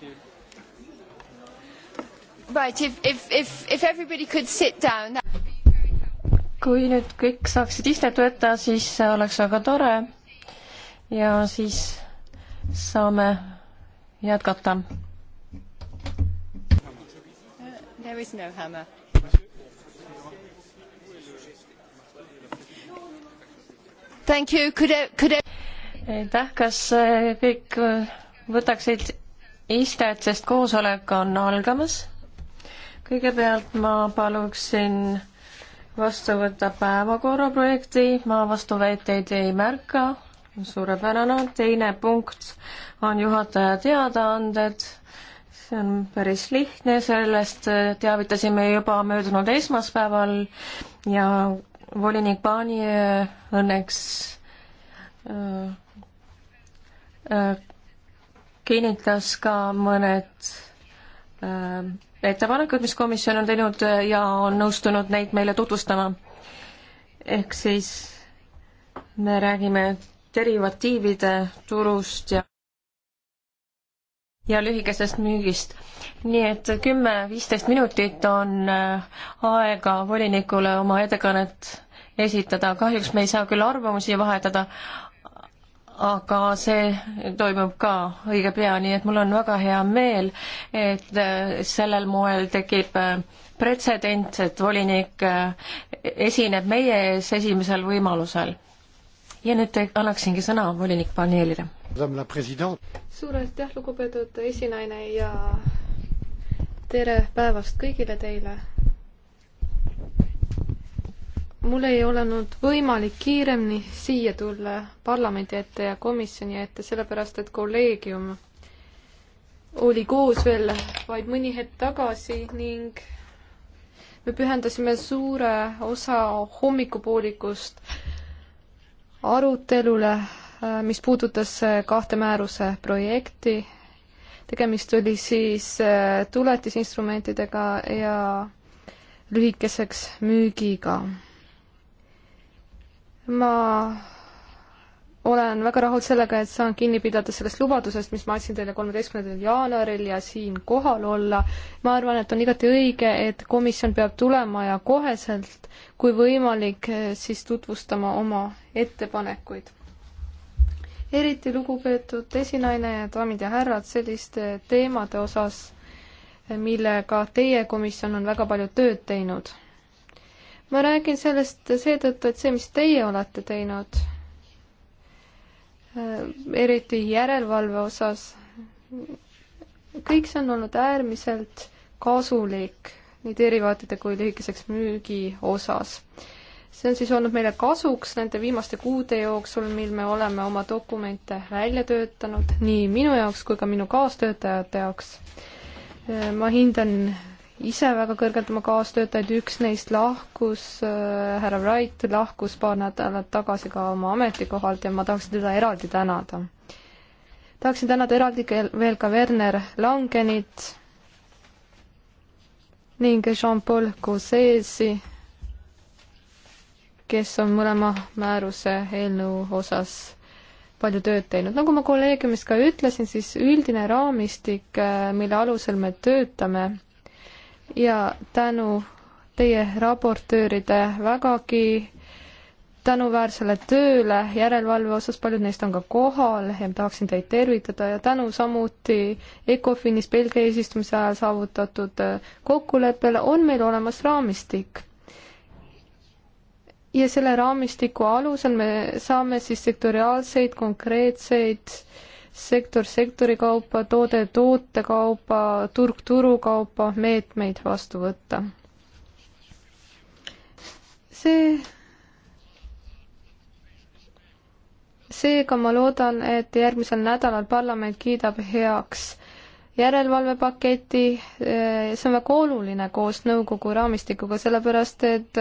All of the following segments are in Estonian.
Thank you. Right, if, if, if, if everybody could sit down. kui nüüd kõik saaksid istet võtta, siis oleks väga tore ja siis saame jätkata. There is no hammer. Thank you, could I, e-, could I e- aitäh, kas eh, kõik eh, võtaksid istet, sest koosolek on algamas. kõigepealt ma paluksin vastu võtta päevakorra projekti, ma vastuväiteid ei märka, suurepärane. teine punkt on juhataja teadaanded, see on päris lihtne, sellest teavitasime juba möödunud esmaspäeval ja volinik Paani õnneks äh, äh, kinnitas ka mõned äh, ettepanekud, mis komisjon on teinud äh, ja on nõustunud neid meile tutvustama. ehk siis me räägime derivatiivide turust ja ja lühikesest müügist. nii et kümme-viisteist minutit on äh, aega volinikule oma ettekannet esitada, kahjuks me ei saa küll arvamusi vahetada, aga see toimub ka õige pea, nii et mul on väga hea meel, et äh, sellel moel tekib äh, pretsedent, et volinik äh, esineb meie ees esimesel võimalusel. ja nüüd annaksingi sõna volinik paneelile. suur aitäh, lugupeetud esinaine ja tere päevast kõigile teile mul ei olnud võimalik kiiremini siia tulla parlamendi ette ja komisjoni ette, sellepärast et kolleegium oli koos veel vaid mõni hetk tagasi ning me pühendasime suure osa hommikupoolikust arutelule, mis puudutas kahte määruse projekti. tegemist oli siis äh, tuletisinstrumentidega ja lühikeseks müügiga ma olen väga rahul sellega, et saan kinni pidada sellest lubadusest, mis ma andsin teile kolmeteistkümnendal jaanuaril ja siin kohal olla. ma arvan, et on igati õige, et komisjon peab tulema ja koheselt, kui võimalik, siis tutvustama oma ettepanekuid. eriti lugupeetud esinaine ja daamid ja härrad, selliste teemade osas, millega teie komisjon on väga palju tööd teinud ma räägin sellest seetõttu, et see, mis teie olete teinud, äh, eriti järelevalve osas, kõik see on olnud äärmiselt kasulik nii derivaatide kui lühikeseks müügi osas. see on siis olnud meile kasuks nende viimaste kuude jooksul, mil me oleme oma dokumente välja töötanud, nii minu jaoks kui ka minu kaastöötajate jaoks. Äh, ma hindan ise väga kõrgelt oma kaastöötajaid, üks neist lahkus äh,, härra Wright lahkus paar nädalat tagasi ka oma ametikohalt ja ma tahaksin teda eraldi tänada. tahaksin tänada eraldi veel ka Werner Langenit ning Jean-Paul Gauzesi, kes on mõlema määruse eelnõu osas palju tööd teinud. nagu ma kolleegiumis ka ütlesin, siis üldine raamistik, äh, mille alusel me töötame, ja tänu teie raportööride vägagi tänuväärsele tööle järelevalve osas, paljud neist on ka kohal ja ma tahaksin teid tervitada ja tänu samuti ECOFINis Belgia eesistumise ajal saavutatud äh, kokkuleppele on meil olemas raamistik. ja selle raamistiku alusel me saame siis sektoriaalseid konkreetseid äh, sektor sektori kaupa, toode toote kaupa, turg turu kaupa meetmeid vastu võtta. see, seega ma loodan, et järgmisel nädalal parlament kiidab heaks järelevalvepaketi, see on väga oluline koos nõukogu raamistikuga, sellepärast et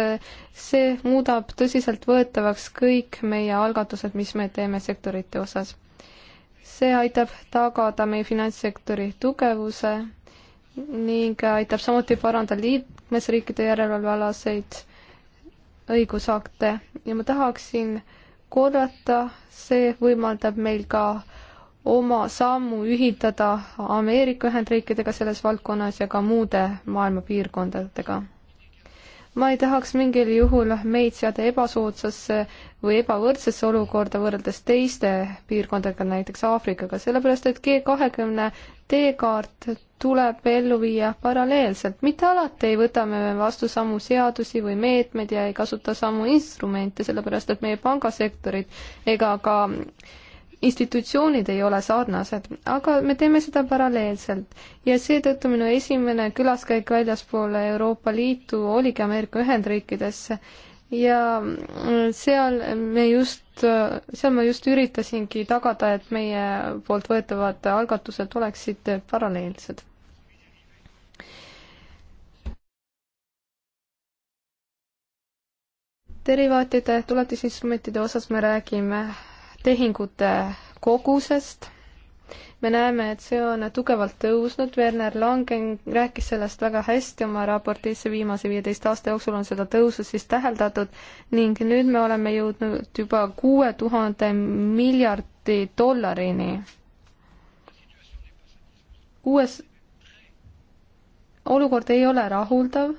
see muudab tõsiseltvõetavaks kõik meie algatused, mis me teeme sektorite osas see aitab tagada meie finantssektori tugevuse ning aitab samuti parandada liikmesriikide järelevalvealaseid õigusakte ja ma tahaksin korrata, see võimaldab meil ka oma sammu ühitada Ameerika Ühendriikidega selles valdkonnas ja ka muude maailma piirkondadega ma ei tahaks mingil juhul meid seada ebasoodsasse või ebavõrdsesse olukorda võrreldes teiste piirkondadega, näiteks Aafrikaga, sellepärast et G kahekümne teekaart tuleb ellu viia paralleelselt. mitte alati ei võta me vastu samu seadusi või meetmeid ja ei kasuta samu instrumente, sellepärast et meie pangasektorid ega ka äh, institutsioonid ei ole sarnased, aga me teeme seda paralleelselt ja seetõttu minu esimene külaskäik väljaspoole Euroopa Liitu oligi Ameerika Ühendriikidesse ja seal me just, seal ma just üritasingi tagada, et meie poolt võetavad algatused oleksid paralleelsed derivaatide tuletisinstrumentide osas me räägime tehingute kogusest me näeme, et see on tugevalt tõusnud, Werner Langen rääkis sellest väga hästi oma raportis, viimase viieteist aasta jooksul on seda tõusu siis täheldatud ning nüüd me oleme jõudnud juba kuue tuhande miljardi dollarini. kuues olukord ei ole rahuldav,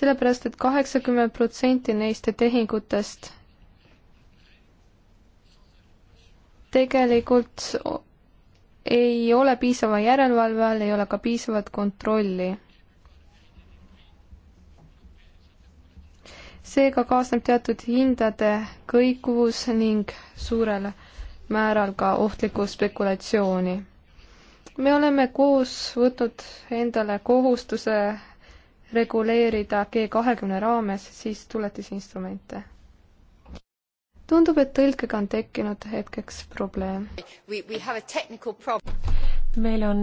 sellepärast et kaheksakümmend protsenti neist tehingutest tegelikult ei ole piisava järelevalve all, ei ole ka piisavat kontrolli. seega kaasneb teatud hindade kõikuvus ning suurel määral ka ohtlikku spekulatsiooni. me oleme koos võtnud endale kohustuse reguleerida G kahekümne raames siis tuletisinstrumente tundub, et tõlkega on tekkinud hetkeks probleem. meil on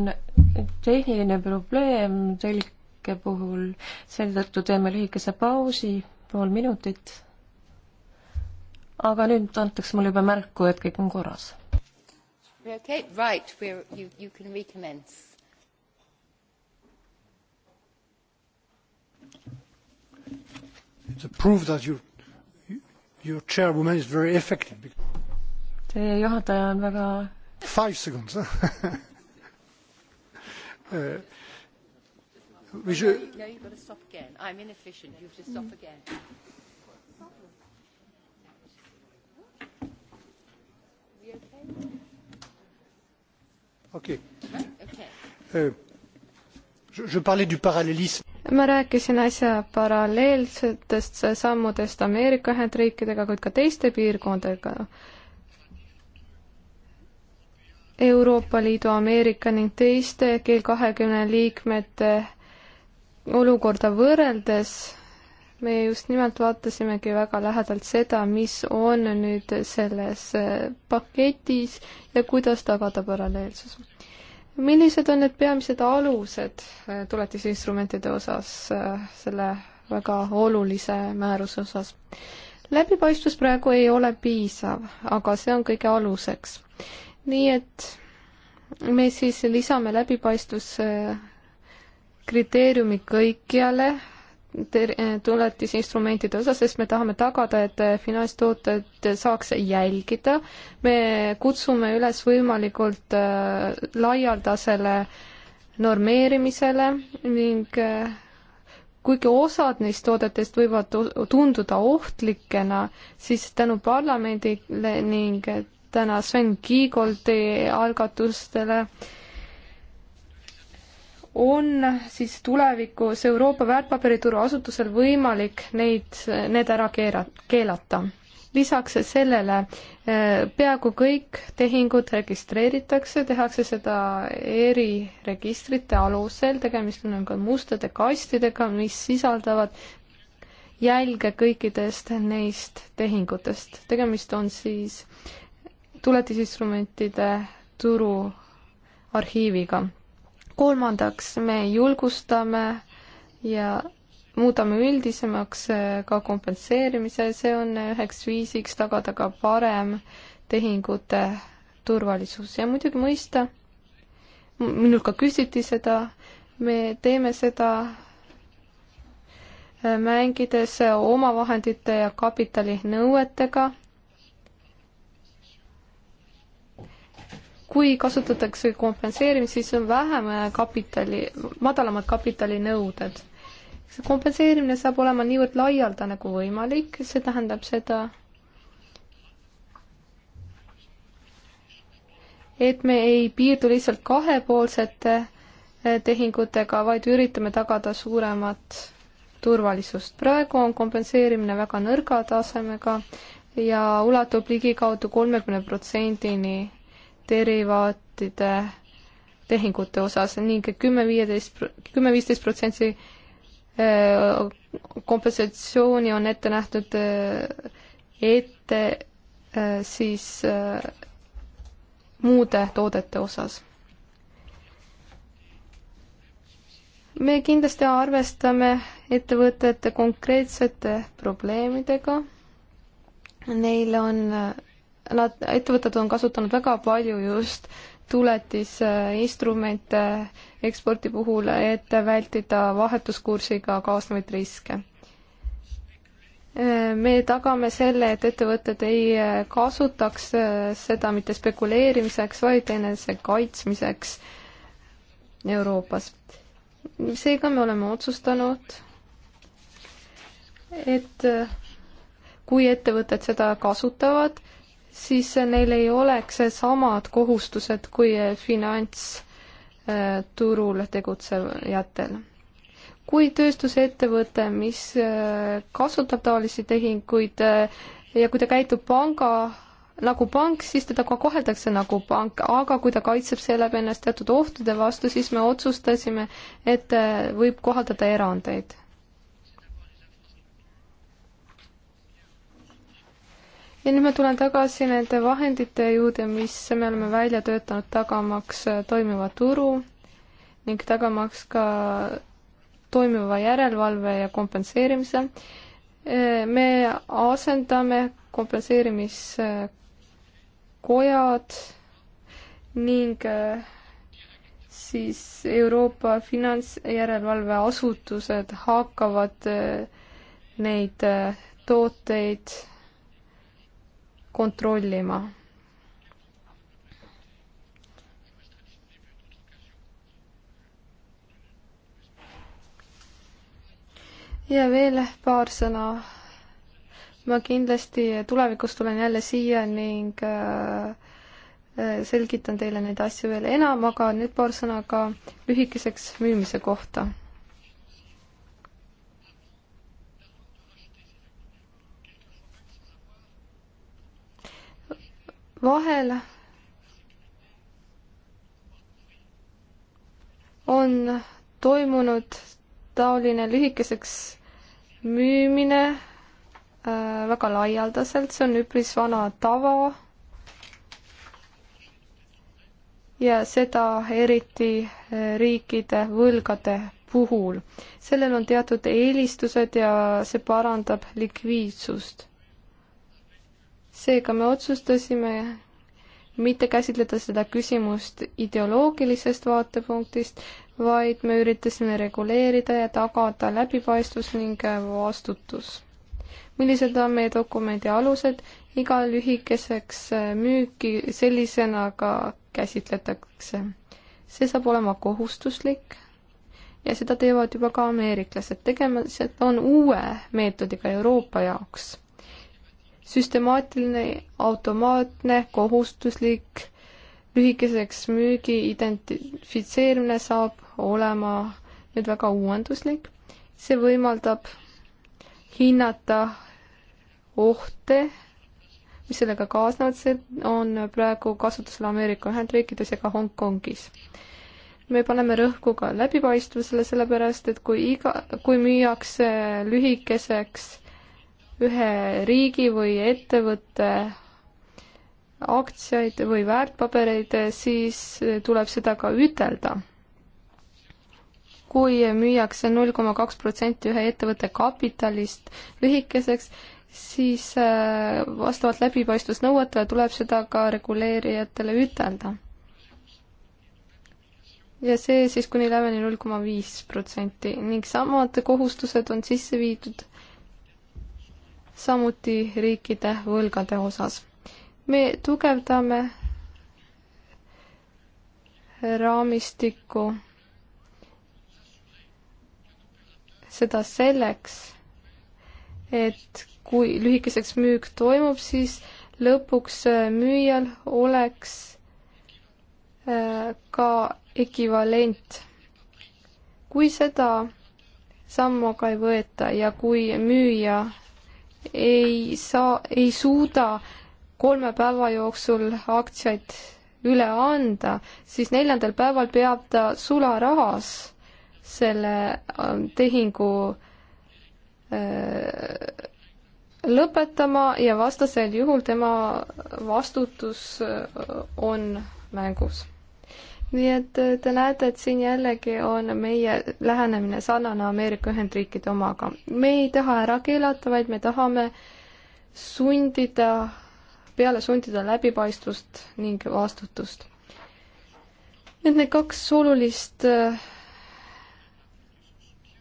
tehniline probleem tõlke puhul, seetõttu teeme lühikese pausi, pool minutit. aga nüüd antakse mulle juba märku, et kõik on korras. Okay, right, we're, you, you can recommence. It's a proof that you're Your chairwoman is very effective. Teie juhataja on väga Five seconds. uh, we should... No, you've got to stop again. I'm inefficient. You have to stop again. We okay? Okay. Right? Okay. Uh, je, je parlais du parallélisme ma rääkisin äsja paralleelsetest sammudest Ameerika Ühendriikidega, kuid ka teiste piirkondadega. Euroopa Liidu, Ameerika ning teiste G kahekümne liikmete olukorda võrreldes me just nimelt vaatasimegi väga lähedalt seda, mis on nüüd selles paketis ja kuidas tagada paralleelsus millised on need peamised alused äh, tuletisinstrumentide osas äh, selle väga olulise määruse osas? läbipaistvus praegu ei ole piisav, aga see on kõige aluseks. nii et me siis lisame läbipaistvuse äh, kriteeriumi kõikjale Eh, tuletisinstrumentide osas, sest me tahame tagada, et eh, finantstooted saaks jälgida. me kutsume üles võimalikult eh, laialdasele normeerimisele ning kuigi osad neist toodetest võivad tunduda ohtlikena, siis tänu parlamendile ning täna Sven Kiigoldi algatustele äh, on siis tulevikus Euroopa väärtpaberituru asutusel võimalik neid, need ära keera, keelata. lisaks sellele eh, peaaegu kõik tehingud registreeritakse, tehakse seda eriregistrite alusel, tegemist on ka mustade kastidega, mis sisaldavad jälge kõikidest neist tehingutest. tegemist on siis tuletisinstrumentide turu arhiiviga kolmandaks, me julgustame ja muudame üldisemaks äh, ka kompenseerimise, see on üheks viisiks tagada ka parem tehingute turvalisus ja muidugi mõista, minult ka küsiti seda, me teeme seda äh, mängides äh, omavahendite ja kapitali nõuetega kui kasutatakse kompenseerimist, siis on vähem äh, kapitali, madalamad kapitalinõuded. see kompenseerimine saab olema niivõrd laialdane kui võimalik, see tähendab seda, et me ei piirdu lihtsalt kahepoolsete äh, tehingutega, vaid üritame tagada suuremat turvalisust. praegu on kompenseerimine väga nõrga tasemega ja ulatub ligikaudu kolmekümne protsendini derivaatide tehingute osas ning kümme, viieteist, kümme, viisteist protsenti eh, kompensatsiooni on ette nähtud eh, ette eh, siis muude toodete osas. me kindlasti arvestame ettevõtete konkreetsete probleemidega. Neil on nad, ettevõtted on kasutanud väga palju just tuletisinstrumente ekspordi puhul, et vältida vahetuskursiga kaasnevaid riske. me tagame selle, et ettevõtted ei kasutaks seda mitte spekuleerimiseks, vaid enese kaitsmiseks Euroopas. seega me oleme otsustanud, et kui ettevõtted seda kasutavad, siis neil ei oleks samad kohustused kui finantsturul tegutsejatel. kui tööstusettevõte, mis äh, kasutab taolisi tehinguid äh, ja kui ta käitub panga nagu pank, siis teda ka koheldakse nagu pank, aga kui ta kaitseb seeläbi ennast teatud ohtude vastu, siis me otsustasime, et äh, võib kohaldada erandeid ja nüüd ma tulen tagasi nende vahendite juurde, mis me oleme välja töötanud tagamaks äh, toimiva turu ning tagamaks ka toimiva järelevalve ja kompenseerimise. Äh, me asendame kompenseerimiskojad ning äh, siis Euroopa finantsjärelevalveasutused hakkavad neid tooteid kontrollima. ja veel paar sõna. ma kindlasti tulevikus tulen jälle siia ning äh, äh, selgitan teile neid asju veel enam, aga nüüd paar sõna ka lühikeseks müümise kohta vahel on toimunud taoline lühikeseks müümine äh, väga laialdaselt, see on üpris vana tava. ja seda eriti äh, riikide võlgade puhul. sellel on teatud eelistused ja see parandab likviidsust seega me otsustasime mitte käsitleda seda küsimust ideoloogilisest vaatepunktist, vaid me üritasime reguleerida ja tagada läbipaistvus ning vastutus. millised on meie dokumendi alused, iga lühikeseks müüki sellisena ka käsitletakse. see saab olema kohustuslik ja seda teevad juba ka ameeriklased, tegemised on uue meetodiga Euroopa jaoks süstemaatiline, automaatne, kohustuslik, lühikeseks müügi identifitseerimine saab olema nüüd väga uuenduslik. see võimaldab hinnata ohte, mis sellega kaasnevad, see on praegu kasutusel Ameerika Ühendriikides ja ka Hongkongis me paneme rõhku ka läbipaistvusele, sellepärast et kui iga, kui müüakse lühikeseks ühe riigi või ettevõtte aktsiaid või väärtpabereid, siis tuleb seda ka ütelda. kui müüakse null koma kaks protsenti ühe ettevõtte kapitalist lühikeseks, siis äh, vastavalt läbipaistvusnõuetele tuleb seda ka reguleerijatele ütelda. ja see siis kuni läveni null koma viis protsenti ning samad kohustused on sisse viidud samuti riikide võlgade osas. me tugevdame raamistikku seda selleks, et kui lühikeseks müük toimub, siis lõpuks müüjal oleks äh, ka ekvivalent. kui seda sammu aga ei võeta ja kui müüja ei saa, ei suuda kolme päeva jooksul aktsiaid üle anda, siis neljandal päeval peab ta sularahas selle ähm, tehingu äh, lõpetama ja vastasel juhul tema vastutus äh, on mängus nii et äh, te näete, et siin jällegi on meie lähenemine sarnane Ameerika Ühendriikide omaga. me ei taha ära keelata, vaid me tahame sundida, peale sundida läbipaistvust ning vastutust. et need kaks olulist äh,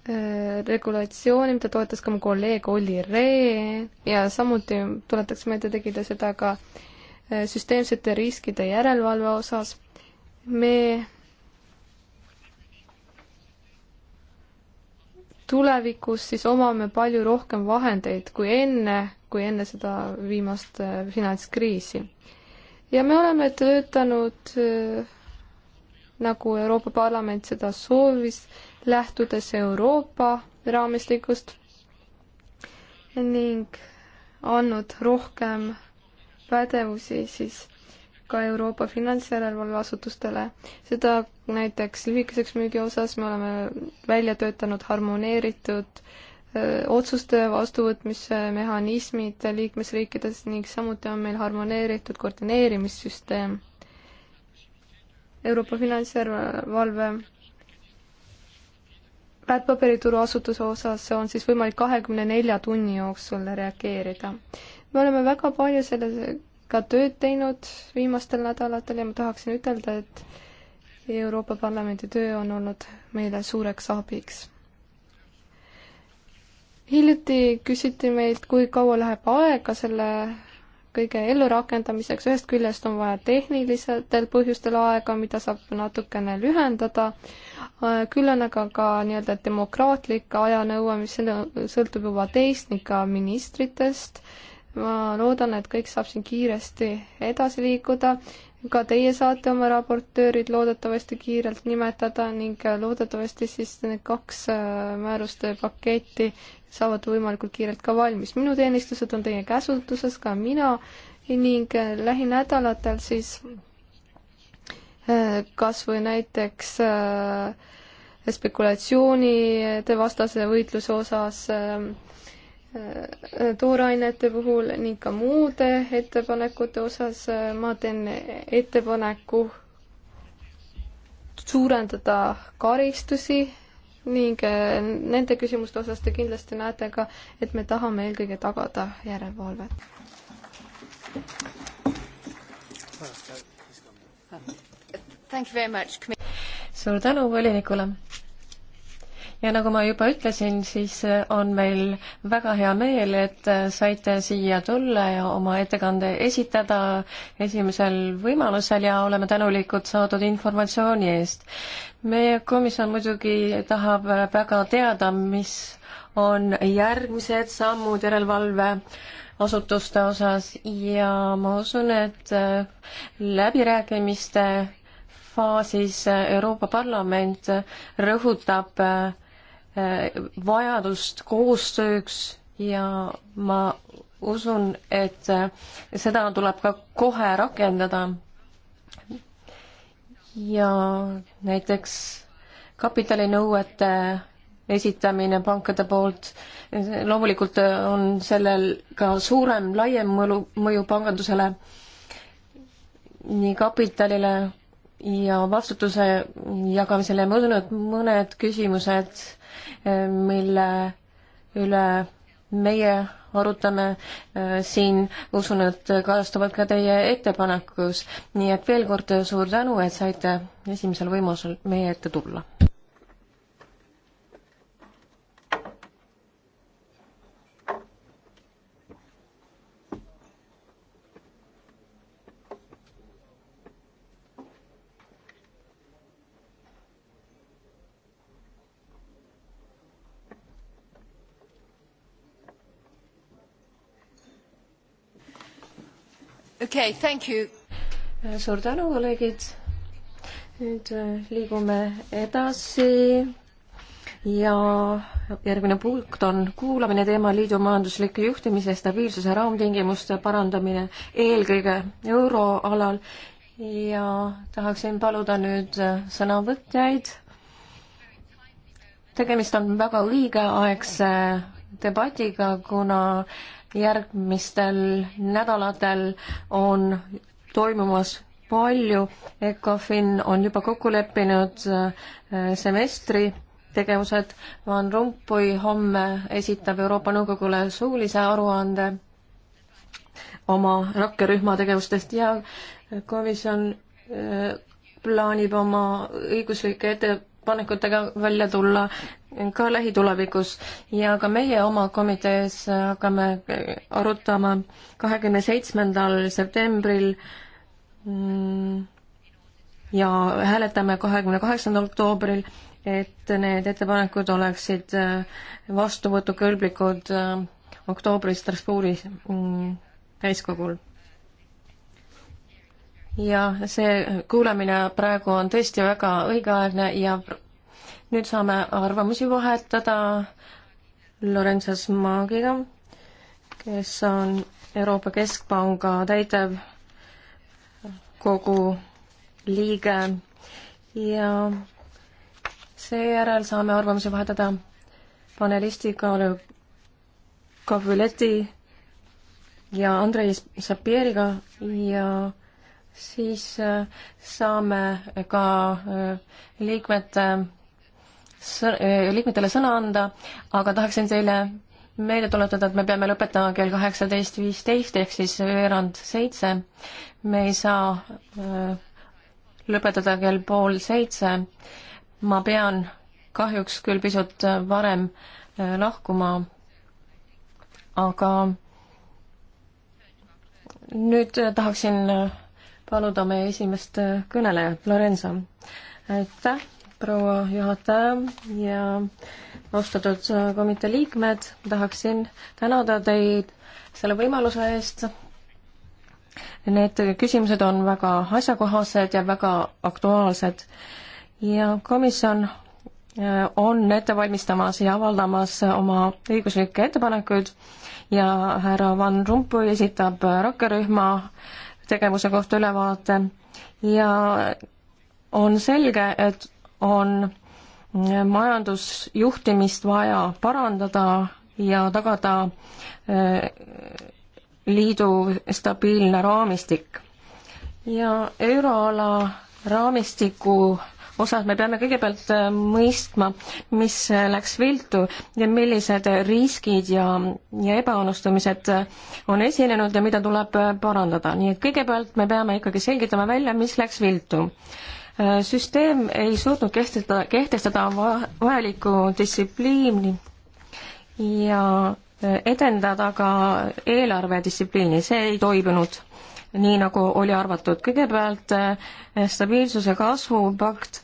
äh, regulatsiooni, mida toetas ka mu kolleeg Olli Ree ja samuti tuletaks meelde, tegi ta seda ka äh, süsteemsete riskide järelevalve osas me tulevikus siis omame palju rohkem vahendeid kui enne, kui enne seda viimast äh, finantskriisi. ja me oleme töötanud äh, nagu Euroopa Parlament seda soovis, lähtudes Euroopa raamistikust ning andnud rohkem pädevusi siis ka Euroopa finantsjärelevalveasutustele. seda näiteks lühikeseks müügi osas me oleme välja töötanud harmoneeritud öö, otsuste vastuvõtmise mehhanismid liikmesriikides ning samuti on meil harmoneeritud koordineerimissüsteem. Euroopa finantsjärelevalve väärtpaberituru asutuse osas on siis võimalik kahekümne nelja tunni jooksul reageerida. me oleme väga palju selle ka tööd teinud viimastel nädalatel ja ma tahaksin ütelda, et Euroopa Parlamendi töö on olnud meile suureks abiks. hiljuti küsiti meilt, kui kaua läheb aega selle kõige ellurakendamiseks, ühest küljest on vaja tehnilistel põhjustel aega, mida saab natukene lühendada, küll on aga ka nii-öelda demokraatlik ajanõue, mis sõltub juba teist ning ka ministritest ma loodan, et kõik saab siin kiiresti edasi liikuda. ka teie saate oma raportöörid loodetavasti kiirelt nimetada ning loodetavasti siis need kaks äh, määruste paketti saavad võimalikult kiirelt ka valmis. minu teenistused on teie käsutuses, ka mina ning äh, lähinädalatel siis äh, kas või näiteks spekulatsioonide vastase võitluse osas äh, toorainete puhul ning ka muude ettepanekute osas ma teen ettepaneku suurendada karistusi ning äh, nende küsimuste osas te kindlasti näete ka, et me tahame eelkõige tagada järelevalvet. suur tänu volinikule ja nagu ma juba ütlesin, siis äh, on meil väga hea meel, et äh, saite siia tulla ja oma ettekande esitada esimesel võimalusel ja oleme tänulikud saadud informatsiooni eest. meie komisjon muidugi tahab äh, väga teada, mis on järgmised sammud järelevalve asutuste osas ja ma usun, et läbirääkimiste faasis Euroopa Parlament rõhutab vajadust koostööks ja ma usun, et seda tuleb ka kohe rakendada. ja näiteks kapitalinõuete esitamine pankade poolt, loomulikult on sellel ka suurem, laiem mõju, mõju pangandusele, nii kapitalile ja vastutuse jagamisele, ma usun, et mõned küsimused mille üle meie arutame äh, siin, usun, et kajastuvad ka teie ettepanekus, nii et veel kord suur tänu, et saite esimesel võimalusel meie ette tulla okei okay,, thank you. suur tänu, kolleegid. nüüd äh, liigume edasi ja järgmine punkt on kuulamine teemal liidu majandusliku juhtimise stabiilsuse raamtingimuste parandamine eelkõige euroalal ja tahaksin paluda nüüd äh, sõnavõtjaid. tegemist on väga õigeaegse debatiga, kuna järgmistel nädalatel on toimumas palju, ECOFIN on juba kokku leppinud äh, semestri tegevused, Van Rompuy homme esitab Euroopa Nõukogule suulise aruande oma rakkerühma tegevustest ja komisjon äh, plaanib oma õiguslikke ette panekutega välja tulla ka lähitulevikus ja ka meie oma komitees hakkame arutama kahekümne seitsmendal septembril mm, ja hääletame kahekümne kaheksandal oktoobril, et need ettepanekud oleksid äh, vastuvõtukõlblikud äh, oktoobris Strasbourgi mm, täiskogul ja see kuulamine praegu on tõesti väga õigeaegne ja nüüd saame arvamusi vahetada Lorenzas Maagiga, kes on Euroopa Keskpanga täidev kogu liige ja seejärel saame arvamusi vahetada panelistiga Oleo Kavuleti ja Andrei Sapieriga ja siis äh, saame ka äh, liikmete, äh, liikmetele sõna anda, aga tahaksin teile meelde tuletada, et me peame lõpetama kell kaheksateist viisteist ehk siis veerand seitse. me ei saa lõpetada kell pool seitse. ma pean kahjuks küll pisut varem lahkuma, aga nüüd tahaksin paluda meie esimest kõnelejat, Lorenzo. aitäh, proua juhataja ja austatud komitee liikmed, tahaksin tänada teid selle võimaluse eest. Need küsimused on väga asjakohased ja väga aktuaalsed ja komisjon äh, on ette valmistamas ja avaldamas oma õiguslikke ettepanekuid ja härra Van Rompuy esitab rakkerühma äh, tegevuse kohta ülevaate ja on selge, et on majandusjuhtimist vaja parandada ja tagada eh, liidu stabiilne raamistik. ja euroala raamistiku osas me peame kõigepealt äh, mõistma, mis äh, läks viltu ja millised riskid ja, ja ebaõnnestumised äh, on esinenud ja mida tuleb parandada, nii et kõigepealt me peame ikkagi selgitama välja, mis läks viltu süsteem ei suutnud kehtestada, kehtestada vajalikku distsipliini ja edendada ka eelarvedistsipliini, see ei toimunud nii nagu oli arvatud. kõigepealt eh, stabiilsuse kasvupakt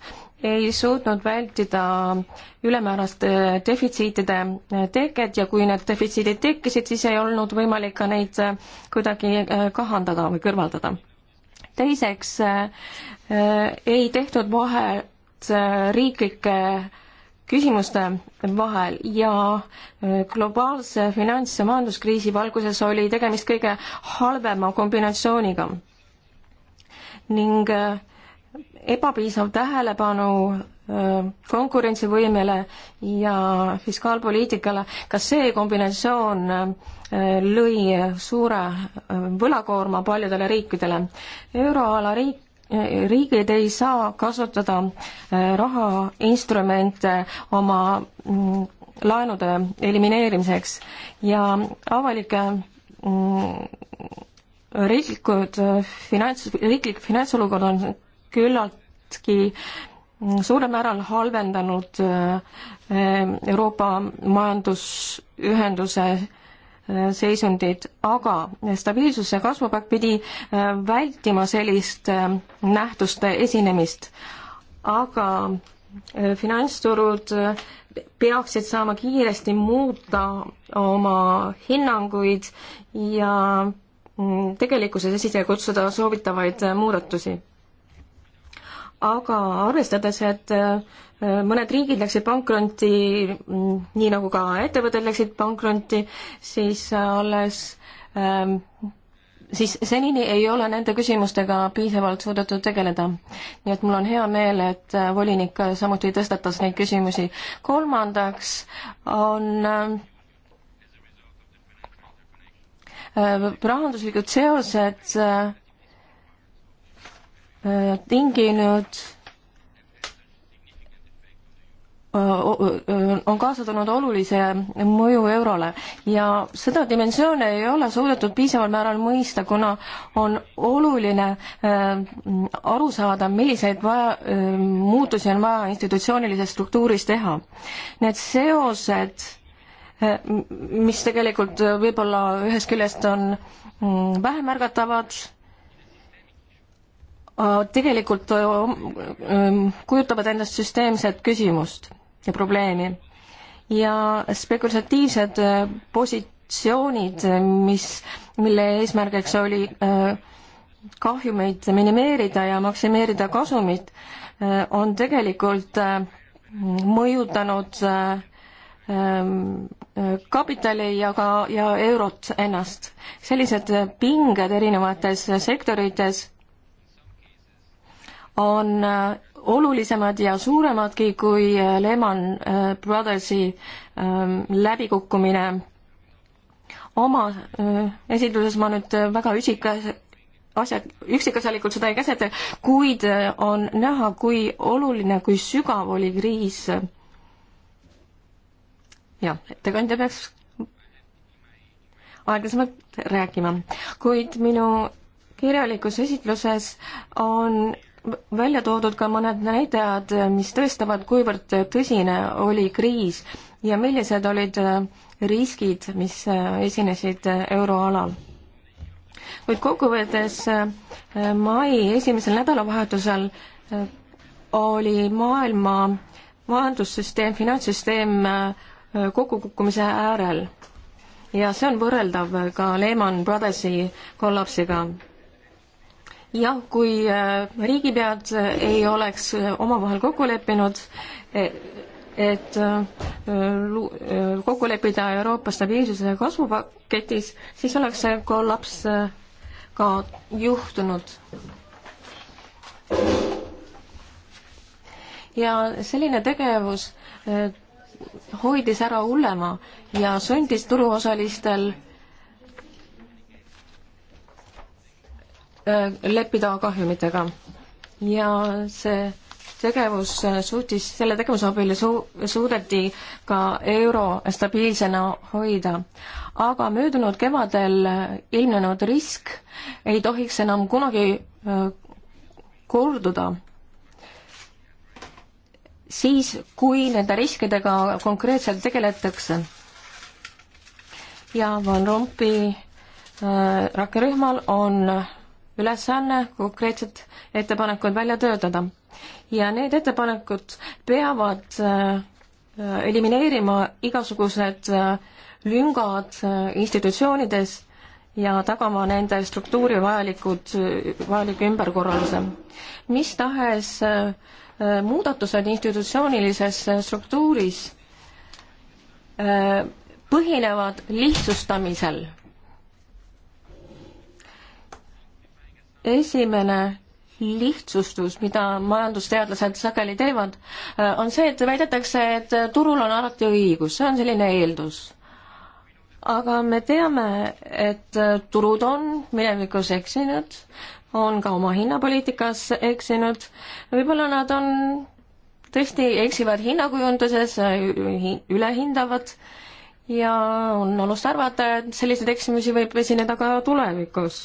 ei suutnud vältida ülemäärast eh, defitsiitide eh, teket ja kui need defitsiidid tekkisid, siis ei olnud võimalik ka neid kuidagi kahandada või kõrvaldada. teiseks ei tehtud vahet riiklike küsimuste vahel ja äh, globaalse finants- ja majanduskriisi valguses oli tegemist kõige halvema kombinatsiooniga ning äh, ebapiisav tähelepanu äh, konkurentsivõimele ja fiskaalpoliitikale, kas see kombinatsioon lõi suure võlakoorma paljudele riikidele? euroala riik, riigid ei saa kasutada äh, rahainstrumente oma mm, laenude elimineerimiseks ja avalike mm, riiklikud äh, finants, riiklik finantsolukord on küllaltki mm, suurel määral halvendanud äh, Euroopa majandusühenduse seisundid, aga stabiilsus- ja kasvupakt pidi äh, vältima sellist äh, nähtuste esinemist. aga äh, finantsturud peaksid saama kiiresti muuta oma hinnanguid ja mm, tegelikkuses esile kutsuda soovitavaid muudatusi. aga arvestades, et mõned riigid läksid pankrotti, mm, nii nagu ka ettevõtted läksid pankrotti, siis alles ähm, siis senini ei ole nende küsimustega piisavalt suudetud tegeleda. nii et mul on hea meel, et äh, volinik samuti tõstatas neid küsimusi. kolmandaks on ähm, äh, rahanduslikud seosed äh, tinginud on kaasa toonud olulise mõju eurole ja seda dimensiooni ei ole suudetud piisaval määral mõista, kuna on oluline aru saada, milliseid vaja, muutusi on vaja institutsioonilises struktuuris teha. Need seosed, mis tegelikult võib-olla ühest küljest on mm, vähem märgatavad, tegelikult kujutavad endast süsteemset küsimust ja probleemi. ja spekulatiivsed äh, positsioonid, äh, mis, mille eesmärgiks oli äh, kahjumeid minimeerida ja maksimeerida kasumit, on tegelikult mõjutanud kapitali ja ka, ja eurot ennast. sellised pinged erinevates sektorites on olulisemad ja suuremadki kui äh, Lehman äh, Brothersi ähm, läbikukkumine. oma äh, esitluses ma nüüd väga üsika asja, üksikasjalikult seda ei käsitle, kuid on näha, kui oluline, kui sügav oli kriis. jah, ettekandja peaks aeglasemalt rääkima, kuid minu kirjalikus esitluses on välja toodud ka mõned näitajad, mis tõestavad, kuivõrd tõsine oli kriis ja millised olid äh, riskid, mis äh, esinesid äh, euroalal. kuid kokkuvõttes mai esimesel nädalavahetusel oli maailma majandussüsteem, finantssüsteem kokkukukkumise äärel ja see on võrreldav ka Lehman Brothersi kollapsiga jah, kui äh, riigipead äh, ei oleks äh, omavahel kokku leppinud, e-, et kokku leppida Euroopa stabiilsuse kasvupaketis, siis oleks see kollaps ka juhtunud. ja selline tegevus hoidis ära hullema ja sundis turuosalistel Äh, leppida kahjumitega ja see tegevus äh, suutis, selle tegevuse abil su-, suudeti ka euro stabiilsena hoida. aga möödunud kevadel äh, ilmnenud risk ei tohiks enam kunagi korduda. siis, kui nende riskidega konkreetselt tegeletakse. ja Van Rompuy rakkerühmal on ülesanne konkreetsed ettepanekud välja töötada. ja need ettepanekud peavad äh, elimineerima igasugused äh, lüngad äh, institutsioonides ja tagama nende struktuuri vajalikud, vajaliku ümberkorralduse. mis tahes muudatused institutsioonilises struktuuris põhinevad lihtsustamisel esimene lihtsustus, mida majandusteadlased sageli teevad, äh, on see, et väidetakse, et turul on alati õigus, see on selline eeldus. aga me teame, et turud on minevikus eksinud, on ka oma hinnapoliitikas eksinud, võib-olla nad on, tõesti eksivad hinnakujunduses, äh, ülehindavad ja on alust arvata, et selliseid eksimusi võib esineda ka tulevikus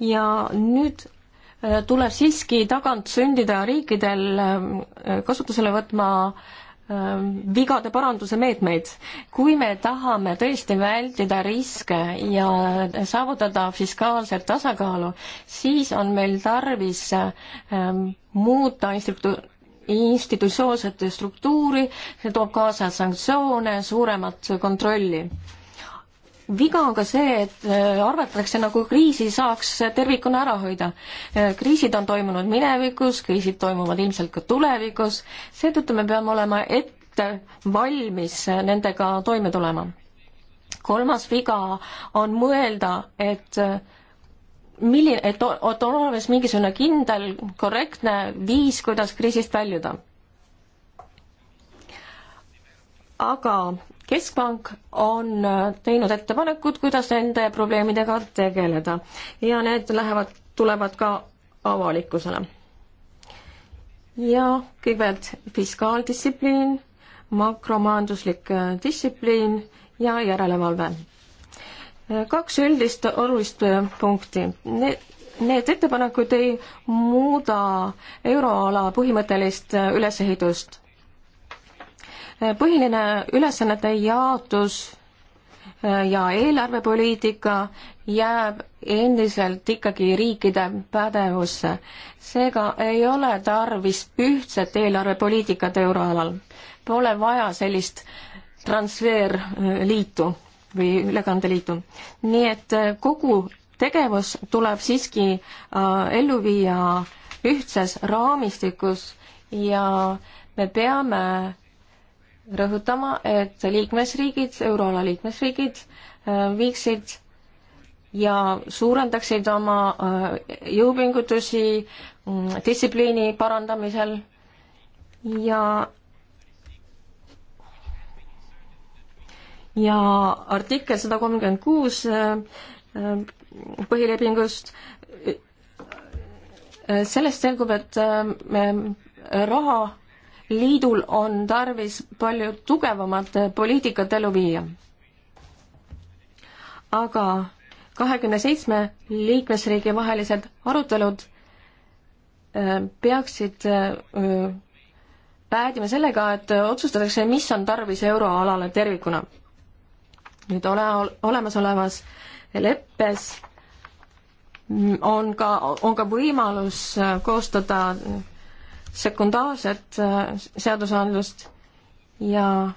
ja nüüd äh, tuleb siiski tagant sündida riikidel äh, kasutusele võtma ähm, vigade paranduse meetmeid. kui me tahame tõesti vältida riske ja saavutada fiskaalset tasakaalu, siis on meil tarvis ähm, muuta institu-, institutsionaalset struktuuri, see toob kaasa sanktsioone, suuremat kontrolli viga on ka see, et äh, arvatakse, nagu kriisi saaks tervikuna ära hoida. Äh, kriisid on toimunud minevikus, kriisid toimuvad ilmselt ka tulevikus, seetõttu me peame olema ette valmis nendega toime tulema. kolmas viga on mõelda, et äh, milline, et on olemas mingisugune kindel, korrektne viis, kuidas kriisist väljuda aga keskpank on äh, teinud ettepanekud, kuidas nende probleemidega tegeleda ja need lähevad, tulevad ka avalikkusele. ja kõigepealt fiskaaldistsipliin, makromajanduslik äh, distsipliin ja järelevalve. Äh, kaks üldist olulist punkti ne. Need ettepanekud ei muuda euroala põhimõttelist ülesehitust põhiline ülesannete jaotus äh, ja eelarvepoliitika jääb endiselt ikkagi riikide pädevusse. seega ei ole tarvis ühtset eelarvepoliitikat euroalal. Pole vaja sellist transferliitu või ülekandeliitu. nii et äh, kogu tegevus tuleb siiski äh, ellu viia ühtses raamistikus ja me peame rõhutama, et liikmesriigid, euroala liikmesriigid äh, viiksid ja suurendaksid oma äh, jõupingutusi mm, distsipliini parandamisel ja ja artikkel sada kolmkümmend kuus äh, põhilepingust, sellest selgub, et raha liidul on tarvis palju tugevamat poliitikat ellu viia. aga kahekümne seitsme liikmesriigi vahelised arutelud äh, peaksid äh, päädima sellega, et otsustatakse, mis on tarvis euroalale tervikuna. nüüd ole, olemasolevas leppes on ka, on ka võimalus koostada sekundaarset äh, seadusandlust ja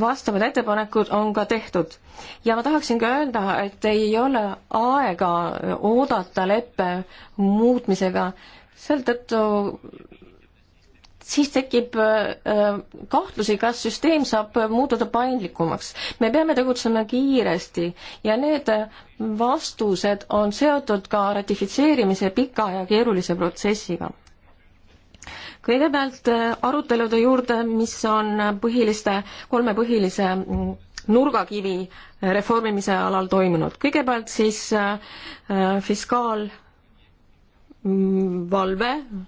vastavad ettepanekud on ka tehtud. ja ma tahaksin ka öelda, et ei ole aega oodata leppe muutmisega, selle tõttu siis tekib äh, äh, kahtlusi, kas süsteem saab muutuda paindlikumaks. me peame tegutsema kiiresti ja need vastused on seotud ka ratifitseerimise pika ja keerulise protsessiga. kõigepealt äh, arutelude juurde, mis on põhiliste, kolme põhilise mm, nurgakivi reformimise alal toimunud. kõigepealt siis fiskaalvalve mm,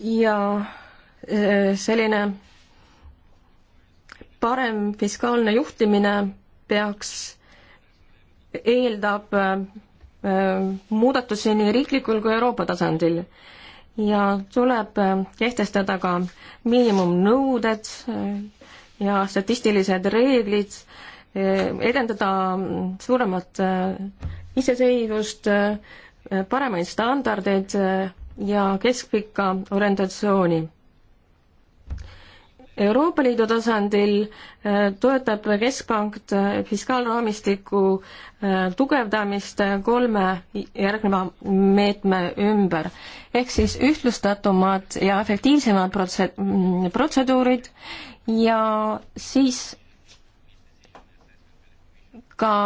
ja äh, selline parem fiskaalne juhtimine peaks, eeldab äh, äh, muudatusi nii riiklikul kui Euroopa tasandil ja tuleb kehtestada ka miinimumnõuded ja statistilised reeglid, edendada mm, suuremat iseseisvust, paremaid standardeid ja keskpikka orientatsiooni Euroopa Liidu tasandil äh, toetab Keskpank äh, fiskaalraamistiku äh, tugevdamist kolme järgneva meetme ümber. ehk siis ühtlustatumad ja efektiivsemad protse-, mm, protseduurid ja siis ka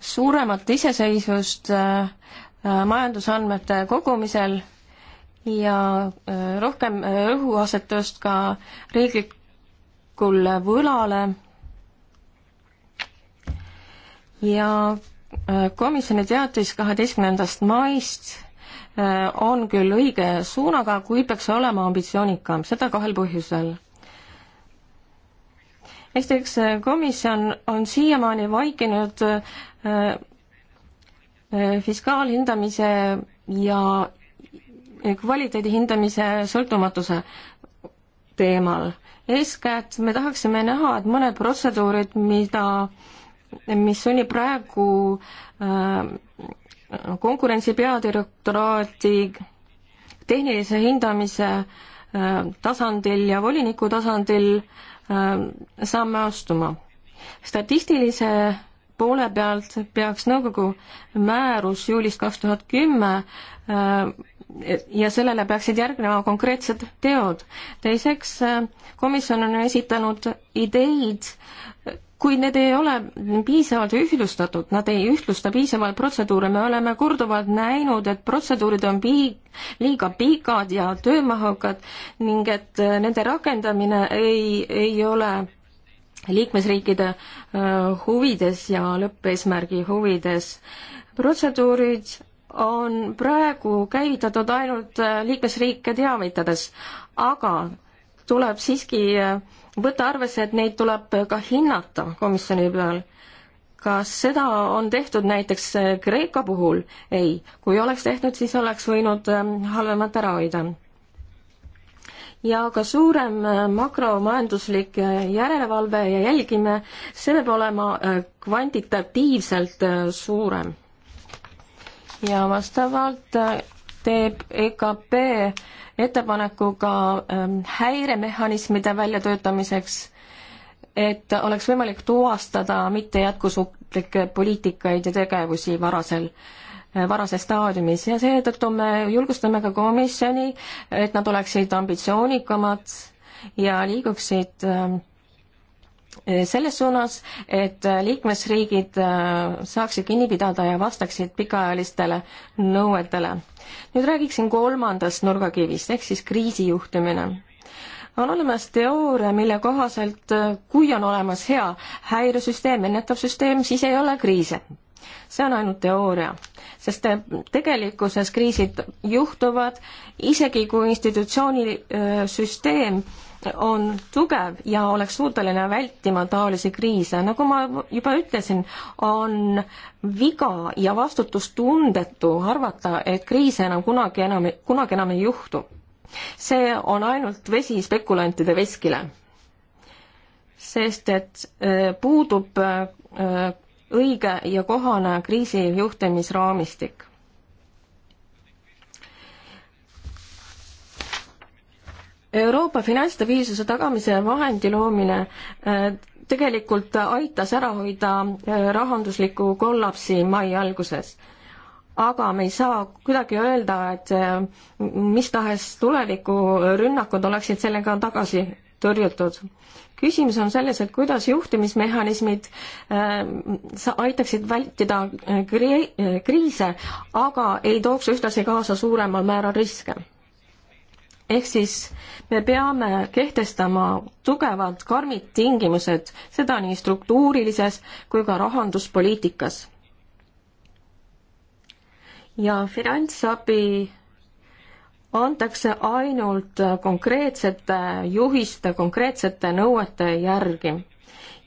suuremat iseseisvust Äh, majandusandmete kogumisel ja äh, rohkem rõhuasetust äh, ka riiklikule võlale ja komisjoni teatis kaheteistkümnendast maist on küll õige suunaga, kuid peaks olema ambitsioonikam, seda kahel põhjusel. esiteks, komisjon on siiamaani vaikinud fiskaalhindamise ja kvaliteedi hindamise sõltumatuse teemal. eeskätt me tahaksime näha, et mõned protseduurid, mida, mis sunnib praegu äh, konkurentsi peadirektoraati tehnilise hindamise äh, tasandil ja voliniku tasandil äh, samme astuma. statistilise poole pealt peaks nõukogu määrus juulist kaks tuhat kümme äh, ja sellele peaksid järgnema konkreetsed teod. teiseks, äh, komisjon on esitanud ideid, kuid need ei ole piisavalt ühtlustatud, nad ei ühtlusta piisavalt protseduure, me oleme korduvalt näinud, et protseduurid on pii-, liiga pikad ja töömahukad ning et äh, nende rakendamine ei, ei ole liikmesriikide äh, huvides ja lõppeesmärgi huvides. protseduurid on praegu käivitatud ainult äh, liikmesriike teavitades, aga tuleb siiski äh, võtta arvesse, et neid tuleb ka hinnata komisjoni peal. kas seda on tehtud näiteks Kreeka puhul? ei. kui oleks tehtud, siis oleks võinud halvemat ära hoida ja ka suurem äh, makromajanduslik äh, järelevalve ja jälgimine, see peab olema äh, kvantitatiivselt suurem. ja vastavalt teeb EKP ettepaneku ka ähm, häiremehhanismide väljatöötamiseks, et oleks võimalik tuvastada mitte jätkusuutlikke poliitikaid ja tegevusi varasel Äh, varases staadiumis ja seetõttu me julgustame ka komisjoni, et nad oleksid ambitsioonikamad ja liiguksid äh, selles suunas, et äh, liikmesriigid saaksid kinni pidada ja vastaksid pikaajalistele nõuetele. nüüd räägiksin kolmandast nurgakivist ehk siis kriisijuhtimine on olemas teooria, mille kohaselt kui on olemas hea häiresüsteem, ennetav süsteem, siis ei ole kriise see on ainult teooria, sest äh, tegelikkuses kriisid juhtuvad, isegi kui institutsioonisüsteem äh, on tugev ja oleks suuteline vältima taolisi kriise, nagu ma juba ütlesin, on viga ja vastutustundetu arvata, et kriise enam kunagi enam, kunagi enam ei juhtu see on ainult vesi spekulantide veskile. sest et äh, puudub õige ja kohane kriisi juhtimisraamistik. Euroopa finantsstabiilsuse tagamise vahendi loomine äh, tegelikult aitas ära hoida äh, rahandusliku kollapsi mai alguses aga me ei saa kuidagi öelda, et äh, mis tahes tulevikurünnakud oleksid sellega tagasi tõrjutud. küsimus on selles, et kuidas juhtimismehhanismid äh, aitaksid vältida äh, kri-, äh, kriise, aga ei tooks ühtlasi kaasa suuremal määral riske ehk siis me peame kehtestama tugevad karmid tingimused, seda nii struktuurilises kui ka rahanduspoliitikas. ja finantsabi antakse ainult konkreetsete juhiste, konkreetsete nõuete järgi.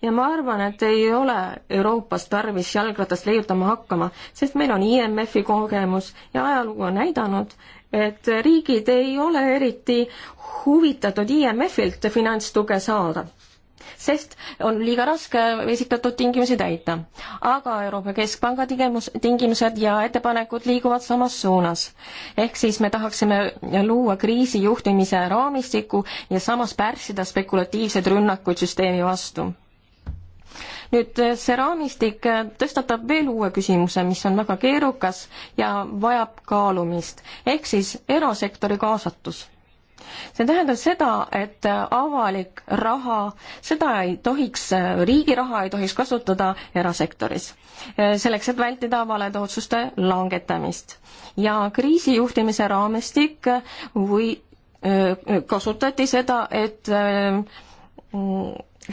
ja ma arvan, et ei ole Euroopas tarvis jalgratast leiutama hakkama, sest meil on IMF-i kogemus ja ajalugu on näidanud, et riigid ei ole eriti huvitatud IMF-ilt finantstuge saada sest on liiga raske esitatud tingimusi täita. aga Euroopa Keskpanga tingimus, tingimused ja ettepanekud liiguvad samas suunas. ehk siis me tahaksime luua kriisijuhtimise raamistiku ja samas pärssida spekulatiivseid rünnakuid süsteemi vastu. nüüd see raamistik tõstatab veel uue küsimuse, mis on väga keerukas ja vajab kaalumist, ehk siis erasektori kaasatus see tähendab seda, et avalik raha, seda ei tohiks, riigi raha ei tohiks kasutada erasektoris. selleks, et vältida valede otsuste langetamist. ja kriisijuhtimise raamistik või kasutati seda, et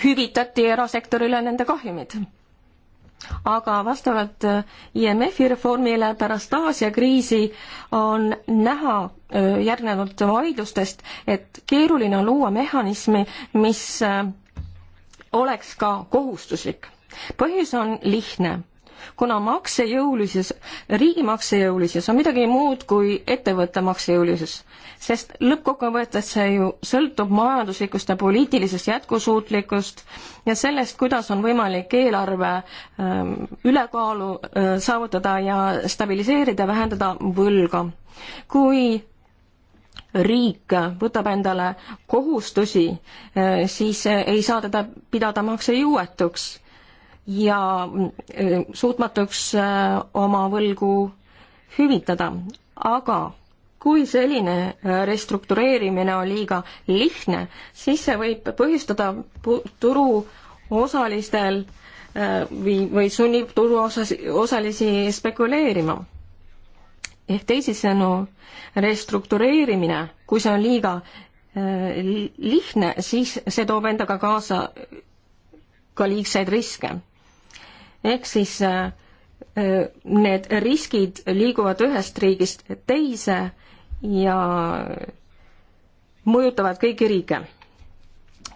hüvitati erasektorile nende kahjumid aga vastavalt äh, IMF-i reformile pärast Aasia kriisi on näha äh, järgnenud vaidlustest, et keeruline on luua mehhanismi, mis äh, oleks ka kohustuslik. põhjus on lihtne kuna maksejõulisus, riigi maksejõulisus on midagi muud kui ettevõtte maksejõulisus, sest lõppkokkuvõttes see ju sõltub majanduslikust ja poliitilisest jätkusuutlikust ja sellest, kuidas on võimalik eelarve ähm, ülekaalu äh, saavutada ja stabiliseerida, vähendada võlga. kui riik võtab endale kohustusi, äh, siis äh, ei saa teda pidada maksejõuetuks ja äh, suutmatuks äh, oma võlgu hüvitada, aga kui selline äh, restruktureerimine on liiga lihtne, siis see võib põhjustada turuosalistel või, või sunnib turuosas, osalisi spekuleerima. ehk teisisõnu, restruktureerimine, kui see on liiga lihtne, siis see toob endaga kaasa ka liigseid riske ehk siis need riskid liiguvad ühest riigist teise ja mõjutavad kõiki riike.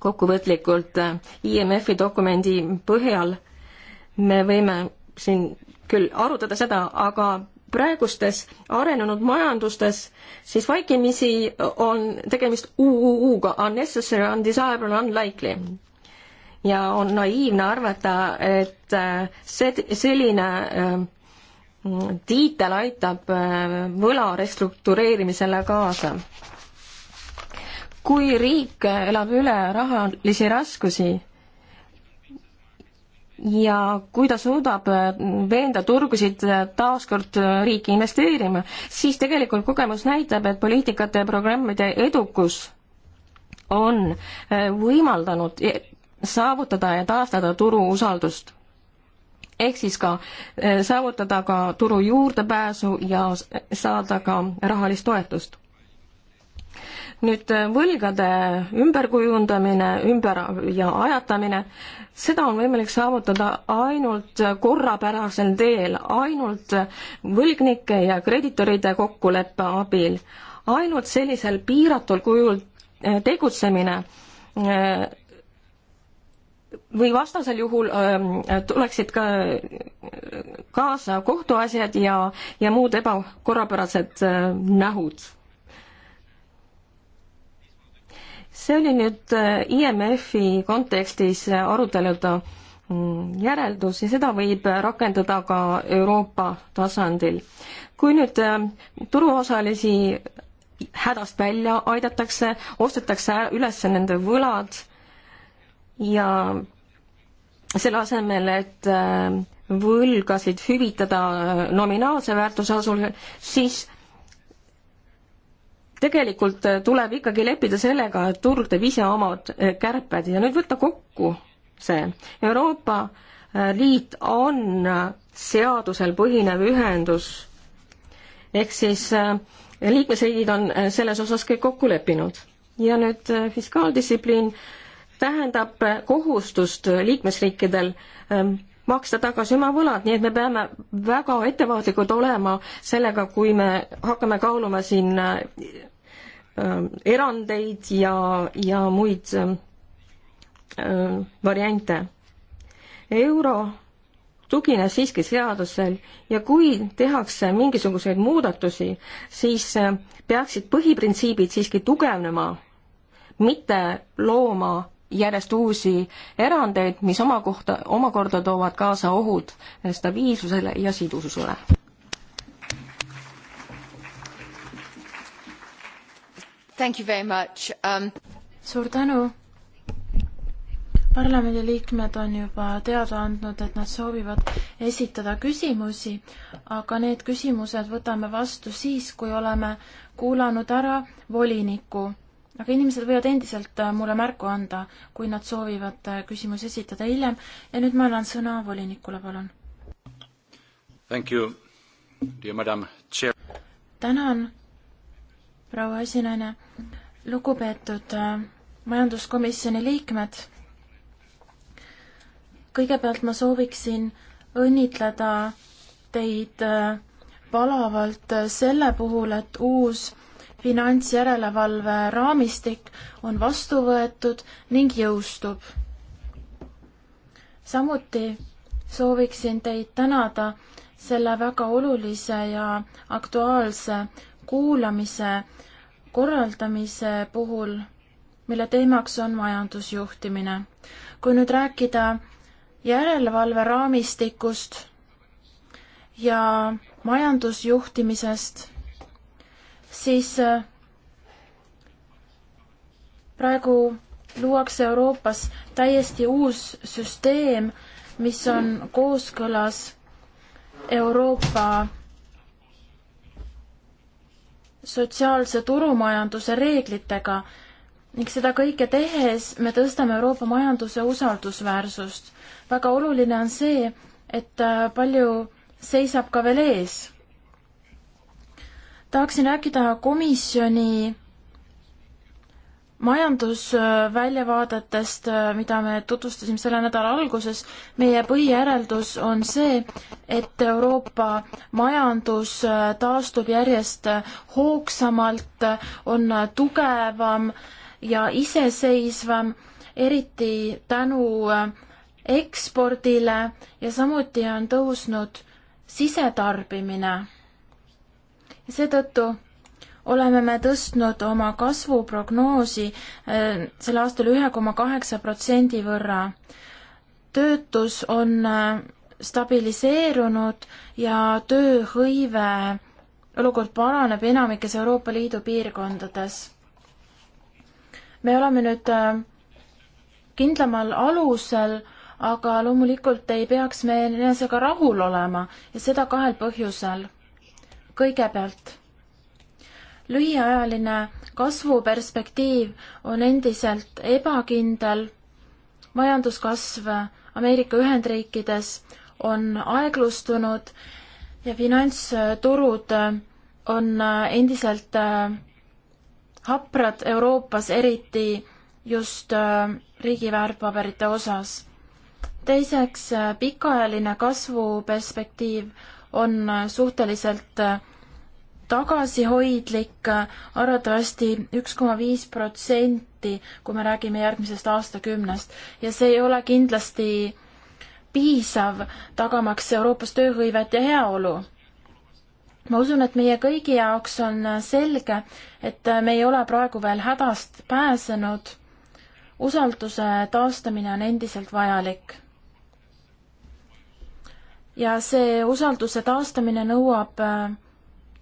kokkuvõtlikult IMF-i dokumendi põhjal me võime siin küll arutada seda, aga praegustes arenenud majandustes, siis vaikimisi on tegemist UUU-ga, unnecessary, undesirable, unlikely ja on naiivne arvata, et äh, see, selline äh, tiitel aitab äh, võla restruktureerimisele kaasa. kui riik elab üle rahalisi raskusi, ja kui ta suudab veenda turgusid taaskord riiki investeerima, siis tegelikult kogemus näitab, et poliitikate ja programmide edukus on võimaldanud saavutada ja taastada turu usaldust. ehk siis ka eh, saavutada ka turu juurdepääsu ja saada ka rahalist toetust nüüd eh, võlgade ümberkujundamine, ümber ja ajatamine, seda on võimalik saavutada ainult korrapärasel teel, ainult võlgnike ja kreditoride kokkuleppe abil. ainult sellisel piiratul kujul eh, tegutsemine või vastasel juhul öö, ähm, tuleksid ka kaasa kohtuasjad ja, ja muud ebakorrapärased äh, nähud. see oli nüüd äh, IMF-i kontekstis arutelude mm, järeldus ja seda võib rakendada ka Euroopa tasandil. kui nüüd äh, turuosalisi hädast välja aidatakse, ostetakse üles nende võlad ja selle asemel, et äh, võlgasid hüvitada äh, nominaalse väärtuse asul, siis tegelikult äh, tuleb ikkagi leppida sellega, et turg teeb ise omad kärped ja nüüd võtta kokku see. Euroopa Liit on seadusel põhinev ühendus, ehk siis liikmesriigid on selles osas kõik kokku leppinud. ja nüüd fiskaaldistsipliin äh, tähendab kohustust liikmesriikidel ähm, maksta tagasi oma võlad, nii et me peame väga ettevaatlikud olema sellega, kui me hakkame kaaluma siin ähm, erandeid ja, ja muid ähm, äh, variante. euro tugines siiski seadusel ja kui tehakse mingisuguseid muudatusi, siis äh, peaksid põhiprintsiibid siiski tugevnema, mitte looma järjest uusi erandeid, mis omakohta, omakorda toovad kaasa ohud stabiilsusele ja sidususele. Thank you very much um.... suur tänu. parlamendiliikmed on juba teada andnud, et nad soovivad esitada küsimusi, aga need küsimused võtame vastu siis, kui oleme kuulanud ära voliniku aga inimesed võivad endiselt äh, mulle märku anda, kui nad soovivad äh, küsimusi esitada hiljem ja nüüd ma annan sõna volinikule, palun. tänan, proua esinaine. lugupeetud äh, majanduskomisjoni liikmed, kõigepealt ma sooviksin õnnitleda teid palavalt selle puhul, et uus finantsjärelevalve raamistik on vastu võetud ning jõustub. samuti sooviksin teid tänada selle väga olulise ja aktuaalse kuulamise korraldamise puhul, mille teemaks on majandusjuhtimine. kui nüüd rääkida järelevalve raamistikust ja majandusjuhtimisest, siis äh, praegu luuakse Euroopas täiesti uus süsteem, mis on kooskõlas Euroopa sotsiaalse turumajanduse reeglitega ning seda kõike tehes me tõstame Euroopa majanduse usaldusväärsust. väga oluline on see, et äh, palju seisab ka veel ees tahaksin rääkida komisjoni majandusväljavaadetest, mida me tutvustasime selle nädala alguses, meie põhijäreldus on see, et Euroopa majandus taastub järjest hoogsamalt, on tugevam ja iseseisvam, eriti tänu ekspordile ja samuti on tõusnud sisetarbimine seetõttu oleme me tõstnud oma kasvuprognoosi äh, sel aastal ühe koma kaheksa protsendi võrra. töötus on äh, stabiliseerunud ja tööhõive olukord paraneb enamikes Euroopa Liidu piirkondades. me oleme nüüd äh, kindlamal alusel, aga loomulikult ei peaks me enesega rahul olema ja seda kahel põhjusel kõigepealt, lühiajaline kasvuperspektiiv on endiselt ebakindel, majanduskasv Ameerika Ühendriikides on aeglustunud ja finantsturud on endiselt äh, haprad Euroopas, eriti just äh, riigi väärtpaberite osas. teiseks, äh, pikaajaline kasvuperspektiiv on suhteliselt äh, tagasihoidlik, äh, arvatavasti üks koma viis protsenti, kui me räägime järgmisest aastakümnest ja see ei ole kindlasti piisav, tagamaks Euroopas tööhõivet ja heaolu. ma usun, et meie kõigi jaoks on selge, et me ei ole praegu veel hädast pääsenud. usalduse taastamine on endiselt vajalik ja see usalduse taastamine nõuab äh,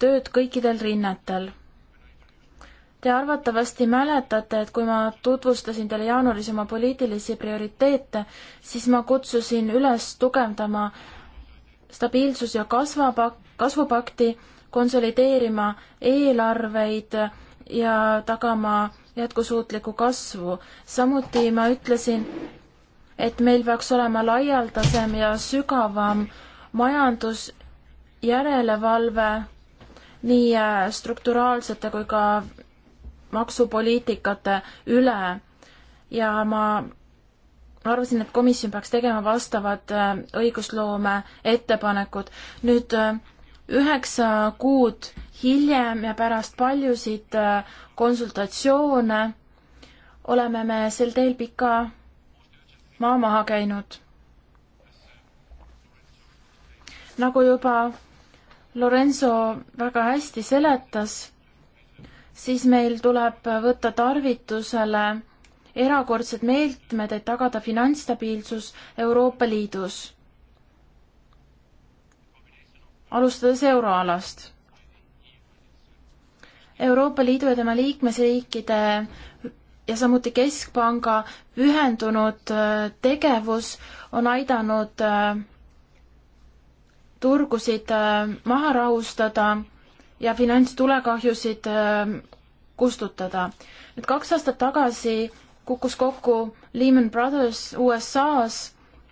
tööd kõikidel rinnetel. Te arvatavasti mäletate, et kui ma tutvustasin teile jaanuaris oma poliitilisi prioriteete, siis ma kutsusin üles tugevdama stabiilsus- ja kasvapak-, kasvupakti, konsolideerima eelarveid ja tagama jätkusuutliku kasvu. samuti ma ütlesin, et meil peaks olema laialdasem ja sügavam majandusjärelevalve nii äh, strukturaalsete kui ka maksupoliitikate üle ja ma arvasin, et komisjon peaks tegema vastavad äh, õigusloome ettepanekud. nüüd äh, üheksa kuud hiljem ja pärast paljusid konsultatsioone oleme me sel teel pika maa maha käinud. nagu juba Lorenzo väga hästi seletas, siis meil tuleb võtta tarvitusele erakordsed meetmed, et tagada finantsstabiilsus Euroopa Liidus. alustades euroalast. Euroopa Liidu ja tema liikmesriikide ja samuti Keskpanga ühendunud äh, tegevus on aidanud äh, turgusid äh, maha rahustada ja finantstulekahjusid kustutada. nüüd kaks aastat tagasi kukkus kokku Lehman Brothers USA-s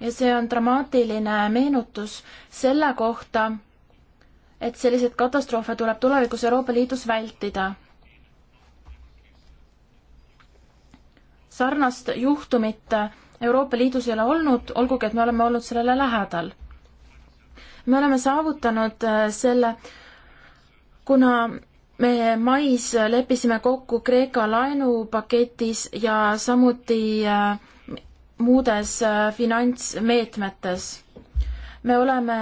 ja see on dramaatiline meenutus selle kohta, et selliseid katastroofe tuleb tulevikus Euroopa Liidus vältida sarnast juhtumit Euroopa Liidus ei ole olnud, olgugi et me oleme olnud sellele lähedal. me oleme saavutanud äh, selle, kuna me mais leppisime kokku Kreeka laenupaketis ja samuti äh, muudes äh, finantsmeetmetes. me oleme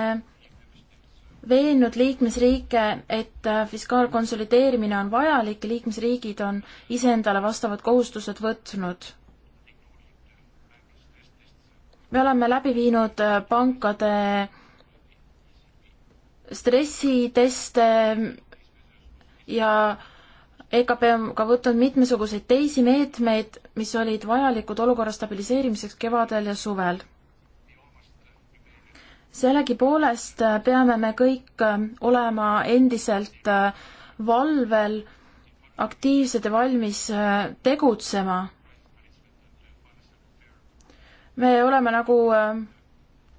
veennud liikmesriike, et äh, fiskaalkonsolideerimine on vajalik ja liikmesriigid on iseendale vastavad kohustused võtnud. me oleme läbi viinud äh, pankade stressiteste ja EKP on ka võtnud mitmesuguseid teisi meetmeid, mis olid vajalikud olukorra stabiliseerimiseks kevadel ja suvel sellegipoolest äh, peame me kõik äh, olema endiselt äh, valvel, aktiivsed ja valmis tegutsema. me oleme nagu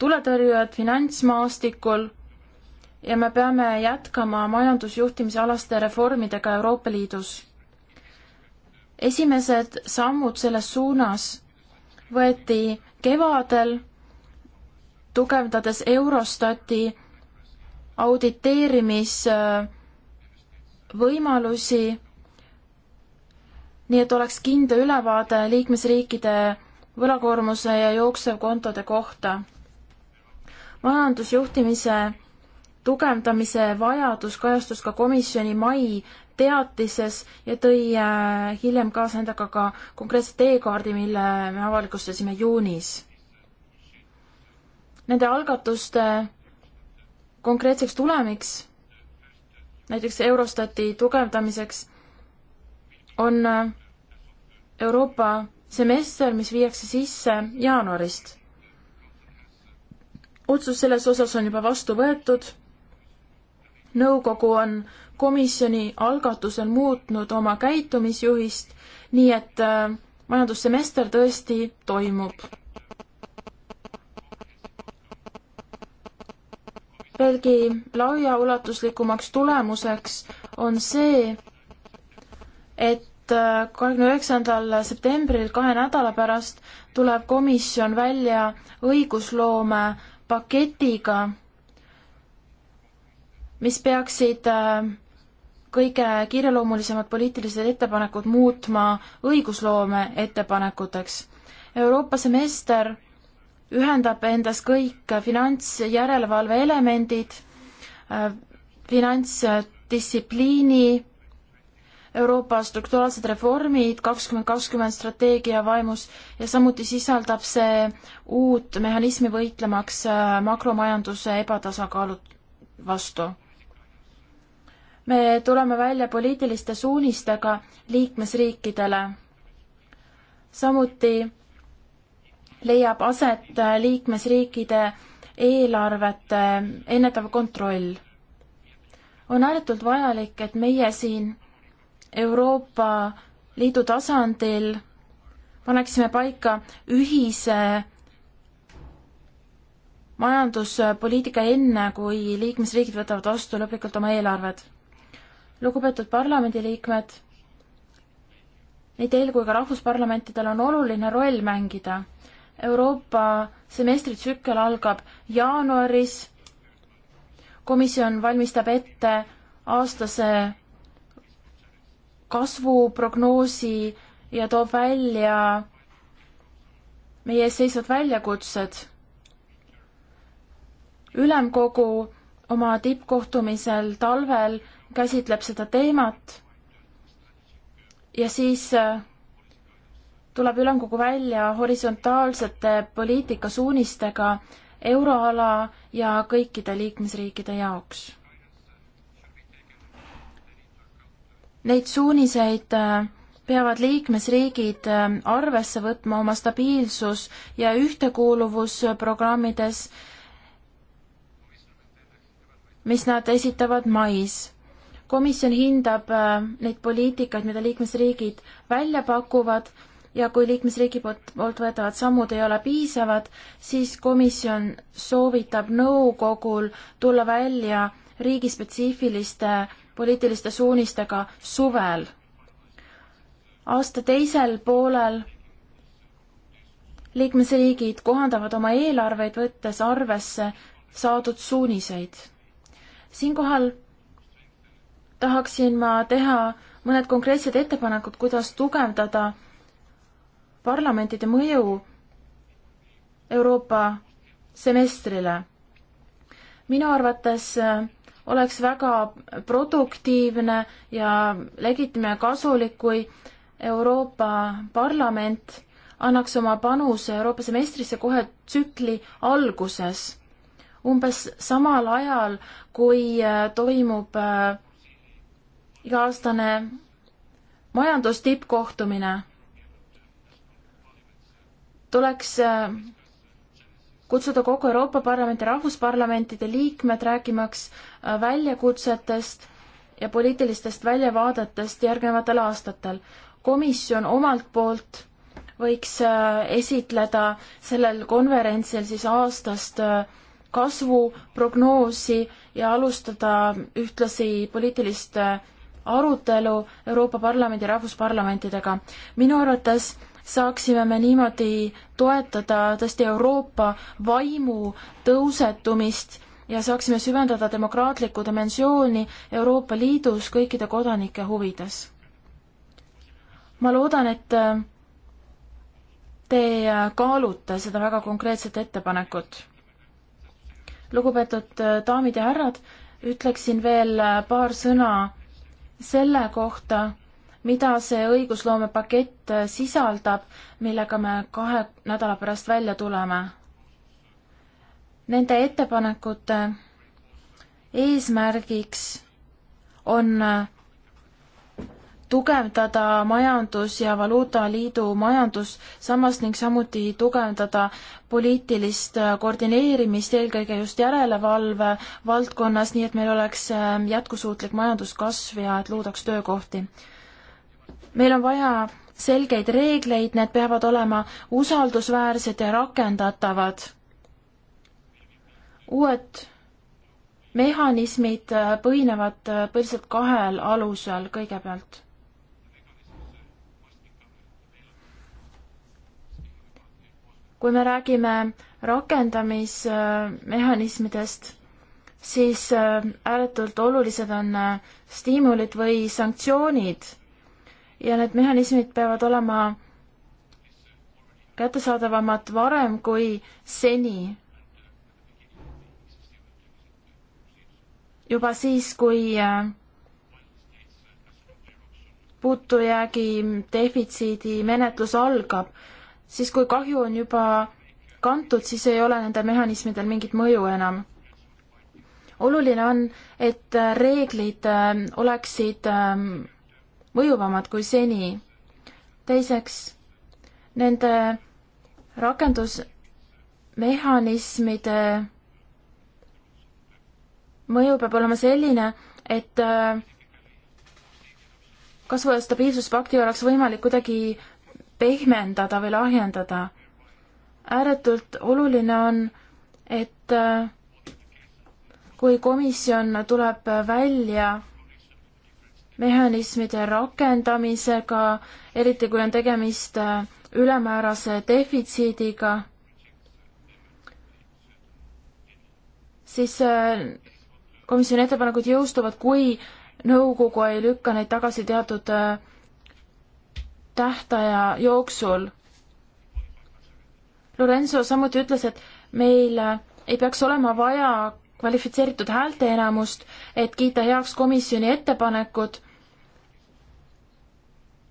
tuletõrjujad finantsmaastikul ja me peame jätkama majandusjuhtimise alaste reformidega Euroopa Liidus. esimesed sammud selles suunas võeti kevadel tugevdades Eurostati auditeerimisvõimalusi, nii et oleks kindel ülevaade liikmesriikide võlakoormuse ja jooksevkontode kohta. majandusjuhtimise tugevdamise vajadus kajastus ka komisjoni mai teatises ja tõi äh, hiljem kaasa endaga ka konkreetse teekaardi, mille me avalikustasime juunis nende algatuste konkreetseks tulemiks, näiteks Eurostati tugevdamiseks, on Euroopa semester, mis viiakse sisse jaanuarist. otsus selles osas on juba vastu võetud. nõukogu on komisjoni algatusel muutnud oma käitumisjuhist, nii et äh, majandussemester tõesti toimub veelgi laiaulatuslikumaks tulemuseks on see, et kahekümne üheksandal septembril, kahe nädala pärast, tuleb komisjon välja õigusloome paketiga, mis peaksid äh, kõige kiireloomulisemad poliitilised ettepanekud muutma õigusloome ettepanekuteks. Euroopa semester ühendab endas kõik finantsjärelevalve elemendid, äh, finantsdistsipliini, Euroopa struktuaalsed reformid kakskümmend kakskümmend strateegia vaimus ja samuti sisaldab see uut mehhanismi võitlemaks äh, makromajanduse ebatasakaalu vastu. me tuleme välja poliitiliste suunistega liikmesriikidele. samuti leiab aset liikmesriikide eelarvete ennetav kontroll. on ääretult vajalik, et meie siin Euroopa Liidu tasandil paneksime paika ühise majanduspoliitika enne, kui liikmesriigid võtavad vastu lõplikult oma eelarved. lugupeetud parlamendiliikmed, nii teil kui ka rahvusparlamentidel on oluline roll mängida Euroopa semestritsükkel algab jaanuaris. komisjon valmistab ette aastase kasvuprognoosi ja toob välja meie ees seisvad väljakutsed. ülemkogu oma tippkohtumisel talvel käsitleb seda teemat ja siis äh, tuleb ülemkogu välja horisontaalsete poliitikasuunistega euroala ja kõikide liikmesriikide jaoks. Neid suuniseid äh, peavad liikmesriigid äh, arvesse võtma oma stabiilsus- ja ühtekuuluvusprogrammides, mis nad esitavad mais. komisjon hindab äh, neid poliitikaid, mida liikmesriigid välja pakuvad ja kui liikmesriigi poolt, poolt võetavad sammud ei ole piisavad, siis komisjon soovitab nõukogul tulla välja riigispetsiifiliste poliitiliste suunistega suvel. aasta teisel poolel liikmesriigid kohandavad oma eelarveid, võttes arvesse saadud suuniseid. siinkohal tahaksin ma teha mõned konkreetsed ettepanekud, kuidas tugevdada parlamentide mõju Euroopa semestrile. minu arvates äh, oleks väga produktiivne ja legitiimne ja kasulik, kui Euroopa Parlament annaks oma panuse Euroopa semestrisse kohe tsükli alguses, umbes samal ajal, kui äh, toimub äh, iga-aastane majandustippkohtumine tuleks äh, kutsuda kogu Euroopa Parlamenti, rahvusparlamentide liikmed rääkimaks äh, väljakutsetest ja poliitilistest väljavaadetest järgnevatel aastatel. komisjon omalt poolt võiks äh, esitleda sellel konverentsil siis aastast kasvuprognoosi ja alustada ühtlasi poliitilist arutelu Euroopa Parlamendi ja rahvusparlamentidega. minu arvates saaksime me niimoodi toetada tõesti Euroopa vaimu tõusetumist ja saaksime süvendada demokraatlikku dimensiooni Euroopa Liidus kõikide kodanike huvides. ma loodan, et te kaalute seda väga konkreetset ettepanekut. lugupeetud daamid ja härrad, ütleksin veel paar sõna selle kohta, mida see õigusloomepakett äh, sisaldab, millega me kahe nädala pärast välja tuleme. Nende ettepanekute eesmärgiks on äh, tugevdada majandus- ja valuutaliidu majandussammast ning samuti tugevdada poliitilist äh, koordineerimist eelkõige just järelevalve valdkonnas, nii et meil oleks jätkusuutlik majanduskasv ja et loodaks töökohti meil on vaja selgeid reegleid, need peavad olema usaldusväärsed ja rakendatavad. uued mehhanismid põhinevad põhiliselt kahel alusel kõigepealt. kui me räägime rakendamismehhanismidest, siis ääretult olulised on stiimulid või sanktsioonid ja need mehhanismid peavad olema kättesaadavamad varem kui seni. juba siis, kui äh, puutujäägi defitsiidi menetlus algab, siis kui kahju on juba kantud, siis ei ole nendel mehhanismidel mingit mõju enam. oluline on, et reeglid äh, oleksid ähm, mõjuvamad kui seni. teiseks, nende rakendusmehhanismide mõju peab olema selline, et äh, kasvu- ja stabiilsuspakti oleks võimalik kuidagi pehmendada või lahjendada. ääretult oluline on, et äh, kui komisjon tuleb välja mehhanismide rakendamisega, eriti kui on tegemist äh, ülemäärase defitsiidiga, siis äh, komisjoni ettepanekud jõustuvad, kui nõukogu ei lükka neid tagasi teatud äh, tähtaja jooksul. Lorenzo samuti ütles, et meil ei peaks olema vaja kvalifitseeritud häälteenamust, et kiita heaks komisjoni ettepanekud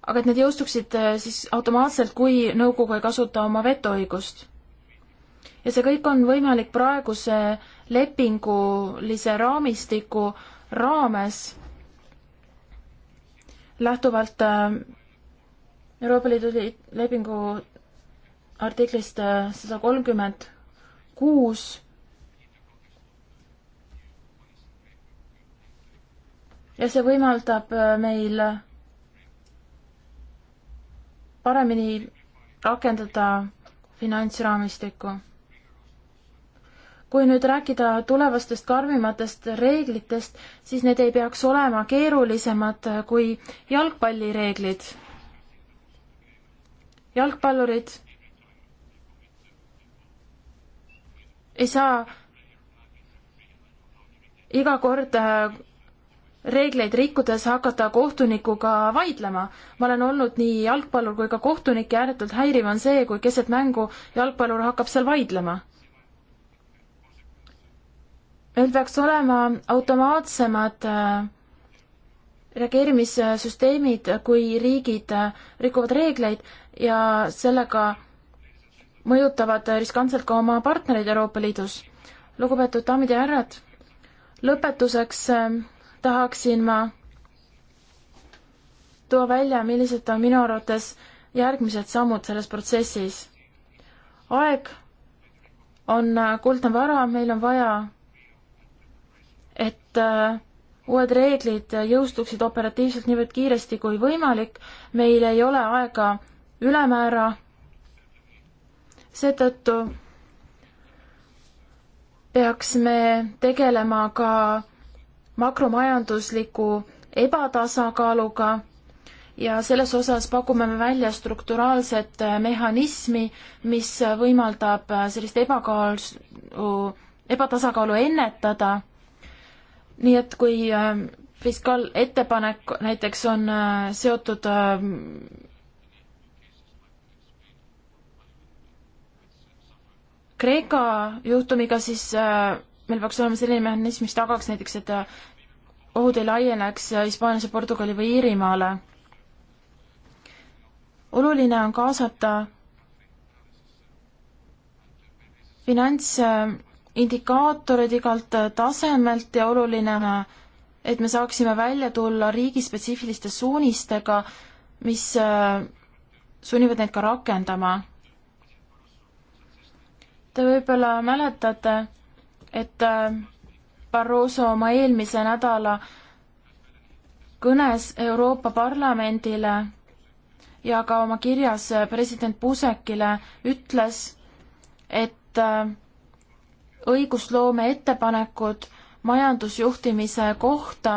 aga et need jõustuksid äh, siis automaatselt, kui nõukogu ei kasuta oma vetoõigust. ja see kõik on võimalik praeguse lepingulise raamistiku raames lähtuvalt äh, Euroopa Liidu lepingu artiklist äh, sada kolmkümmend kuus ja see võimaldab meil paremini rakendada finantsraamistikku. kui nüüd rääkida tulevastest karmimatest reeglitest, siis need ei peaks olema keerulisemad kui jalgpallireeglid. jalgpallurid ei saa iga kord äh, reegleid rikkudes hakata kohtunikuga vaidlema. ma olen olnud nii jalgpallur kui ka kohtunik ja ääretult häiriv on see, kui keset mängu jalgpallur hakkab seal vaidlema. meil peaks olema automaatsemad äh, reageerimissüsteemid, kui riigid äh, rikuvad reegleid ja sellega mõjutavad äh, riskantselt ka oma partnereid Euroopa Liidus. lugupeetud daamid ja härrad, lõpetuseks äh, tahaksin ma tuua välja, millised on minu arvates järgmised sammud selles protsessis. aeg on äh, kuldne vara, meil on vaja, et äh, uued reeglid jõustuksid operatiivselt niivõrd kiiresti kui võimalik, meil ei ole aega ülemäära, seetõttu peaks me tegelema ka makromajandusliku ebatasakaaluga ja selles osas pakume me välja strukturaalset äh, mehhanismi, mis võimaldab äh, sellist ebakaalu, ebatasakaalu ennetada. nii et kui äh, fiskaalettepanek näiteks on seotud ähm, Kreeka juhtumiga, siis meil peaks olema selline mehhanism, mis tagaks näiteks, et äh, ohud ei laieneks äh, Hispaaniasse, Portugali või Iirimaale. oluline on kaasata finantsindikaatorid äh, igalt tasemelt ja oluline, et me saaksime välja tulla riigispetsiifiliste suunistega, mis sunnivad neid ka rakendama. Te võib-olla mäletate, et äh, Barroso oma eelmise nädala kõnes Euroopa Parlamendile ja ka oma kirjas president Pusekile ütles, et äh, õigusloome ettepanekud majandusjuhtimise kohta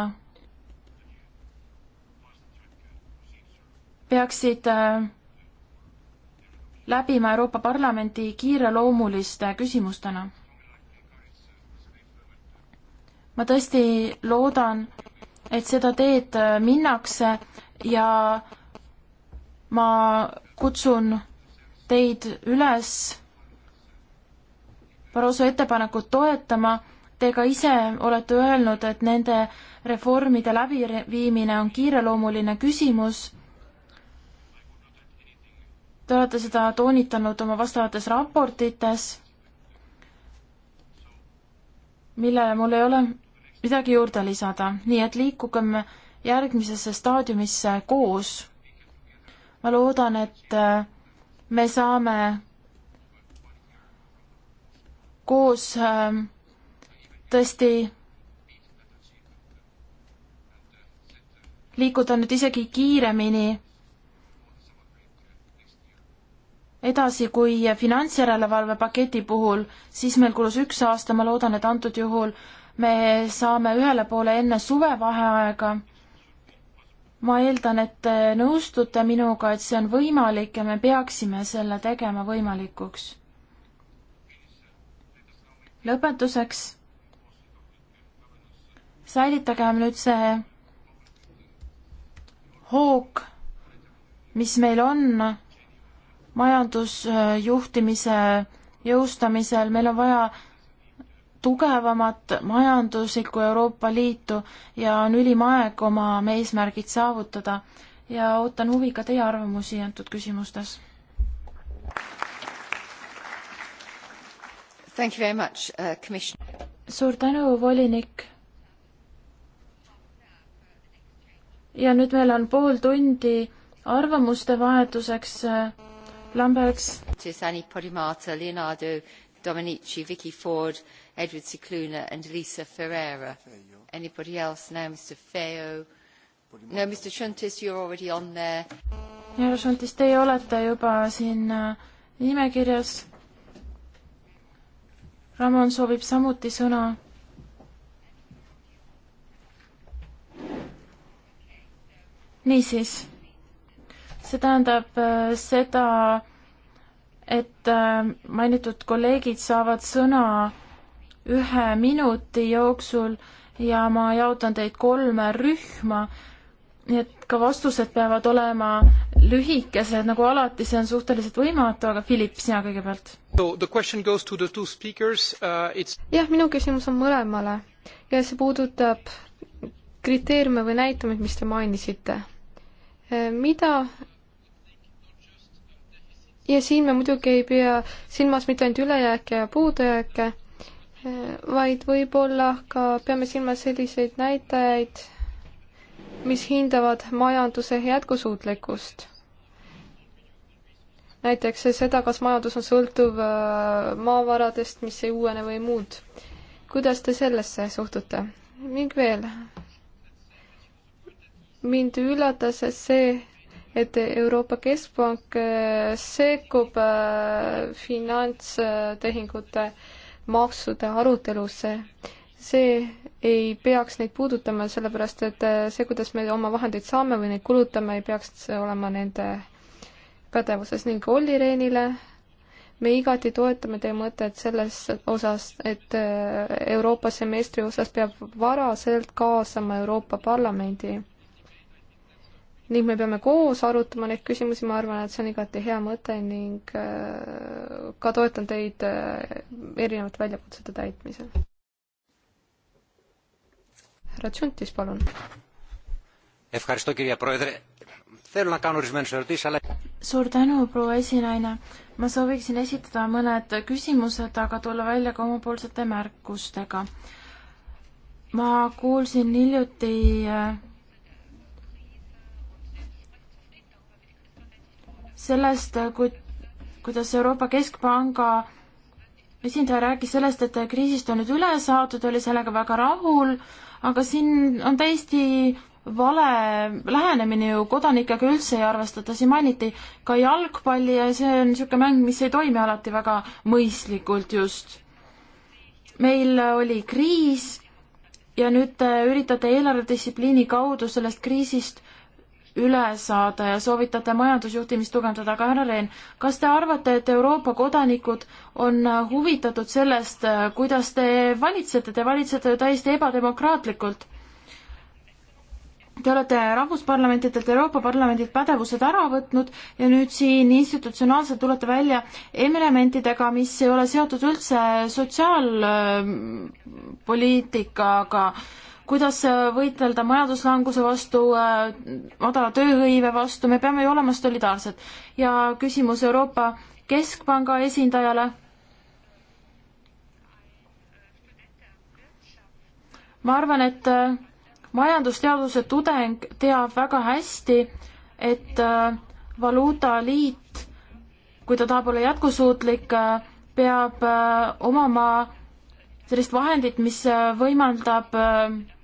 peaksid äh, läbima Euroopa Parlamendi kiireloomuliste küsimustena ma tõesti loodan, et seda teed äh, minnakse ja ma kutsun teid üles Barroso ettepanekut toetama. Te ka ise olete öelnud, et nende reformide läbiviimine on kiireloomuline küsimus. Te olete seda toonitanud oma vastavates raportites, millele mul ei ole midagi juurde lisada, nii et liikugem järgmisesse staadiumisse koos. ma loodan, et äh, me saame koos ähm, tõesti liikuda nüüd isegi kiiremini edasi kui finantsjärelevalve paketi puhul, siis meil kulus üks aasta, ma loodan, et antud juhul me saame ühele poole enne suvevaheaega. ma eeldan, et te nõustute minuga, et see on võimalik ja me peaksime selle tegema võimalikuks. lõpetuseks säilitagem nüüd see hoog, mis meil on majandusjuhtimise jõustamisel, meil on vaja tugevamat majanduslikku Euroopa Liitu ja on ülim aeg oma eesmärgid saavutada ja ootan huviga teie arvamusi antud küsimustes. Uh, suur tänu, volinik. ja nüüd meil on pool tundi arvamuste vahetuseks. Uh, Lamberts. Anni Polimata, Leonardo Domenici, Vicky Ford, Edward Cicluna and Lisa Ferreira. Feio. Anybody else now? Mr Feo? No, Mr Shuntis, you are already on there. härra Shuntis, teie olete juba siin äh, nimekirjas. Ramon soovib samuti sõna. niisiis, see tähendab äh, seda, et äh, mainitud kolleegid saavad sõna ühe minuti jooksul ja ma jaotan teid kolme rühma, nii et ka vastused peavad olema lühikesed, nagu alati, see on suhteliselt võimatu, aga Philip, sina kõigepealt. Uh, jah, minu küsimus on mõlemale ja see puudutab kriteeriume või näitajaid, mis te mainisite. Äh, mida ja siin me muidugi ei pea silmas mitte ainult ülejääke ja puudujääke, vaid võib-olla ka peame silmas selliseid näitajaid, mis hindavad majanduse jätkusuutlikkust. näiteks seda, kas majandus on sõltuv äh, maavaradest, mis ei uuene või muud. kuidas te sellesse suhtute? ning veel, mind üllatas see, et Euroopa Keskpank äh, sekkub äh, finantstehingute maksude arutelusse. see ei peaks neid puudutama, sellepärast et äh, see, kuidas me oma vahendeid saame või neid kulutame, ei peaks olema nende pädevuses ning Olli Rehnile me igati toetame teie mõtet selles osas, et Euroopa semestri osas peab varaselt kaasama Euroopa Parlamendi ning me peame koos arutama neid küsimusi, ma arvan, et see on igati hea mõte ning äh, ka toetan teid äh, erinevate väljakutsete täitmisel. härra Tšuntis, palun. suur tänu, proua esinaine. ma sooviksin esitada mõned küsimused, aga tulla välja ka omapoolsete märkustega. ma kuulsin hiljuti äh, sellest, kui, kuidas Euroopa Keskpanga esindaja rääkis sellest, et kriisist on nüüd üle saadud, oli sellega väga rahul, aga siin on täiesti vale lähenemine ju, kodanikega üldse ei arvestata, siin mainiti ka jalgpalli ja see on niisugune mäng, mis ei toimi alati väga mõistlikult just. meil oli kriis ja nüüd te üritate eelarvedistsipliini kaudu sellest kriisist üle saada ja soovitate majandusjuhtimist tugevdada, aga härra Rehn, kas te arvate, et Euroopa kodanikud on äh, huvitatud sellest, äh, kuidas te valitsete, te valitsete ju täiesti ebademokraatlikult? Te olete rahvusparlamentidelt, Euroopa Parlamendilt pädevused ära võtnud ja nüüd siin institutsionaalselt tulete välja elementidega, mis ei ole seotud üldse sotsiaalpoliitikaga äh, kuidas äh, võitelda majanduslanguse vastu, äh, madala tööhõive vastu, me peame ju olema solidaarsed. ja küsimus Euroopa Keskpanga esindajale. ma arvan, et äh, majandusteaduse tudeng teab väga hästi, et valuutaliit, kui ta tahab olla jätkusuutlik, peab omama sellist vahendit, mis võimaldab äh,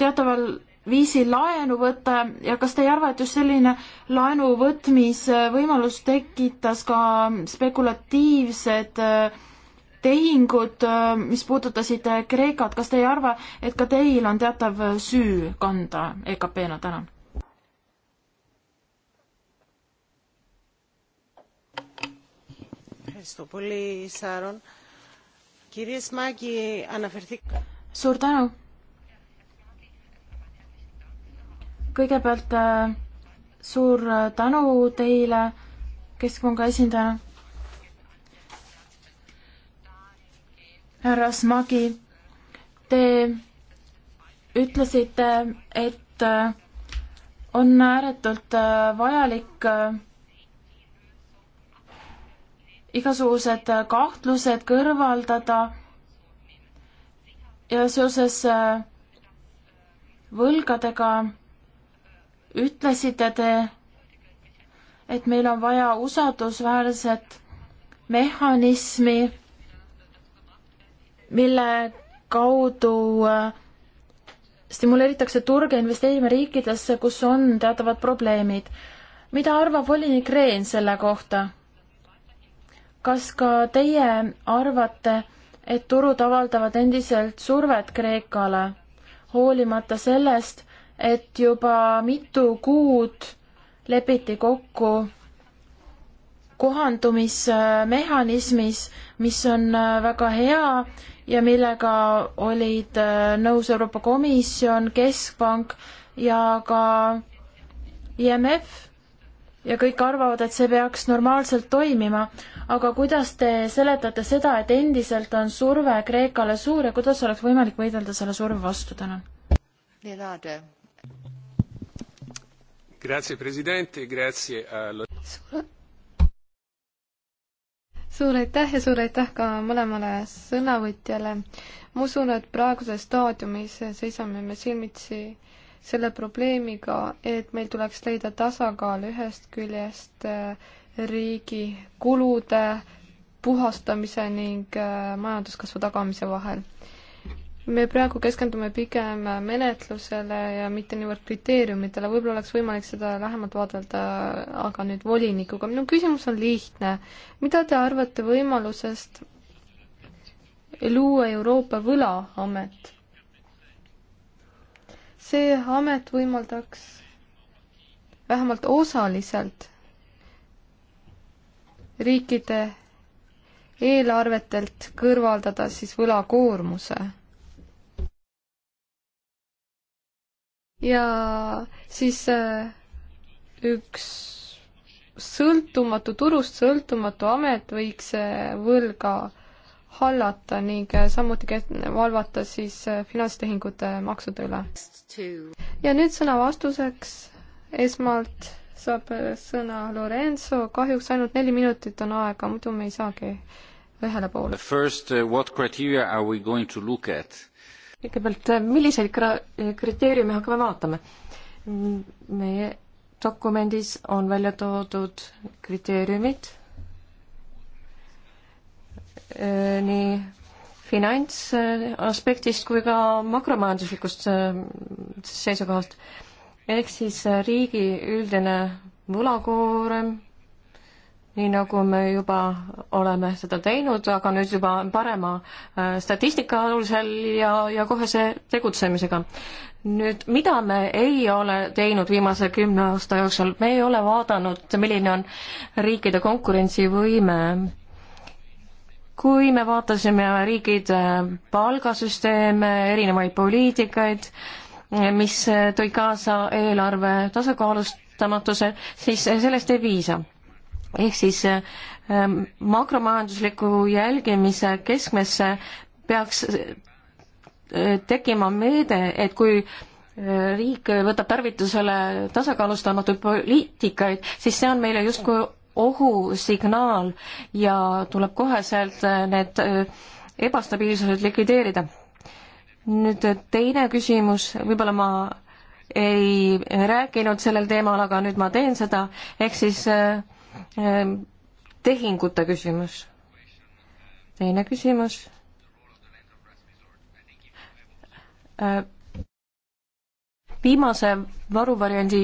teataval viisil laenu võtta ja kas te ei arva, et just selline laenu võtmise võimalus tekitas ka spekulatiivsed äh, tehingud, äh, mis puudutasid äh, Kreekat, kas te ei arva, et ka teil on teatav süü kanda EKP-na täna? suur tänu kõigepealt äh, suur äh, tänu teile Keskpanga esindajana. härra Smagi, te ütlesite, et äh, on ääretult vajalik igasugused kahtlused kõrvaldada ja seoses võlgadega ütlesite te, et meil on vaja usaldusväärset mehhanismi, mille kaudu äh, stimuleeritakse turge investeerima riikidesse, kus on teatavad probleemid. mida arvab volinik Rehn selle kohta? kas ka teie arvate, et turud avaldavad endiselt survet Kreekale, hoolimata sellest, et juba mitu kuud lepiti kokku kohandumismehhanismis, mis on äh, väga hea ja millega olid äh, nõus Euroopa Komisjon, Keskpank ja ka IMF ja kõik arvavad, et see peaks normaalselt toimima, aga kuidas te seletate seda, et endiselt on surve Kreekale suur ja kuidas oleks võimalik võidelda selle surve vastu täna? Grazie, president, grazie all... suur, suur aitäh ja suur aitäh ka mõlemale sõnavõtjale. ma usun, et praeguses staadiumis seisame me silmitsi selle probleemiga, et meil tuleks leida tasakaal ühest küljest eh, riigi kulude puhastamise ning eh, majanduskasvu tagamise vahel me praegu keskendume pigem menetlusele ja mitte niivõrd kriteeriumitele, võib-olla oleks võimalik seda lähemalt vaadelda, aga nüüd volinikuga, minu küsimus on lihtne. mida te arvate võimalusest luua Euroopa võlaamet? see amet võimaldaks vähemalt osaliselt riikide eelarvetelt kõrvaldada siis võlakoormuse ja siis äh, üks sõltumatu, turust sõltumatu amet võiks äh, võlga hallata ning äh, samuti valvata siis finantstehingute maksude üle. ja nüüd sõna vastuseks. esmalt saab sõna Lorenzo, kahjuks ainult neli minutit on aega, muidu me ei saagi ühele poole. First, what criteria are we going to look at? kõigepealt, äh, milliseid äh, kriteeriume hakkame vaatama? meie dokumendis on välja toodud kriteeriumid äh, nii finantsaspektist kui ka makromajanduslikust seisukohast. ehk siis riigi üldine võlakoorem nii nagu me juba oleme seda teinud, aga nüüd juba parema äh, statistika alusel ja, ja kohese tegutsemisega. nüüd, mida me ei ole teinud viimase kümne aasta jooksul, me ei ole vaadanud, milline on riikide konkurentsivõime. kui me vaatasime riikide palgasüsteeme, erinevaid poliitikaid, mis tõi kaasa eelarve tasakaalustamatuse, siis sellest ei piisa ehk siis ähm, makromajandusliku jälgimise keskmesse peaks äh, tekkima meede, et kui äh, riik võtab tarvitusele tasakaalustamatuid poliitikaid, siis see on meile justkui ohusignaal ja tuleb koheselt äh, need ebastabiilsused likvideerida. nüüd teine küsimus, võib-olla ma ei rääkinud sellel teemal, aga nüüd ma teen seda, ehk siis äh, Ehm, tehingute küsimus. teine küsimus. Ehm, viimase varuvariandi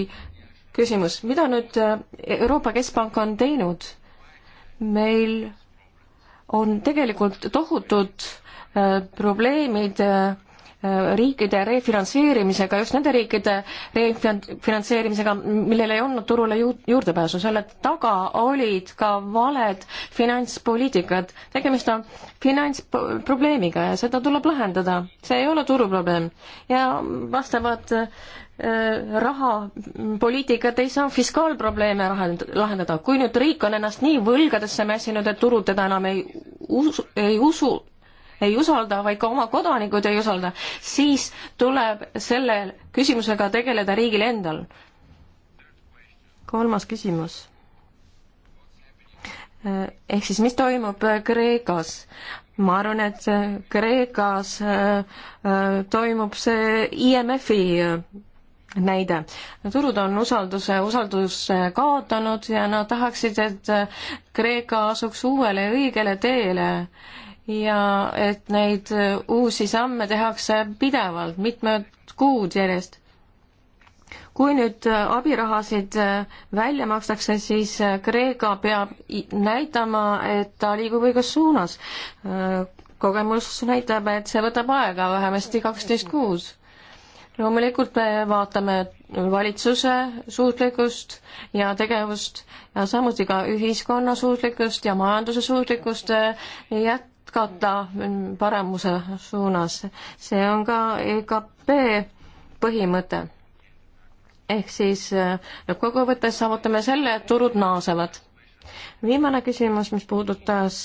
küsimus, mida nüüd eh, Euroopa Keskpank on teinud? meil on tegelikult tohutud eh, probleemid äh, Äh, riikide refinantseerimisega, just nende riikide refinantseerimisega, millel ei olnud turule ju-, juurdepääsu, selle taga olid ka valed finantspoliitikad. tegemist on finantsprobleemiga ja seda tuleb lahendada, see ei ole turuprobleem. ja vastavad äh, rahapoliitikad ei saa fiskaalprobleeme lahendada. kui nüüd riik on ennast nii võlgadesse mässinud, et turud teda enam ei usu, ei usu, ei usalda, vaid ka oma kodanikud ei usalda, siis tuleb selle küsimusega tegeleda riigil endal. kolmas küsimus. ehk siis, mis toimub Kreekas? ma arvan, et Kreekas äh, äh, toimub see IMF-i äh, näide. turud on usalduse, usalduse kaotanud ja nad tahaksid, et Kreeka asuks uuele õigele teele ja et neid äh, uusi samme tehakse pidevalt, mitmed kuud järjest. kui nüüd äh, abirahasid äh, välja makstakse, siis Kreeka peab näitama, et ta liigub õiges suunas. kogemus näitab, et see võtab aega, vähemasti kaksteist kuud loomulikult me vaatame valitsuse suutlikkust ja tegevust ja samuti ka ühiskonna suutlikkust ja majanduse suutlikkust jät-, jätkata paremuse suunas. see on ka EKP põhimõte. ehk siis lõppkokkuvõttes saavutame selle, et turud naasevad. viimane küsimus, mis puudutas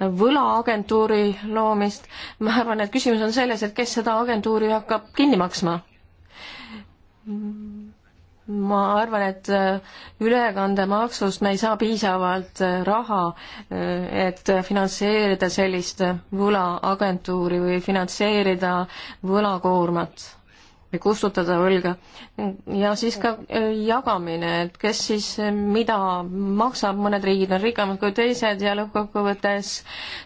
võlaagentuuri loomist, ma arvan, et küsimus on selles, et kes seda agentuuri hakkab kinni maksma ma arvan, et äh, ülekandemaksust me ei saa piisavalt äh, raha, äh, et finantseerida sellist võlaagentuuri või finantseerida võlakoormat või kustutada võlga. ja siis ka jagamine, et kes siis mida maksab, mõned riigid on rikkamad kui teised ja lõppkokkuvõttes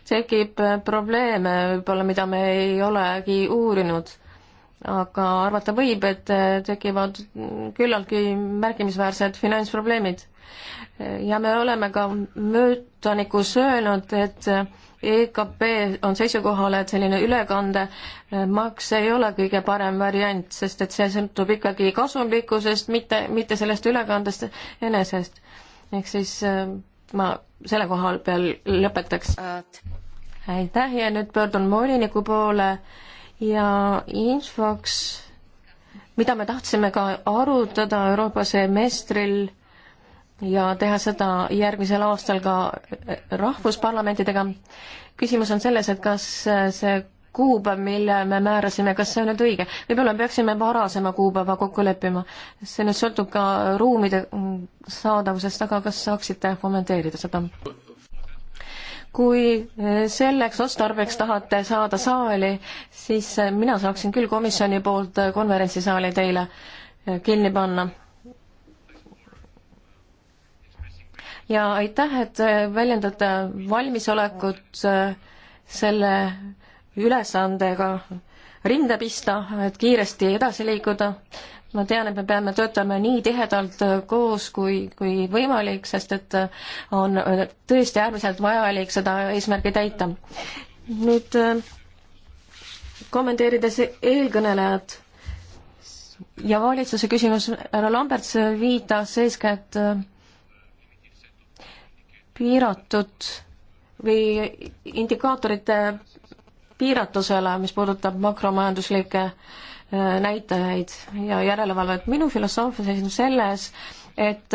tekib probleeme võib-olla, mida me ei olegi uurinud aga arvata võib, et äh, tekivad küllaltki märkimisväärsed finantsprobleemid. ja me oleme ka möödanikus öelnud, et äh, EKP on seisukohal, et selline ülekandemaks äh, ei ole kõige parem variant, sest et see sõltub ikkagi kasumlikkusest, mitte, mitte sellest ülekandest enesest. ehk siis ma selle koha peal lõpetaks. aitäh ja nüüd pöördun voliniku poole äh, ja infoks, mida me tahtsime ka arutada Euroopa semestril ja teha seda järgmisel aastal ka rahvusparlamentidega, küsimus on selles, et kas see kuupäev, mille me määrasime, kas see on nüüd õige? võib-olla me peaksime varasema kuupäeva kokku leppima. see nüüd sõltub ka ruumide saadavusest, aga kas saaksite kommenteerida seda? kui eh, selleks otstarbeks tahate saada saali, siis eh, mina saaksin küll komisjoni poolt eh, konverentsisaali teile kinni panna. ja aitäh, et väljendate valmisolekut selle ülesandega rinde pista, et kiiresti edasi liikuda ma tean, et me peame töötama nii tihedalt äh, koos kui, kui võimalik, sest et äh, on äh, tõesti äärmiselt vajalik seda eesmärgi täita. nüüd kommenteerides eelkõnelejat ja valitsuse küsimus, härra Lamberts viitas eeskätt piiratud või indikaatorite piiratusele, mis puudutab makromajanduslikke äh, näitajaid ja järelevalvet. minu filosoofia seisneb selles, et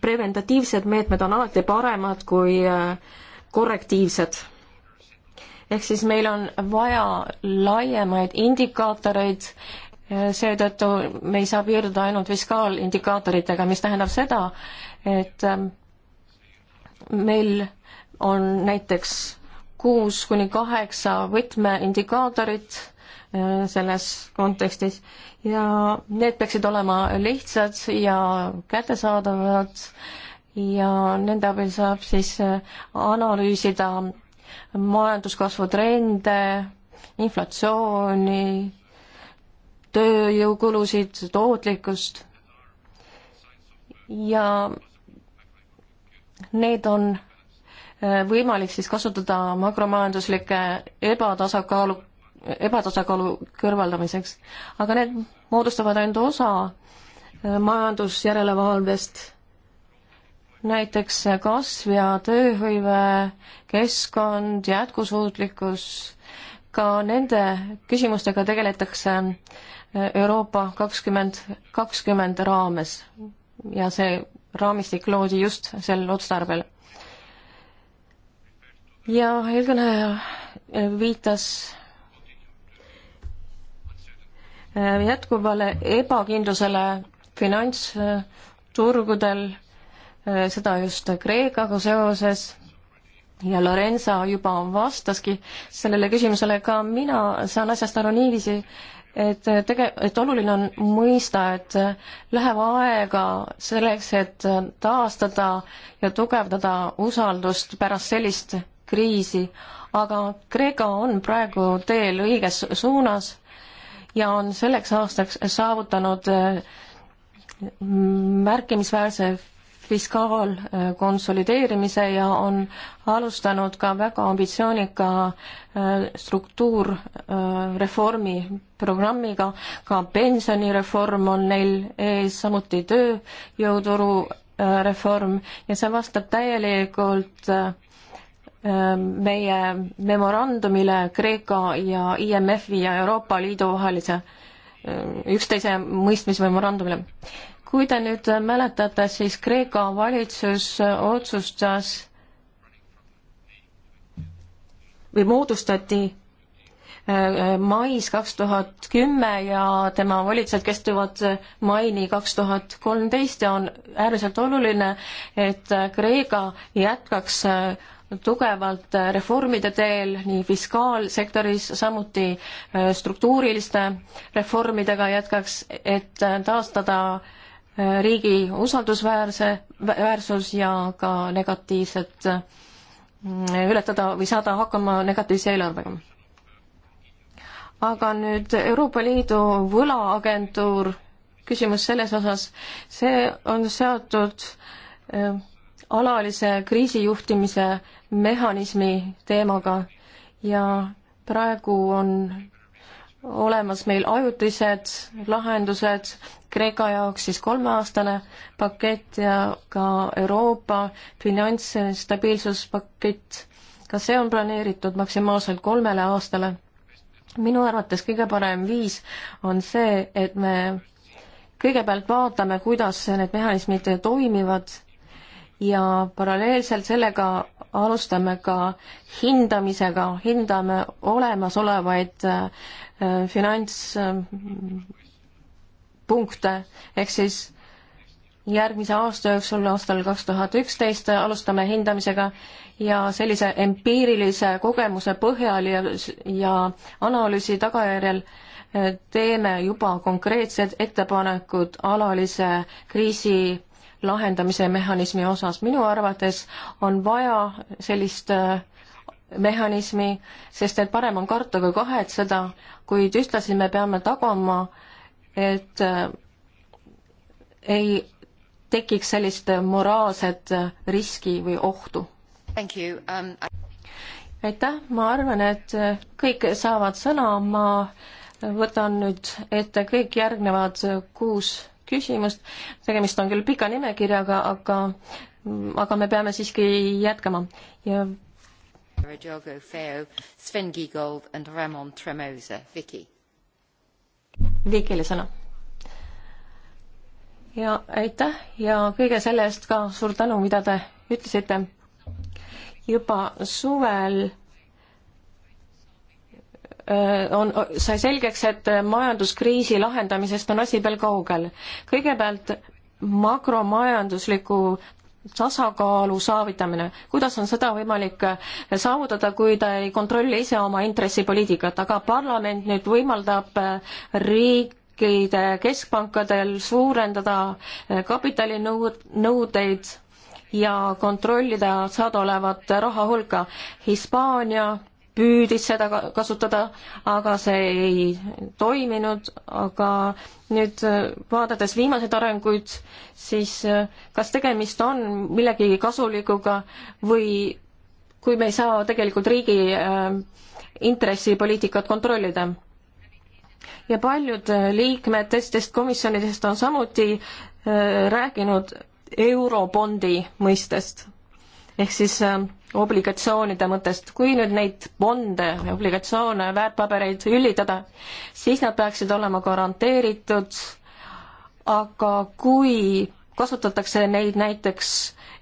preventatiivsed meetmed on alati paremad kui äh, korrektiivsed. ehk siis meil on vaja laiemaid indikaatoreid, äh, seetõttu me ei saa piirduda ainult fiskaalindikaatoritega, mis tähendab seda, et äh, meil on näiteks kuus kuni kaheksa võtmeindikaatorit, Äh, selles kontekstis ja need peaksid olema lihtsad ja kättesaadavad ja nende abil saab siis äh, analüüsida majanduskasvu trende, inflatsiooni, tööjõukulusid, tootlikkust ja need on äh, võimalik siis kasutada makromajanduslike ebatasakaalu ebatasakaalu kõrvaldamiseks, aga need moodustavad ainult osa äh, majandusjärelevalvest, näiteks äh, kasv ja tööhõive, keskkond, jätkusuutlikkus, ka nende küsimustega tegeletakse äh, Euroopa kakskümmend kakskümmend raames ja see raamistik loodi just sel otstarbel. ja eelkõneleja viitas Äh, jätkuvale ebakindlusele finantsturgudel, äh, seda just Kreekaga seoses ja Lorenza juba vastaski sellele küsimusele, ka mina saan asjast aru niiviisi, et äh, tege-, et oluline on mõista, et läheb aega selleks, et taastada ja tugevdada usaldust pärast sellist kriisi, aga Kreeka on praegu teel õiges suunas ja on selleks aastaks saavutanud äh, märkimisväärse fiskaalkonsolideerimise ja on alustanud ka väga ambitsioonika äh, struktuurreformi programmiga, ka pensionireform on neil ees, samuti tööjõuturu äh, reform ja see vastab täielikult Ehm, meie memorandumile Kreeka ja IMF-i ja Euroopa Liidu vahelise ehm, üksteise mõistmise memorandumile. kui te nüüd mäletate, siis Kreeka valitsus otsustas või moodustati ehm, mais kaks tuhat kümme ja tema volitused kestuvad maini kaks tuhat kolmteist ja on äärmiselt oluline, et Kreeka jätkaks tugevalt äh, reformide teel nii fiskaalsektoris, samuti äh, struktuuriliste reformidega jätkaks, et äh, taastada riigi usaldusväärse, väärsus ja ka negatiivset, ületada või saada hakkama negatiivse eelarvega. aga nüüd Euroopa Liidu võlaagentuur, küsimus selles osas, see on seotud alalise kriisijuhtimise mehhanismi teemaga ja praegu on olemas meil ajutised lahendused, Kreeka jaoks siis kolmeaastane pakett ja ka Euroopa finantsstabiilsuspakett, ka see on planeeritud maksimaalselt kolmele aastale. minu arvates kõige parem viis on see, et me kõigepealt vaatame, kuidas need mehhanismid toimivad ja paralleelselt sellega alustame ka hindamisega, hindame olemasolevaid äh, finantspunkte, ehk siis järgmise aasta jooksul, aastal kaks tuhat üksteist alustame hindamisega ja sellise empiirilise kogemuse põhjal ja, ja analüüsi tagajärjel äh, teeme juba konkreetsed ettepanekud alalise kriisi lahendamise mehhanismi osas. minu arvates on vaja sellist äh, mehhanismi, sest et parem on karta kui kahetseda, kuid ühtlasi me peame tagama, et äh, ei tekiks sellist moraalset äh, riski või ohtu. Um, I... aitäh, ma arvan, et kõik saavad sõna, ma võtan nüüd ette kõik järgnevad kuus küsimust. tegemist on küll pika nimekirjaga, aga, aga me peame siiski jätkama ja. Diogo Feo, Sven Giegold and Ramon Tremosa, Viki. Vikile sõna. ja aitäh ja kõige selle eest ka suur tänu, mida te ütlesite. juba suvel on, sai selgeks, et majanduskriisi lahendamisest on asi veel kaugel. kõigepealt makromajandusliku tasakaalu saavutamine, kuidas on seda võimalik saavutada, kui ta ei kontrolli ise oma intressipoliitikat, aga parlament nüüd võimaldab riikide keskpankadel suurendada kapitalinõudeid ja kontrollida saadaolevat raha hulka. Hispaania püüdis seda kasutada, aga see ei toiminud, aga nüüd äh, vaadates viimaseid arenguid, siis äh, kas tegemist on millegi kasulikuga või kui me ei saa tegelikult riigi äh, intressipoliitikat kontrollida? ja paljud liikmed teistest komisjonidest on samuti rääkinud eurobondi mõistest ehk siis äh, obligatsioonide mõttest, kui nüüd neid bonde, obligatsioone, väärtpabereid üllitada, siis nad peaksid olema garanteeritud, aga kui kasutatakse neid näiteks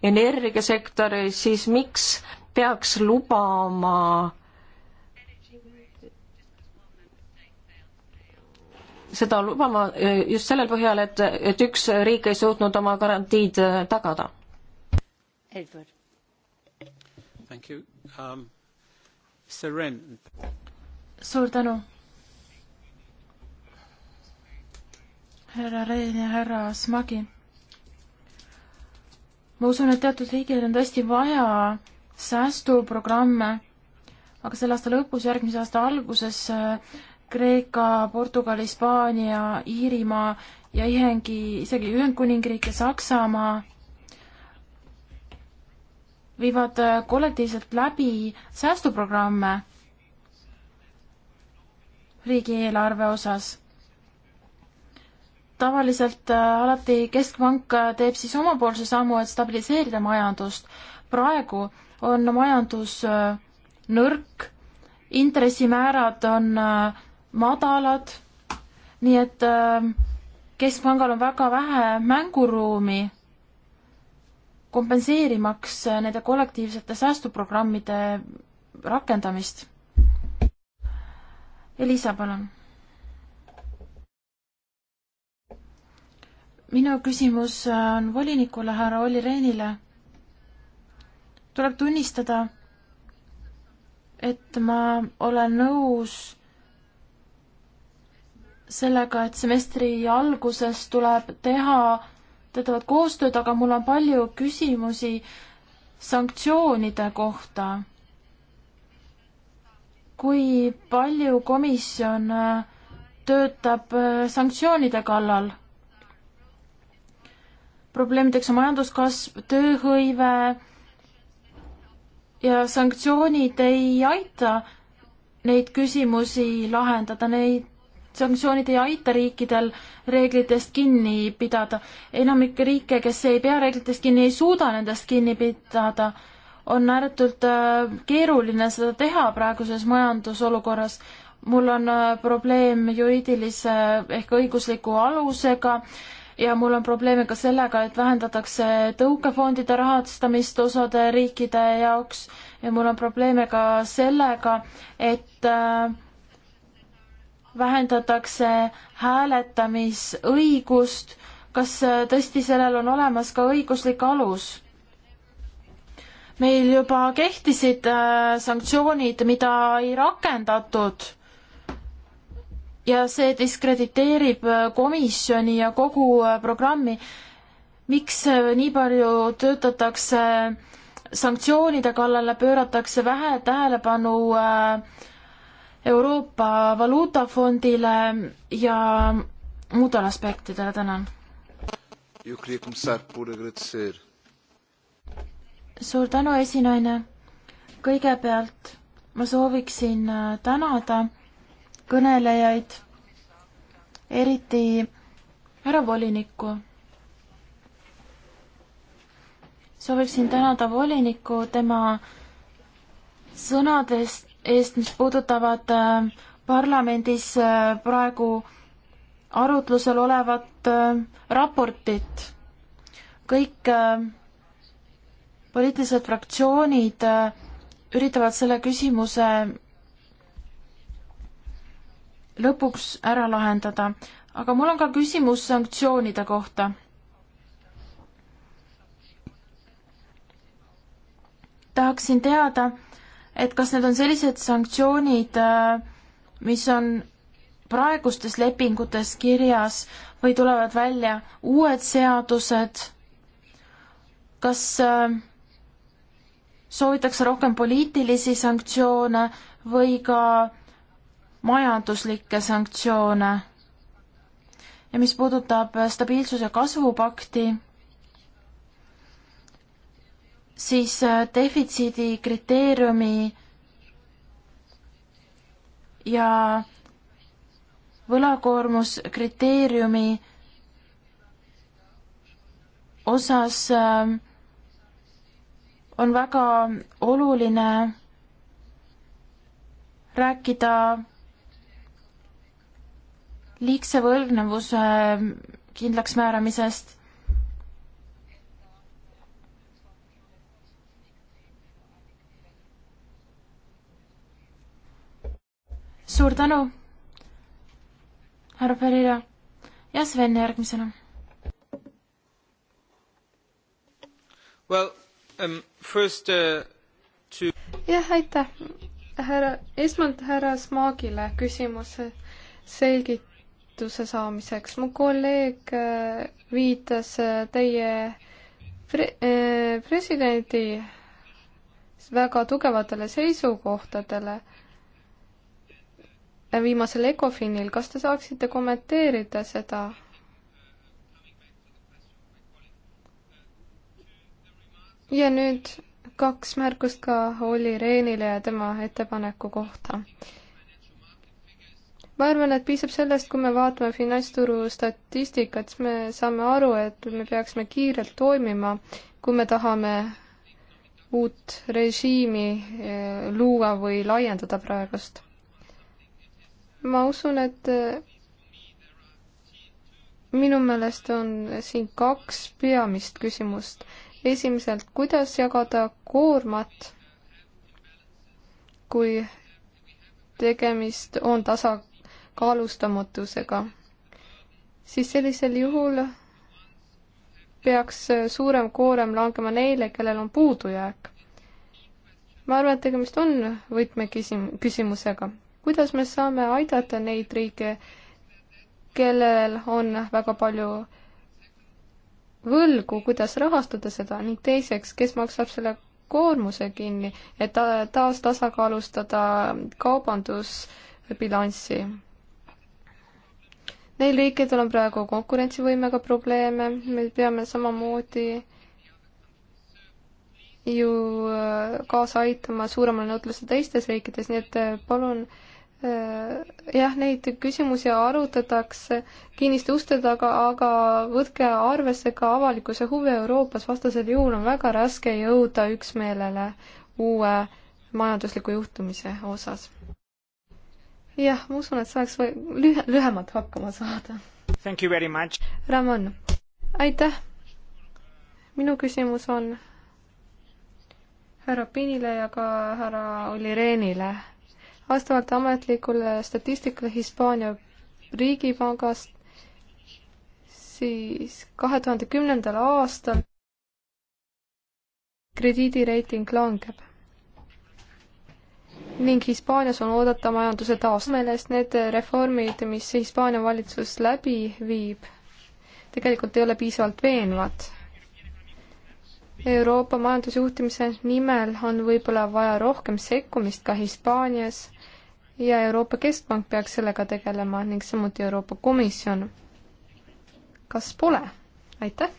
energiasektoris, siis miks peaks lubama seda lubama äh, just sellel põhjal, et, et üks riik ei suutnud oma garantiid äh, tagada? Edward. Thank you um,. Seren. suur tänu. härra Rein ja härra Smagi. ma usun, et teatud riigil on tõesti vaja säästuprogramme, aga selle aasta lõpus, järgmise aasta alguses äh, Kreeka, Portugal, Hispaania, Iirimaa ja ihengi, isegi Ühendkuningriik ja Saksamaa viivad äh, kollektiivselt läbi säästuprogramme riigieelarve osas. tavaliselt äh, alati Keskpank äh, teeb siis omapoolse sammu, et stabiliseerida majandust. praegu on majandus nõrk, intressimäärad on madalad, nii et Keskpangal on väga vähe mänguruumi kompenseerimaks nende kollektiivsete säästuprogrammide rakendamist. Elisa, palun. minu küsimus on volinikule härra Olli Rehnile. tuleb tunnistada, et ma olen nõus sellega, et semestri alguses tuleb teha teevad koostööd, aga mul on palju küsimusi sanktsioonide kohta. kui palju komisjon äh, töötab äh, sanktsioonide kallal? probleemideks on majanduskasv, tööhõive ja sanktsioonid ei aita neid küsimusi lahendada, neid sanktsioonid ei aita riikidel reeglitest kinni pidada. enamik riike, kes ei pea reeglitest kinni, ei suuda nendest kinni pidada. on ääretult äh, keeruline seda teha praeguses majandusolukorras. mul on äh, probleem juriidilise ehk õigusliku alusega ja mul on probleeme ka sellega, et vähendatakse tõukefondide rahastamist osade riikide jaoks ja mul on probleeme ka sellega, et äh, vähendatakse hääletamisõigust, kas äh, tõesti sellel on olemas ka õiguslik alus? meil juba kehtisid äh, sanktsioonid, mida ei rakendatud ja see diskrediteerib äh, komisjoni ja kogu programmi. miks nii palju töötatakse sanktsioonide kallale, pööratakse vähe tähelepanu äh, Euroopa Valuutafondile ja muudele aspektidele, tänan. suur tänu, esinaine. kõigepealt ma sooviksin äh, tänada kõnelejaid, eriti härra volinikku. sooviksin tänada volinikku tema sõnadest eest, mis puudutavad äh, parlamendis äh, praegu arutlusel olevat äh, raportit. kõik poliitilised fraktsioonid üritavad selle küsimuse lõpuks ära lahendada. aga mul on ka küsimus sanktsioonide kohta. tahaksin teada, et kas need on sellised sanktsioonid, äh, mis on praegustes lepingutes kirjas või tulevad välja uued seadused, kas äh, soovitakse rohkem poliitilisi sanktsioone või ka majanduslikke sanktsioone. ja mis puudutab äh, stabiilsuse kasvupakti, siis äh, defitsiidi kriteeriumi ja võlakoormuskriteeriumi osas äh, on väga oluline rääkida liigse võlgnevuse kindlaksmääramisest suur tänu, härra Pereira ja Sven järgmisena. Well, um, first uh, to... jah, aitäh, härra, esmalt härra Smaagile küsimus selgituse saamiseks. mu kolleeg äh, viitas äh, teie pre-, äh, presidendi väga tugevatele seisukohtadele viimasel Ecofinil, kas te saaksite kommenteerida seda? ja nüüd kaks märkust ka Olli Rehnile ja tema ettepaneku kohta. ma arvan, et piisab sellest, kui me vaatame finantsturu statistikat, siis me saame aru, et me peaksime kiirelt toimima, kui me tahame uut režiimi eh, luua või laiendada praegust ma usun, et äh, minu meelest on siin kaks peamist küsimust. esimeselt, kuidas jagada koormat, kui tegemist on tasakaalustamatusega, siis sellisel juhul peaks äh, suurem koorem langema neile, kellel on puudujääk. ma arvan, et tegemist on võtmeküsim-, küsimusega kuidas me saame aidata neid riike, kellel on väga palju võlgu, kuidas rahastada seda ning teiseks, kes maksab selle koormuse kinni, et taas tasakaalustada kaubandusbilanssi. Neil riikidel on praegu konkurentsivõimega probleeme, me peame samamoodi ju äh, kaasa aitama suuremale nõudlusele teistes riikides, nii et äh, palun äh, jah, neid küsimusi arutatakse kinniste uste taga, aga võtke arvesse ka avalikkuse huve Euroopas, vastasel juhul on väga raske jõuda üksmeelele uue majandusliku juhtumise osas. jah, ma usun, et saaks lühe, lühemalt hakkama saada. Ramon, aitäh! minu küsimus on härra Pinile ja ka härra Olli Rehnile vastavalt ametlikule statistikale Hispaania riigipangast, siis kahe tuhande kümnendal aastal krediidireiting langeb. ning Hispaanias on oodata majanduse taastumist, need reformid, mis Hispaania valitsus läbi viib, tegelikult ei ole piisavalt veenvad. Euroopa majandusjuhtimise nimel on võib-olla vaja rohkem sekkumist ka Hispaanias ja Euroopa Keskpank peaks sellega tegelema ning samuti Euroopa Komisjon. kas pole? aitäh!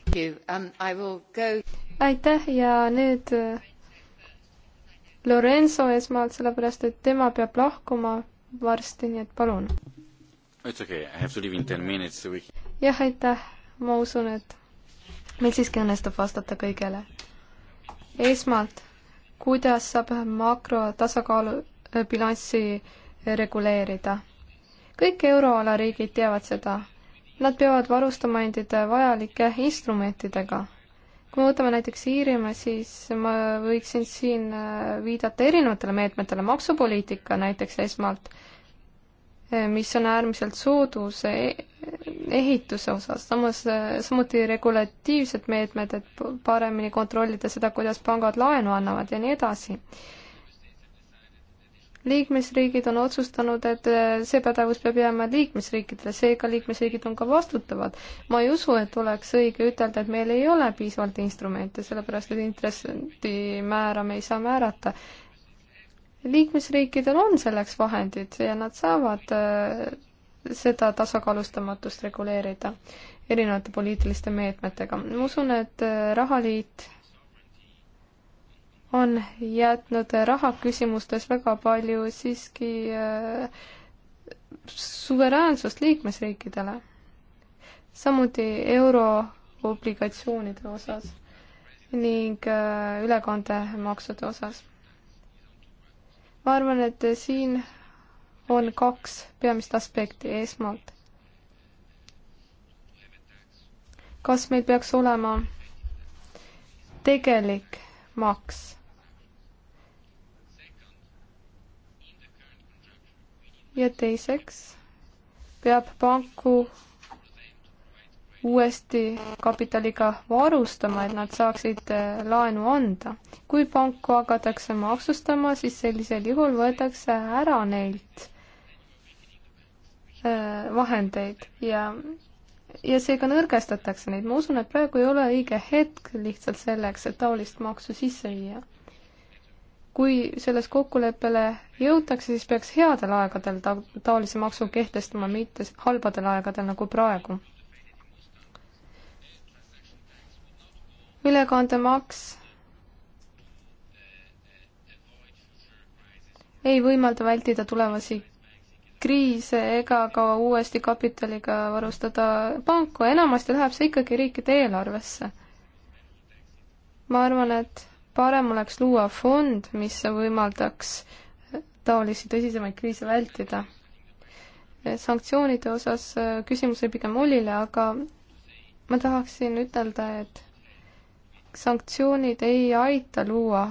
aitäh ja nüüd Lorenzo esmalt, sellepärast et tema peab lahkuma varsti, nii et palun. jah, aitäh, ma usun, et meil siiski õnnestub vastata kõigele. esmalt, kuidas saab makrotasakaalu äh, bilanssi äh, reguleerida. kõik euroala riigid teavad seda. Nad peavad varustama endid vajalike instrumentidega. kui me võtame näiteks Iirimaa, siis ma võiksin siin äh, viidata erinevatele meetmetele, maksupoliitika näiteks esmalt, äh, mis on äärmiselt soodus e-, ehituse osas, samas äh, samuti regulatiivsed meetmed, et paremini kontrollida seda, kuidas pangad laenu annavad ja nii edasi liikmesriigid on otsustanud, et äh, see pädevus peab jääma liikmesriikidele, seega liikmesriigid on ka vastutavad. ma ei usu, et oleks õige ütelda, et meil ei ole piisavalt instrumente, sellepärast et intressimäära me ei saa määrata. liikmesriikidel on selleks vahendid ja nad saavad äh, seda tasakaalustamatust reguleerida erinevate poliitiliste meetmetega. ma usun, et äh, rahaliit on jätnud rahaküsimustes väga palju siiski äh, suveräänsust liikmesriikidele. samuti euroobligatsioonide osas ning äh, ülekandemaksude osas. ma arvan, et siin on kaks peamist aspekti esmalt. kas meil peaks olema tegelik maks? ja teiseks peab panku uuesti kapitaliga varustama, et nad saaksid äh, laenu anda. kui panku hakatakse maksustama, siis sellisel juhul võetakse ära neilt äh, vahendeid ja, ja seega nõrgestatakse neid. ma usun, et praegu ei ole õige hetk lihtsalt selleks, et taolist maksu sisse viia kui selles kokkuleppele jõutakse, siis peaks headel aegadel ta-, taolise maksu kehtestama, mitte halbadel aegadel nagu praegu. ülekandemaks ei võimalda vältida tulevasi kriise ega ka uuesti kapitaliga varustada panku, enamasti läheb see ikkagi riikide eelarvesse. ma arvan, et parem oleks luua fond, mis võimaldaks taolisi tõsisemaid kriise vältida. sanktsioonide osas äh, küsimus oli pigem Ollile, aga ma tahaksin ütelda, et sanktsioonid ei aita luua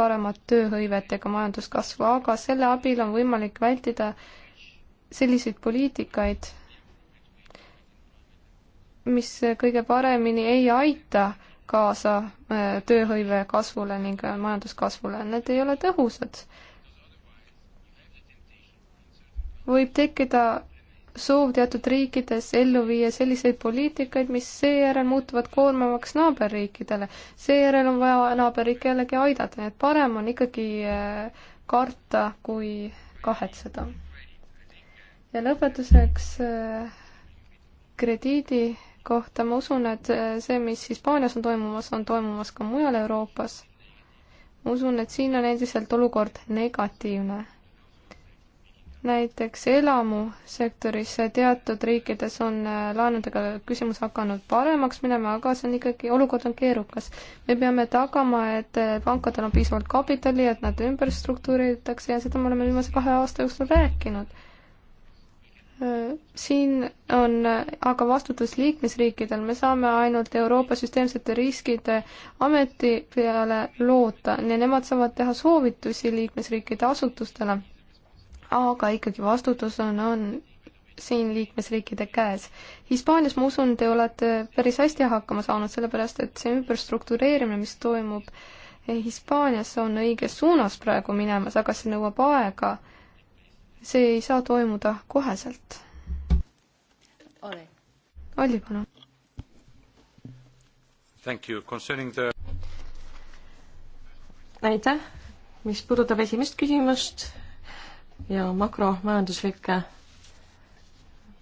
paremat tööhõivet ega majanduskasvu, aga selle abil on võimalik vältida selliseid poliitikaid, mis kõige paremini ei aita kaasa äh, tööhõive kasvule ning äh, majanduskasvule, need ei ole tõhusad. võib tekkida soov teatud riikides ellu viia selliseid poliitikaid, mis seejärel muutuvad koormavaks naaberriikidele. seejärel on vaja naaberriike jällegi aidata, nii et parem on ikkagi äh, karta kui kahetseda. ja lõpetuseks krediidi kohta, ma usun, et äh, see, mis Hispaanias on toimumas, on toimumas ka mujal Euroopas. ma usun, et siin on endiselt olukord negatiivne. näiteks elamusektoris teatud riikides on äh, laenudega küsimus hakanud paremaks minema, aga see on ikkagi, olukord on keerukas. me peame tagama, et äh, pankadel on piisavalt kapitali, et nad ümber struktureeritakse ja seda me oleme viimase kahe aasta jooksul rääkinud siin on aga vastutus liikmesriikidel, me saame ainult Euroopa süsteemsete riskide ameti peale loota ja nemad saavad teha soovitusi liikmesriikide asutustele. aga ikkagi vastutus on, on siin liikmesriikide käes. Hispaanias, ma usun, te olete päris hästi hakkama saanud, sellepärast et see ümberstruktureerimine, mis toimub Hispaanias, on õiges suunas praegu minemas, aga see nõuab aega see ei saa toimuda koheselt. Olli, palun. The... aitäh, mis puudutab esimest küsimust ja makromajanduslikke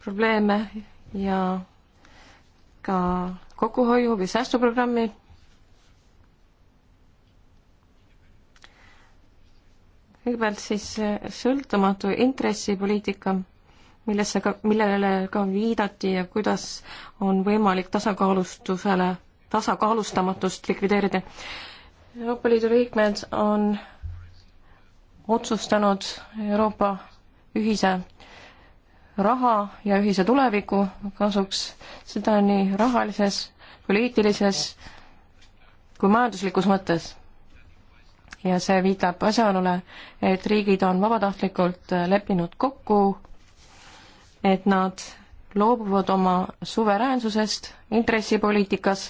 probleeme ja ka kokkuhoiu või säästuprogrammi kõigepealt siis äh, sõltumatu intressipoliitika, millesse ka, millele ka viidati ja kuidas on võimalik tasakaalustusele, tasakaalustamatust likvideerida. Euroopa Liidu liikmed on otsustanud Euroopa ühise raha ja ühise tuleviku kasuks, seda nii rahalises, poliitilises kui majanduslikus mõttes ja see viitab asjaolule, et riigid on vabatahtlikult äh, leppinud kokku, et nad loobuvad oma suveräänsusest intressipoliitikas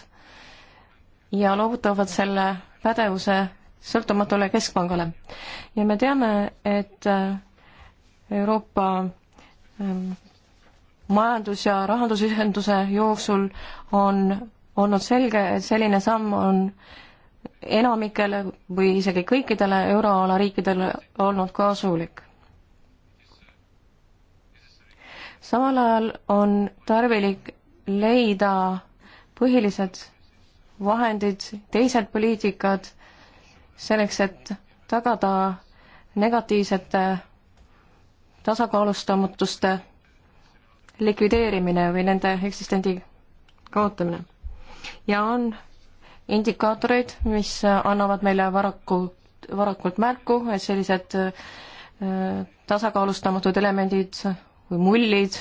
ja loovutavad selle pädevuse sõltumatule keskpangale. ja me teame, et äh, Euroopa ähm, majandus- ja rahandusühenduse jooksul on olnud selge, et selline samm on enamikele või isegi kõikidele euroala riikidele olnud kasulik. samal ajal on tarvilik leida põhilised vahendid, teised poliitikad selleks, et tagada negatiivsete tasakaalustamatuste likvideerimine või nende eksistendi kaotamine. ja on indikaatoreid, mis äh, annavad meile varaku, varakult märku, et sellised äh, tasakaalustamatud elemendid või mullid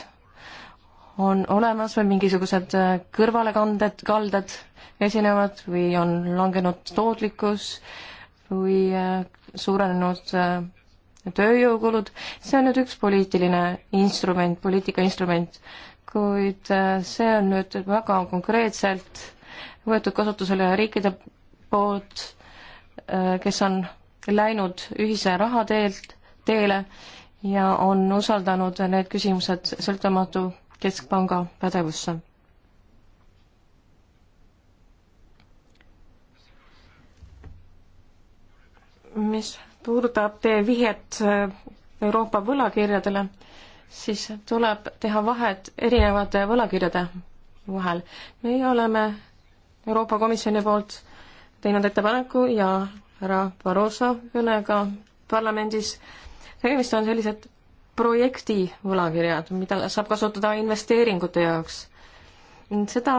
on olemas või mingisugused äh, kõrvalekanded, kalded esinevad või on langenud tootlikkus või suurenenud tööjõukulud, see on nüüd üks poliitiline instrument, poliitika instrument, kuid see on nüüd väga konkreetselt võetud kasutusele riikide poolt, äh, kes on läinud ühise raha teelt, teele ja on usaldanud need küsimused sõltumatu keskpanga pädevusse. mis puudutab teie vihjet äh, Euroopa võlakirjadele, siis tuleb teha vahet erinevate võlakirjade vahel. meie oleme Euroopa Komisjoni poolt teinud ettepaneku ja härra Barroso kõnega parlamendis. tegemist on sellised projekti võlakirjad, mida saab kasutada investeeringute jaoks. seda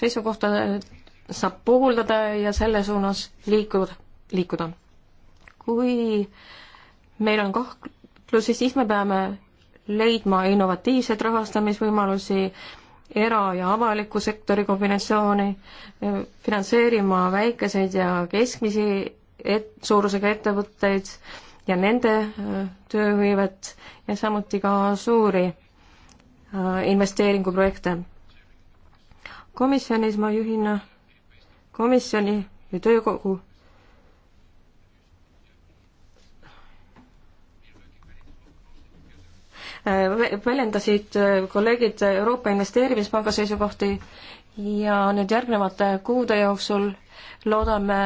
seisukohta saab pooldada ja selle suunas liikuda, liikuda. kui meil on kahtlusi, siis me peame leidma innovatiivseid rahastamisvõimalusi, era- ja avaliku sektori kombinatsiooni, eh, finantseerima väikeseid ja keskmisi et-, suurusega ettevõtteid ja nende eh, tööhõivet ja samuti ka suuri eh, investeeringuprojekte. komisjonis ma juhin komisjoni või töökogu väljendasid äh, kolleegid Euroopa Investeerimispanga seisukohti ja nüüd järgnevate kuude jooksul loodame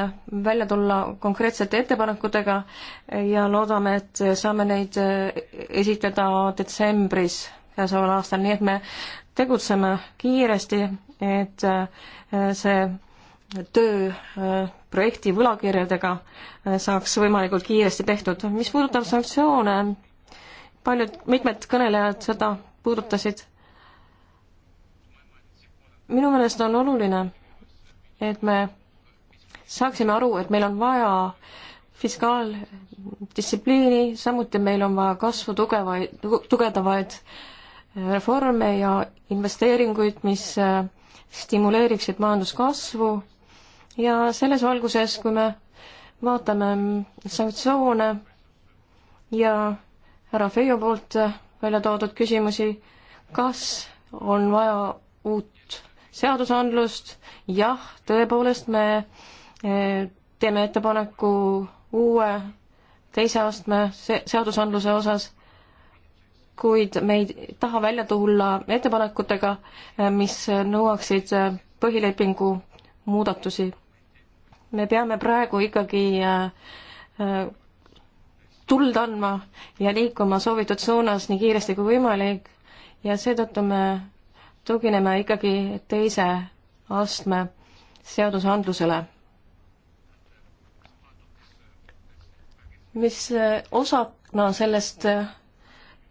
välja tulla konkreetsete ettepanekutega ja loodame, et saame neid äh, esitleda detsembris käesoleval aastal, nii et me tegutseme kiiresti, et äh, see töö projekti võlakirjadega saaks võimalikult kiiresti tehtud. mis puudutab sanktsioone, paljud, mitmed kõnelejad seda puudutasid. minu meelest on oluline, et me saaksime aru, et meil on vaja fiskaaldistsipliini, samuti meil on vaja kasvu tugevaid, tugevdavaid äh, reforme ja investeeringuid, mis äh, stimuleeriksid majanduskasvu ja selles valguses, kui me vaatame mm, sanktsioone ja härra Feijo poolt äh, välja toodud küsimusi, kas on vaja uut seadusandlust, jah, tõepoolest me äh, teeme ettepaneku uue teise astme seadusandluse osas, kuid me ei taha välja tulla ettepanekutega, äh, mis nõuaksid põhilepingu muudatusi. me peame praegu ikkagi tuld andma ja liikuma soovitud suunas nii kiiresti kui võimalik ja seetõttu me tugineme ikkagi teise astme seadusandlusele. mis osana sellest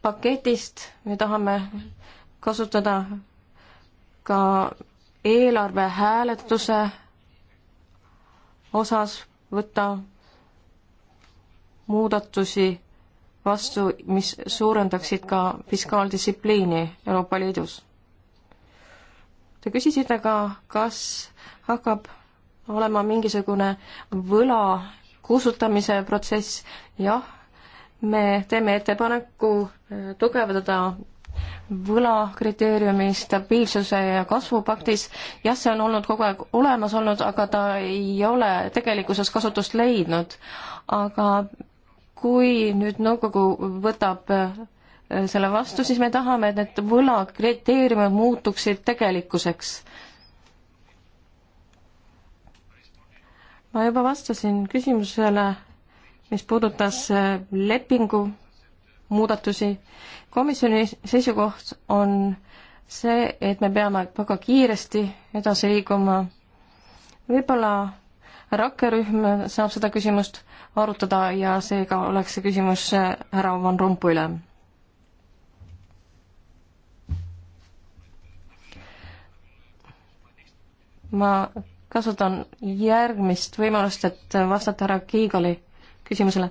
paketist me tahame kasutada ka eelarve hääletuse osas võtta muudatusi vastu, mis suurendaksid ka fiskaaldistsipliini Euroopa Liidus. Te küsisite ka, kas hakkab olema mingisugune võla kustutamise protsess, jah, me teeme ettepaneku äh, tugevdada võlakriteeriumi stabiilsuse ja kasvupaktis, jah, see on olnud kogu aeg olemas olnud, aga ta ei ole tegelikkuses kasutust leidnud. aga kui nüüd nõukogu võtab äh, selle vastu, siis me tahame, et need võlakriteeriumid muutuksid tegelikkuseks. ma juba vastasin küsimusele, mis puudutas äh, lepingu muudatusi. komisjoni seisukoht on see, et me peame väga kiiresti edasi liiguma. võib-olla rakkerühm saab seda küsimust arutada ja seega oleks see küsimus äh, härra Van Rompuy'le. ma kasutan järgmist võimalust, et vastata härra Kiigali küsimusele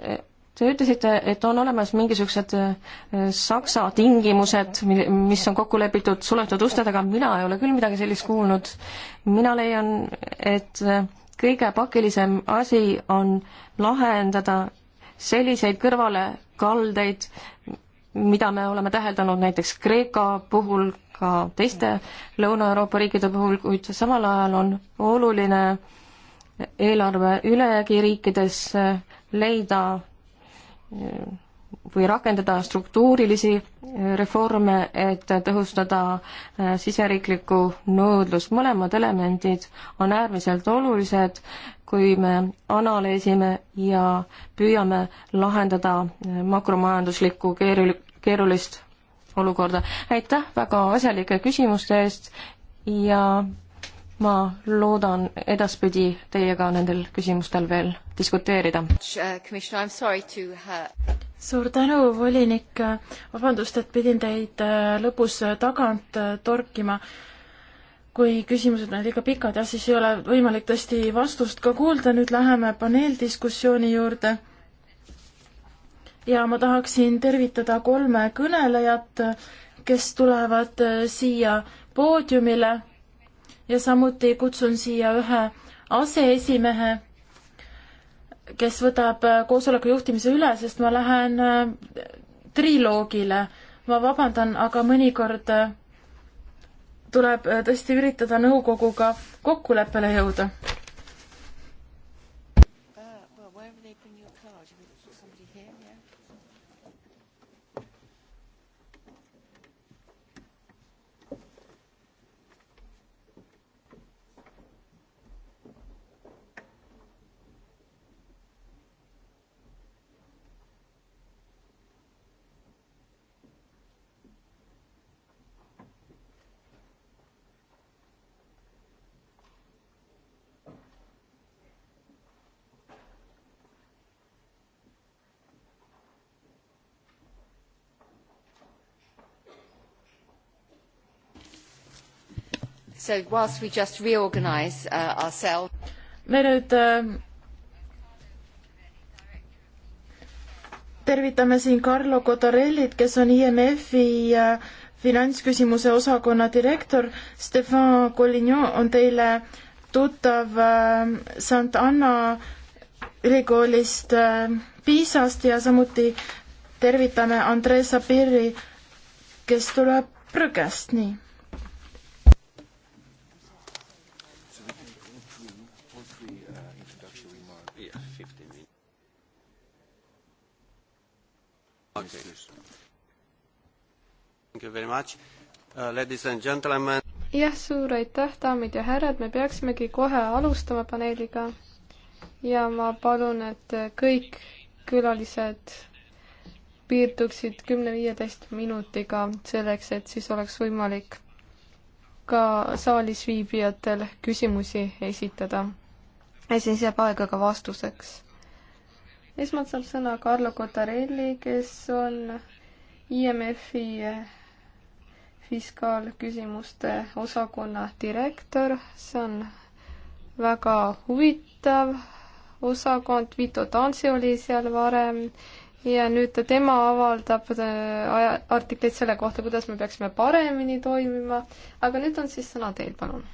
äh, Te ütlesite, et on olemas mingisugused äh, Saksa tingimused, mis on kokku lepitud suletud uste taga, mina ei ole küll midagi sellist kuulnud. mina leian, et äh, kõige pakilisem asi on lahendada selliseid kõrvalekaldeid, mida me oleme täheldanud näiteks Kreeka puhul, ka teiste Lõuna-Euroopa riikide puhul, kuid samal ajal on oluline eelarve ülejäägi riikides äh, leida või rakendada struktuurilisi eh, reforme, et tõhustada eh, siseriiklikku nõudlust. mõlemad elemendid on äärmiselt olulised, kui me analüüsime ja püüame lahendada eh, makromajanduslikku keerul-, keerulist olukorda. aitäh väga asjalike küsimuste eest ja ma loodan edaspidi teiega nendel küsimustel veel diskuteerida. suur tänu, volinik, vabandust, et pidin teid äh, lõpus äh, tagant äh, torkima. kui küsimused on liiga pikad, jah, siis ei ole võimalik tõesti vastust ka kuulda, nüüd läheme paneeldiskussiooni juurde. ja ma tahaksin tervitada kolme kõnelejat, kes tulevad siia poodiumile ja samuti kutsun siia ühe aseesimehe, kes võtab äh, koosoleku juhtimise üle, sest ma lähen äh, triloogile. ma vabandan, aga mõnikord äh, tuleb tõesti üritada nõukoguga kokkuleppele jõuda So whilst we just reorganise uh, ourselves. me nüüd äh, tervitame siin Carlo Cotarellit, kes on IMF-i äh, finantsküsimuse osakonna direktor. Stefan Collignon on teile tuttav äh, Sant Anna ülikoolist äh, Piisast ja samuti tervitame Andres Sapiri, kes tuleb Prügest, nii Uh, jah, suur aitäh, daamid ja härrad, me peaksimegi kohe alustama paneeliga ja ma palun, et kõik külalised piirduksid kümne-viieteist minutiga selleks, et siis oleks võimalik ka saalis viibijatel küsimusi esitada. ja siis jääb aega ka vastuseks esmalt saab sõna Carlo Cotarelli, kes on IMF-i fiskaalküsimuste osakonna direktor, see on väga huvitav osakond, Vito Tansi oli seal varem ja nüüd tema avaldab äh, artikleid selle kohta, kuidas me peaksime paremini toimima, aga nüüd on siis sõna teil, palun.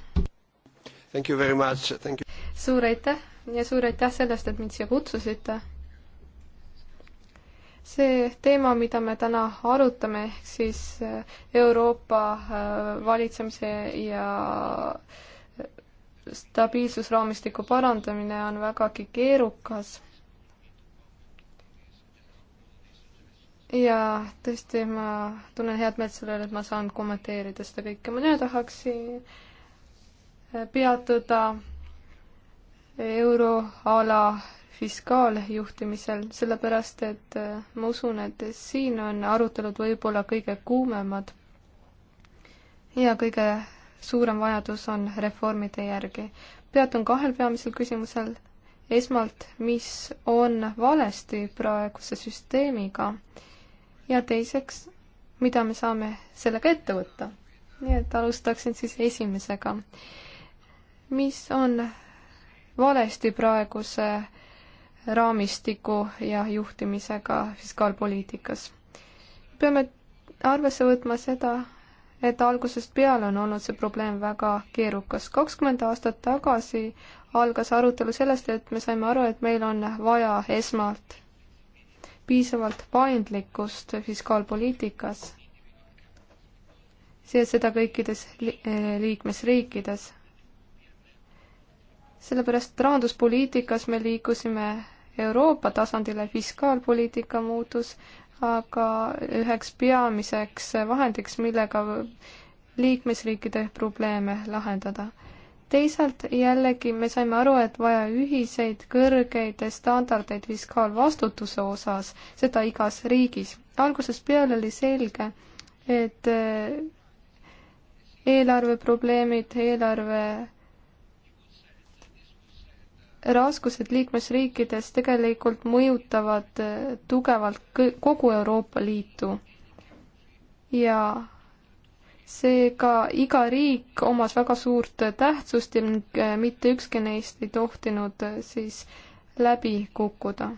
suur aitäh ja suur aitäh sellest, et mind siia kutsusite see teema, mida me täna arutame, ehk siis äh, Euroopa äh, valitsemise ja äh, stabiilsusraamistiku parandamine on vägagi keerukas jaa, tõesti, ma tunnen head meelt selle üle, et ma saan kommenteerida seda kõike. mina tahaksin peatuda euroala fiskaaljuhtimisel, sellepärast et äh, ma usun, et siin on arutelud võib-olla kõige kuumemad ja kõige suurem vajadus on reformide järgi. peatun kahel peamisel küsimusel. esmalt, mis on valesti praeguse süsteemiga ja teiseks, mida me saame sellega ette võtta. nii et alustaksin siis esimesega. mis on valesti praeguse raamistiku ja juhtimisega fiskaalpoliitikas. peame arvesse võtma seda, et algusest peale on olnud see probleem väga keerukas. kakskümmend aastat tagasi algas arutelu sellest, et me saime aru, et meil on vaja esmalt piisavalt paindlikkust fiskaalpoliitikas ja seda kõikides liikmesriikides sellepärast rahanduspoliitikas me liikusime Euroopa tasandile, fiskaalpoliitika muutus aga üheks peamiseks vahendiks, millega liikmesriikide probleeme lahendada. teisalt jällegi me saime aru, et vaja ühiseid kõrgeid standardeid fiskaalvastutuse osas, seda igas riigis. algusest peale oli selge, et eh, eelarveprobleemid, eelarve, probleemid, eelarve raskused liikmesriikides tegelikult mõjutavad eh, tugevalt kogu Euroopa Liitu ja seega iga riik omas väga suurt tähtsust ning eh, mitte ükski neist ei tohtinud eh, siis läbi kukkuda.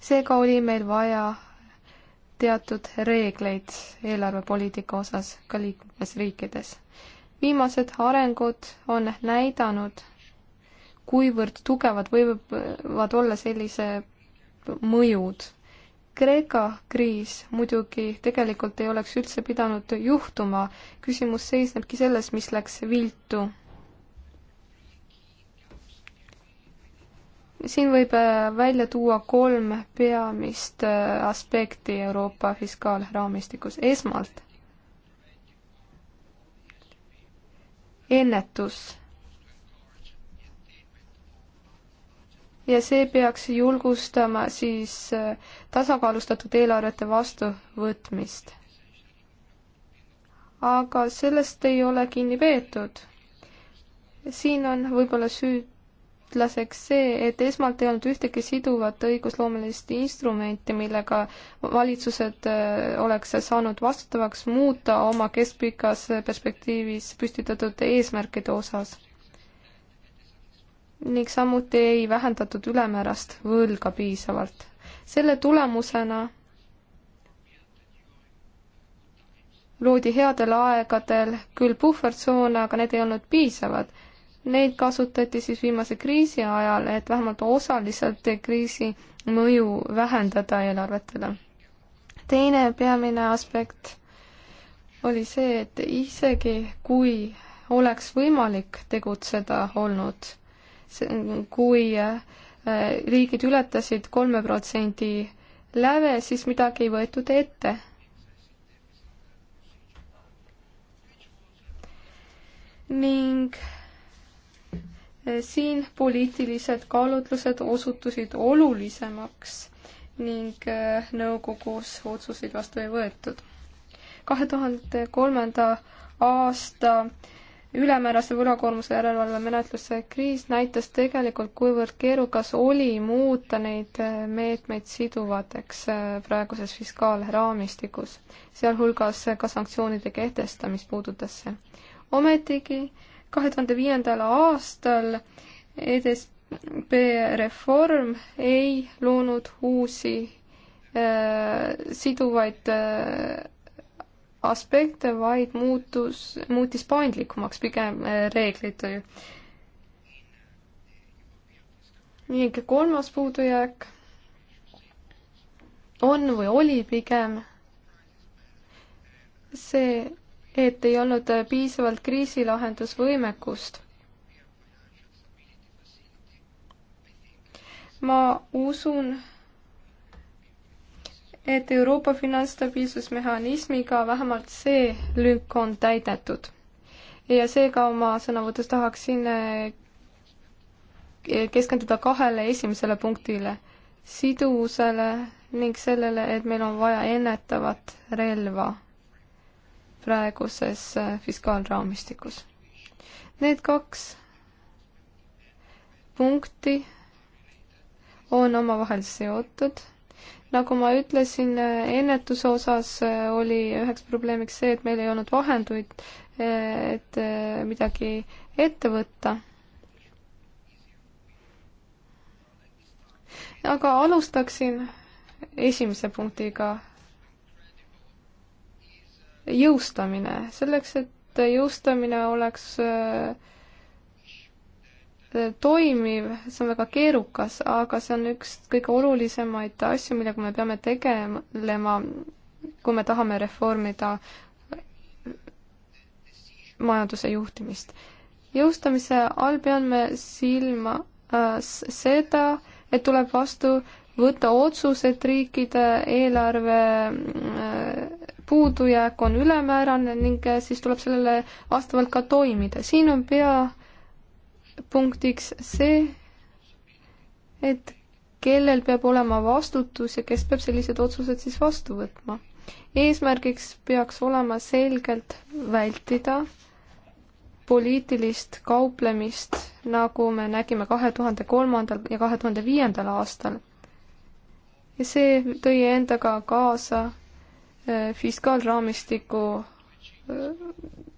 seega oli meil vaja teatud reegleid eelarvepoliitika osas ka liikmesriikides. viimased arengud on näidanud, kuivõrd tugevad võivad olla sellise mõjud. Kreeka kriis muidugi tegelikult ei oleks üldse pidanud juhtuma, küsimus seisnebki selles, mis läks viltu. siin võib äh, välja tuua kolm peamist äh, aspekti Euroopa fiskaalraamistikus. esmalt ennetus ja see peaks julgustama siis äh, tasakaalustatud eelarvete vastuvõtmist. aga sellest ei ole kinni peetud. siin on võib-olla süüdlaseks see, et esmalt ei olnud ühtegi siduvat õigusloomelist instrumenti, millega valitsused äh, oleks saanud vastutavaks muuta oma keskpikas perspektiivis püstitatud eesmärkide osas ning samuti ei vähendatud ülemäärast võlga piisavalt. selle tulemusena loodi headel aegadel küll puhvertsoone, aga need ei olnud piisavad. Neid kasutati siis viimase kriisi ajal, et vähemalt osaliselt kriisi mõju vähendada eelarvetele. teine peamine aspekt oli see, et isegi kui oleks võimalik tegutseda olnud kui äh, riigid ületasid kolme protsendi läve, siis midagi ei võetud ette. ning äh, siin poliitilised kaalutlused osutusid olulisemaks ning äh, nõukogus otsuseid vastu ei võetud. kahe tuhande kolmanda aasta ülemäärase võlakoormuse järelevalve menetluse kriis näitas tegelikult, kuivõrd keerukas oli muuta neid meetmeid siduvateks äh, praeguses fiskaalraamistikus, sealhulgas ka sanktsioonide kehtestamist puudutasse. ometigi kahe tuhande viiendal aastal EDSP reform ei loonud uusi äh, siduvaid äh, aspekte, vaid muutus, muutis paindlikumaks pigem äh, reeglid. ning kolmas puudujääk on või oli pigem see, et ei olnud piisavalt kriisilahendusvõimekust. ma usun, et Euroopa finantsstabiilsusmehhanismiga vähemalt see lünk on täidetud. ja seega oma sõnavõtus tahaksin eh, keskenduda kahele esimesele punktile, siduvusele ning sellele, et meil on vaja ennetavat relva praeguses eh, fiskaalraamistikus. Need kaks punkti on omavahel seotud nagu ma ütlesin, eh, ennetuse osas eh, oli üheks probleemiks see, et meil ei olnud vahenduid, eh, et midagi ette võtta. aga alustaksin esimese punktiga. jõustamine, selleks, et jõustamine oleks äh, toimiv, see on väga keerukas, aga see on üks kõige olulisemaid asju, millega me peame tegelema, kui me tahame reformida majanduse juhtimist. jõustamise all peame silma äh, seda, et tuleb vastu võtta otsused riikide eelarve äh, puudujääk on ülemäärane ning äh, siis tuleb sellele vastavalt ka toimida. siin on pea punktiks see, et kellel peab olema vastutus ja kes peab sellised otsused siis vastu võtma. eesmärgiks peaks olema selgelt vältida poliitilist kauplemist, nagu me nägime kahe tuhande kolmandal ja kahe tuhande viiendal aastal. ja see tõi endaga kaasa äh, fiskaalraamistiku äh,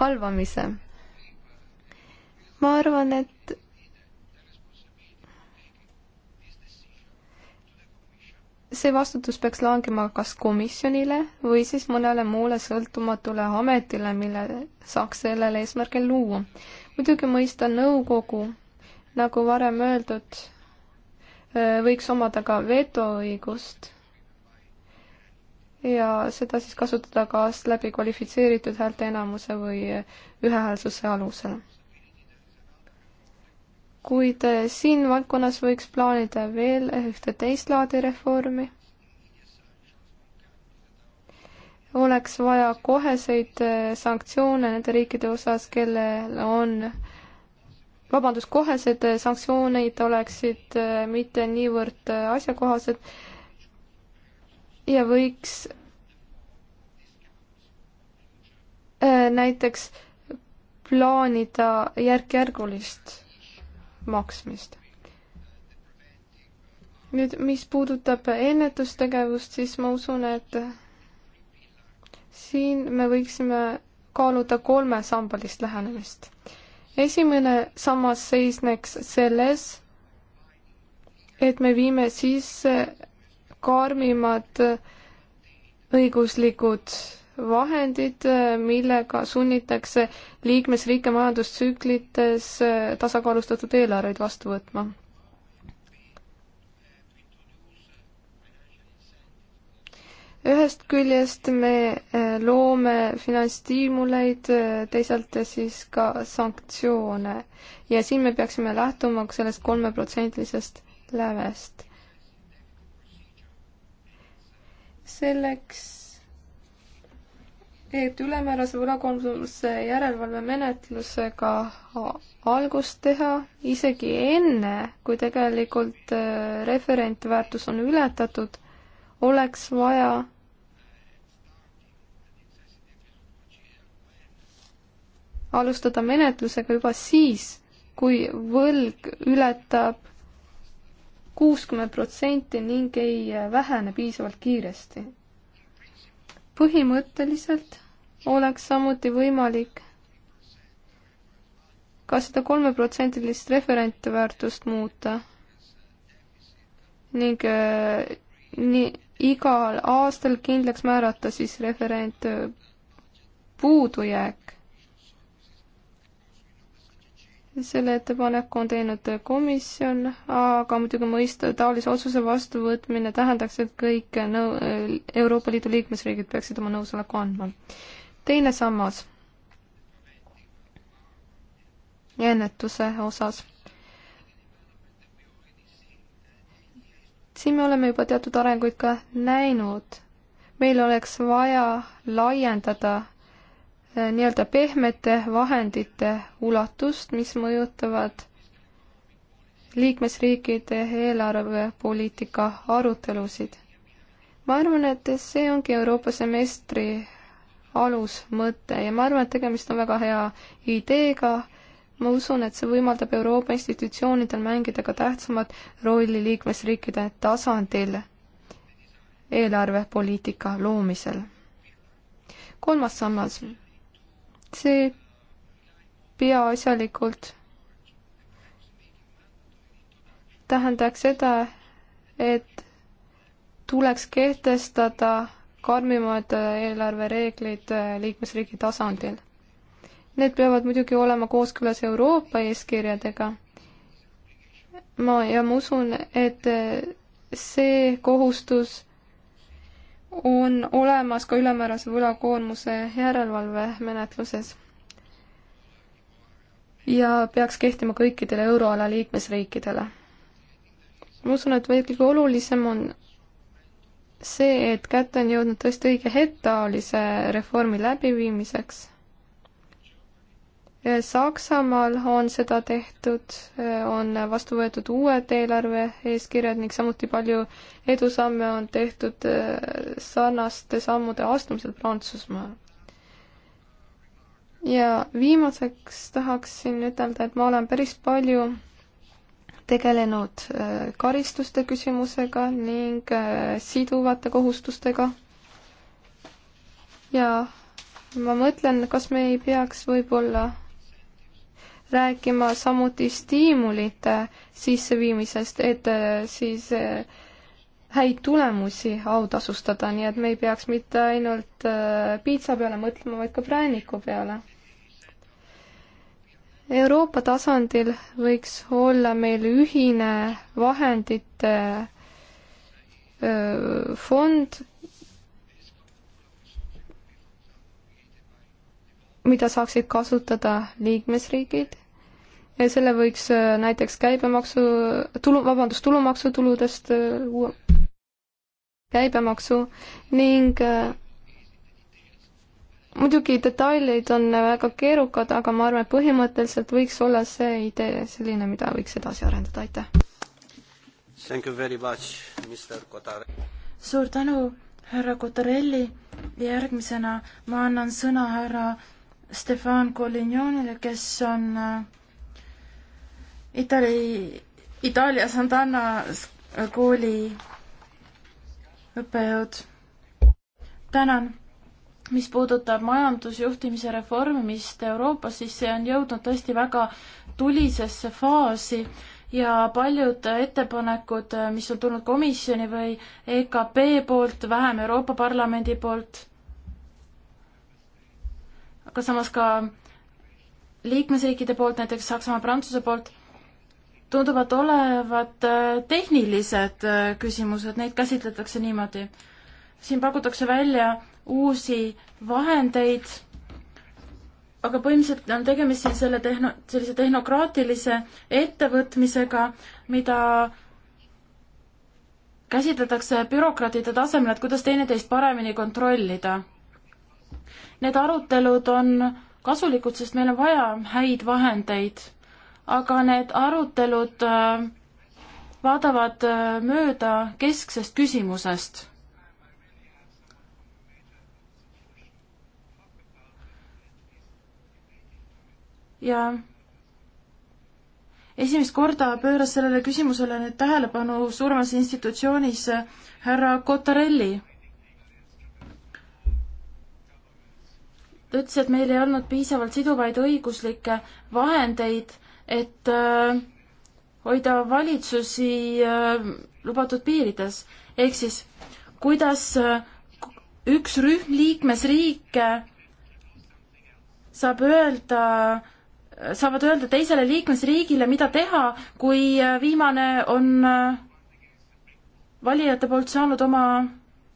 halvamise. ma arvan, et see vastutus peaks langema kas komisjonile või siis mõnele muule sõltumatule ametile, mille saaks sellel eesmärgil luua. muidugi mõistan nõukogu, nagu varem öeldud, võiks omada ka vetoõigust ja seda siis kasutada kas läbi kvalifitseeritud häälteenamuse või ühehäälsuse alusel. kuid eh, siin valdkonnas võiks plaanida veel ühte teist laadi reformi. oleks vaja koheseid eh, sanktsioone nende riikide osas, kellel on vabandust, kohesed eh, sanktsioonid oleksid mitte niivõrd asjakohased, ja võiks äh, näiteks plaanida järk-järgulist maksmist. nüüd, mis puudutab ennetustegevust, siis ma usun, et siin me võiksime kaaluda kolmesambalist lähenemist. esimene sammas seisneks selles, et me viime sisse karmimad õiguslikud vahendid, millega sunnitakse liikmesriike majandustsüklites tasakaalustatud eelarveid vastu võtma. ühest küljest me eh, loome finantsstiimuleid, eh, teisalt siis ka sanktsioone ja siin me peaksime lähtuma sellest kolmeprotsendilisest lävest selleks, et ülemäärase võlakoormuse järelevalvemenetlusega algust teha isegi enne, kui tegelikult äh, referentväärtus on ületatud, oleks vaja alustada menetlusega juba siis, kui võlg ületab kuuskümmend protsenti ning ei vähene piisavalt kiiresti. põhimõtteliselt oleks samuti võimalik ka seda kolmeprotsendilist referentväärtust muuta ning äh, nii igal aastal kindlaks määrata siis referent äh, puudujääk selle ettepaneku on teinud komisjon, aga muidugi mõista, taolise otsuse vastuvõtmine tähendaks, et kõik nõu-, Euroopa Liidu liikmesriigid peaksid oma nõusoleku andma. teine sammas ennetuse osas. siin me oleme juba teatud arenguid ka näinud. meil oleks vaja laiendada Äh, nii-öelda pehmete vahendite ulatust, mis mõjutavad liikmesriikide eelarvepoliitika arutelusid. ma arvan, et see ongi Euroopa semestri alusmõte ja ma arvan, et tegemist on väga hea ideega. ma usun, et see võimaldab Euroopa institutsioonidel mängida ka tähtsamat rolli liikmesriikide tasandil eelarvepoliitika loomisel. kolmas sammas see peaasjalikult tähendaks seda, et tuleks kehtestada karmimad eelarvereeglid liikmesriigi tasandil. Need peavad muidugi olema kooskõlas Euroopa eeskirjadega. ma, ja ma usun, et see kohustus on olemas ka ülemäärase võlakoormuse järelevalve menetluses ja peaks kehtima kõikidele euroala liikmesriikidele. ma usun, et veelgi olulisem on see, et kätte on jõudnud tõesti õige hetk taolise reformi läbiviimiseks Saksamaal on seda tehtud, on vastu võetud uued eelarve eeskirjad ning samuti palju edusamme on tehtud äh, sarnaste sammude astumisel Prantsusmaal. ja viimaseks tahaksin ütelda, et ma olen päris palju tegelenud äh, karistuste küsimusega ning äh, siduvate kohustustega ja ma mõtlen, kas me ei peaks võib-olla rääkima samuti stiimulite sisseviimisest, et äh, siis äh, häid tulemusi autasustada, nii et me ei peaks mitte ainult äh, piitsa peale mõtlema, vaid ka prääniku peale. Euroopa tasandil võiks olla meil ühine vahendite fond, mida saaksid kasutada liikmesriigid. selle võiks äh, näiteks käibemaksu, tulu, vabandust, tulumaksutuludest äh, käibemaksu ning äh, muidugi detailid on väga keerukad, aga ma arvan, et põhimõtteliselt võiks olla see idee selline, mida võiks edasi arendada, aitäh. suur tänu, härra Kotarelli ja järgmisena ma annan sõna härra Stefan Collignonile, kes on äh, Itali, Itaalia Santana kooli õppejõud. tänan. mis puudutab majandusjuhtimise reformimist Euroopas, siis see on jõudnud tõesti väga tulisesse faasi ja paljud ettepanekud, äh, mis on tulnud komisjoni või EKP poolt, vähem Euroopa Parlamendi poolt, aga samas ka liikmesriikide poolt, näiteks Saksamaa, Prantsuse poolt, tunduvad olevat äh, tehnilised äh, küsimused, neid käsitletakse niimoodi. siin pakutakse välja uusi vahendeid, aga põhimõtteliselt on tegemist siin selle tehno, sellise tehnokraatilise ettevõtmisega, mida käsitletakse bürokraatide tasemel, et kuidas teineteist paremini kontrollida Need arutelud on kasulikud, sest meil on vaja häid vahendeid, aga need arutelud äh, vaatavad äh, mööda kesksest küsimusest. ja esimest korda pööras sellele küsimusele nüüd tähelepanu surmas institutsioonis äh, härra Cotarelli ta ütles, et meil ei olnud piisavalt siduvaid õiguslikke vahendeid, et äh, hoida valitsusi äh, lubatud piirides. ehk siis, kuidas äh, üks rühm liikmesriike saab öelda, äh, saavad öelda teisele liikmesriigile, mida teha, kui äh, viimane on äh, valijate poolt saanud oma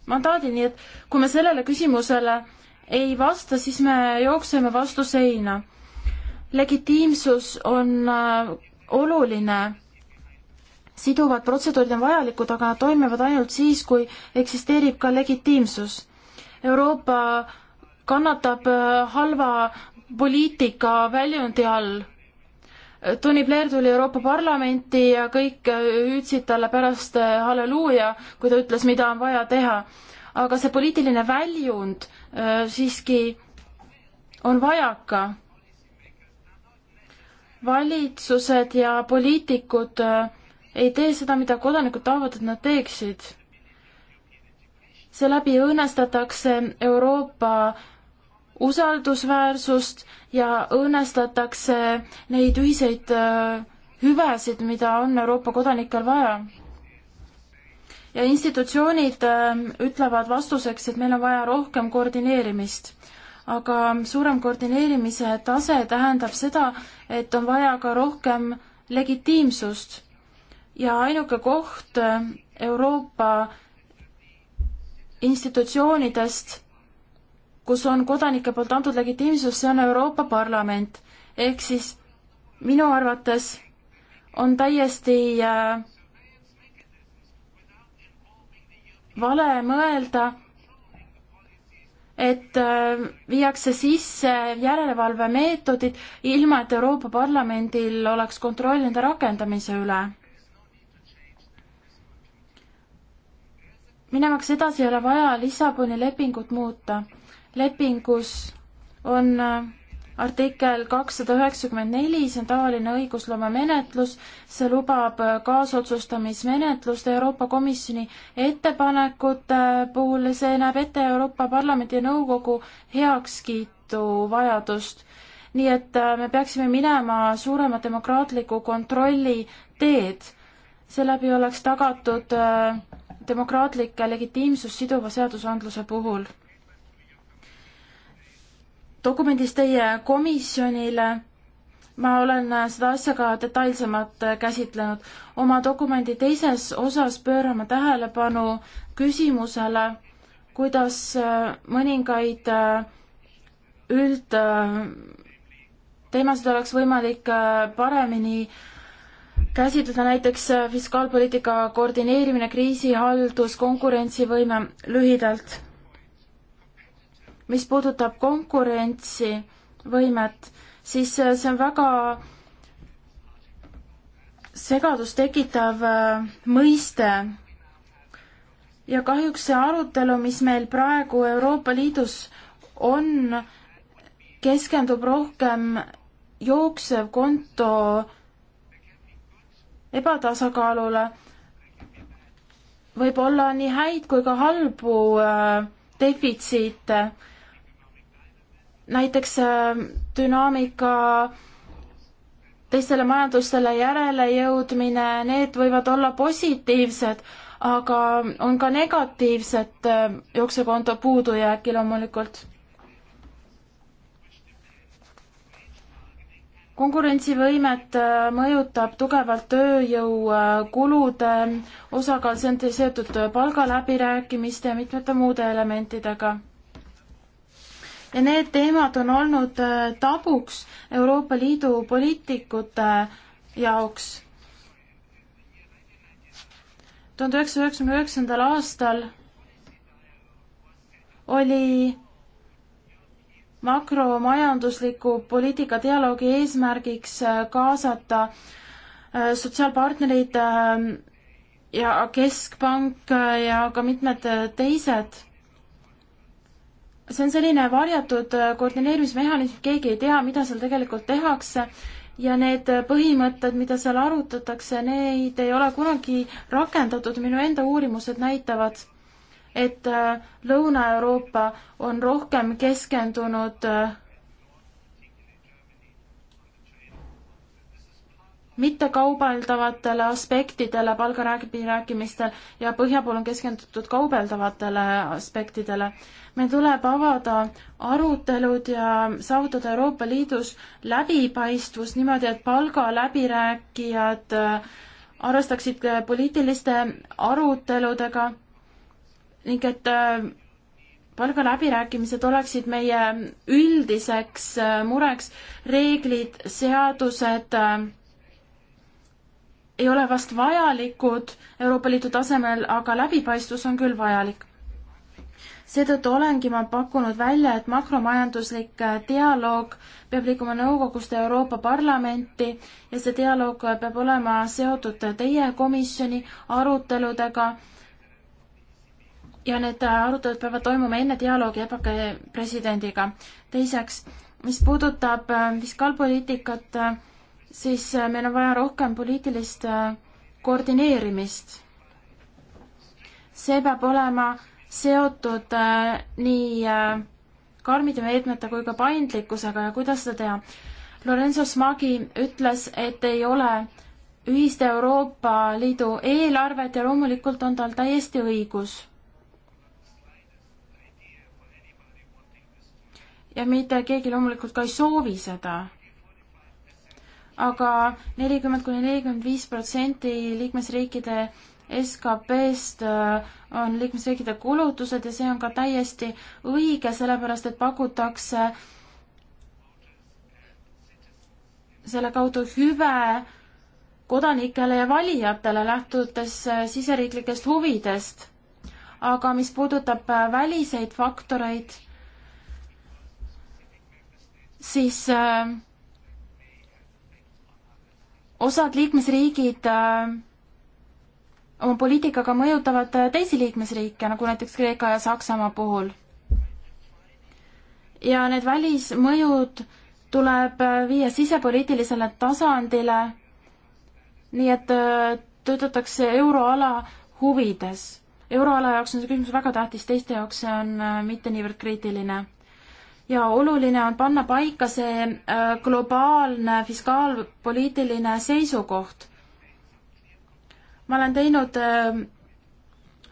mandaadi, nii et kui me sellele küsimusele äh, ei vasta, siis me jookseme vastu seina. legitiimsus on äh, oluline, siduvad protseduurid on vajalikud, aga nad toimivad ainult siis, kui eksisteerib ka legitiimsus. Euroopa kannatab äh, halva poliitika väljundi all. Tony Blair tuli Euroopa Parlamenti ja kõik äh, hüüdsid talle pärast halleluuja, kui ta ütles, mida on vaja teha. aga see poliitiline väljund siiski on vajaka. valitsused ja poliitikud ei tee seda, mida kodanikud tahavad, et nad teeksid. seeläbi õõnestatakse Euroopa usaldusväärsust ja õõnestatakse neid ühiseid hüvesid, mida on Euroopa kodanikel vaja ja institutsioonid ähm, ütlevad vastuseks, et meil on vaja rohkem koordineerimist. aga suurem koordineerimise tase tähendab seda, et on vaja ka rohkem legitiimsust ja ainuke koht ähm, Euroopa institutsioonidest, kus on kodanike poolt antud legitiimsus, see on Euroopa Parlament. ehk siis minu arvates on täiesti äh, vale mõelda, et äh, viiakse sisse järelevalvemeetodid, ilma et Euroopa Parlamendil oleks kontroll nende rakendamise üle. minemaks edasi ei ole vaja Lissaboni lepingut muuta. lepingus on äh, artikkel kakssada üheksakümmend neli, see on tavaline õigusloome menetlus, see lubab kaasotsustamismenetlust Euroopa Komisjoni ettepanekute puhul, see näeb ette Euroopa Parlamendi ja Nõukogu heakskiitu vajadust. nii et äh, me peaksime minema suurema demokraatliku kontrolli teed. seeläbi oleks tagatud äh, demokraatlik legitiimsus siduva seadusandluse puhul dokumendis teie komisjonile. ma olen seda asja ka detailsemalt käsitlenud. oma dokumendi teises osas pöörame tähelepanu küsimusele, kuidas äh, mõningaid äh, üldteemasid äh, oleks võimalik paremini käsitleda näiteks fiskaalpoliitika koordineerimine, kriisihaldus, konkurentsivõime lühidalt mis puudutab konkurentsivõimet, siis äh, see on väga segadust tekitav äh, mõiste. ja kahjuks see arutelu, mis meil praegu Euroopa Liidus on, keskendub rohkem jooksev konto ebatasakaalule. võib olla nii häid kui ka halbu äh, defitsiite näiteks äh, dünaamika teistele majandustele järele jõudmine, need võivad olla positiivsed, aga on ka negatiivset äh, jooksukonto puudujääki loomulikult. konkurentsivõimet äh, mõjutab tugevalt tööjõukulude osakaal, see on seotud palgaläbirääkimiste ja mitmete muude elementidega ja need teemad on olnud äh, tabuks Euroopa Liidu poliitikute äh, jaoks. tuhande üheksasaja üheksakümne üheksandal aastal oli makromajandusliku poliitika dialoogi eesmärgiks äh, kaasata sotsiaalpartnerid ja Keskpank ja ka mitmed teised see on selline varjatud äh, koordineerimismehhanism, keegi ei tea, mida seal tegelikult tehakse ja need äh, põhimõtted, mida seal arutatakse, neid ei ole kunagi rakendatud, minu enda uurimused näitavad, et äh, Lõuna-Euroopa on rohkem keskendunud äh, mittekaubaldavatele aspektidele palgaläbirääkimistel ja põhja pool on keskendutud kaubeldavatele aspektidele. meil tuleb avada arutelud ja saavutada Euroopa Liidus läbipaistvus niimoodi, et palgaläbirääkijad äh, arvestaksid äh, poliitiliste aruteludega ning et äh, palgaläbirääkimised oleksid meie üldiseks mureks, reeglid, seadused äh, ei ole vast vajalikud Euroopa Liidu tasemel, aga läbipaistvus on küll vajalik. seetõttu olengi ma pakkunud välja, et makromajanduslik äh, dialoog peab liikuma nõukogust Euroopa Parlamenti ja see dialoog äh, peab olema seotud äh, teie komisjoni aruteludega ja need arutelud peavad toimuma enne dialoogi EPAK-i presidendiga. teiseks, mis puudutab fiskaalpoliitikat äh, siis äh, meil on vaja rohkem poliitilist äh, koordineerimist. see peab olema seotud äh, nii karmide meetmete kui ka paindlikkusega ja kuidas seda teha. Lorenzo Smagi ütles, et ei ole ühist Euroopa Liidu eelarvet ja loomulikult on tal täiesti õigus. ja mitte keegi loomulikult ka ei soovi seda aga nelikümmend kuni nelikümmend viis protsenti liikmesriikide SKP-st äh, on liikmesriikide kulutused ja see on ka täiesti õige, sellepärast et pakutakse selle kaudu hüve kodanikele ja valijatele, lähtudes äh, siseriiklikest huvidest. aga mis puudutab äh, väliseid faktoreid, siis äh, osad liikmesriigid äh, oma poliitikaga mõjutavad äh, teisi liikmesriike, nagu näiteks Kreeka ja Saksamaa puhul. ja need välismõjud tuleb äh, viia sisepoliitilisele tasandile, nii et töötatakse euroala huvides. euroala jaoks on see küsimus väga tähtis, teiste jaoks see on mitte niivõrd kriitiline ja oluline on panna paika see äh, globaalne fiskaalpoliitiline seisukoht. ma olen teinud äh,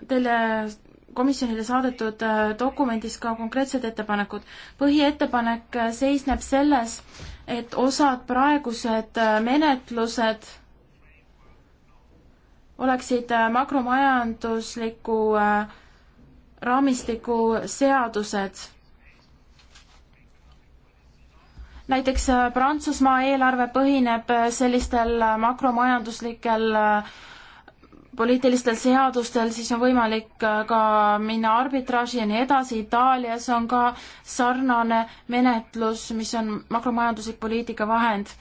teile komisjonile saadetud äh, dokumendis ka konkreetsed ettepanekud. põhiettepanek seisneb selles, et osad praegused menetlused oleksid makromajandusliku raamistiku seadused näiteks äh, Prantsusmaa eelarve põhineb äh, sellistel äh, makromajanduslikel poliitilistel seadustel, siis on võimalik ka minna arbitraaži ja nii edasi, Itaalias on ka sarnane menetlus, mis on makromajanduslik poliitika vahend.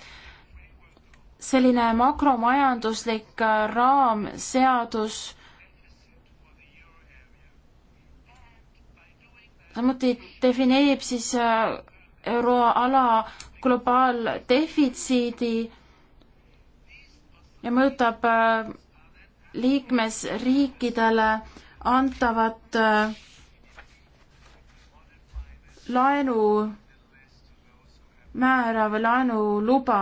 selline makromajanduslik raamseadus samuti defineerib siis euroala globaaldefitsiidi ja mõjutab äh, liikmesriikidele antavat äh, laenumäära või laenuluba.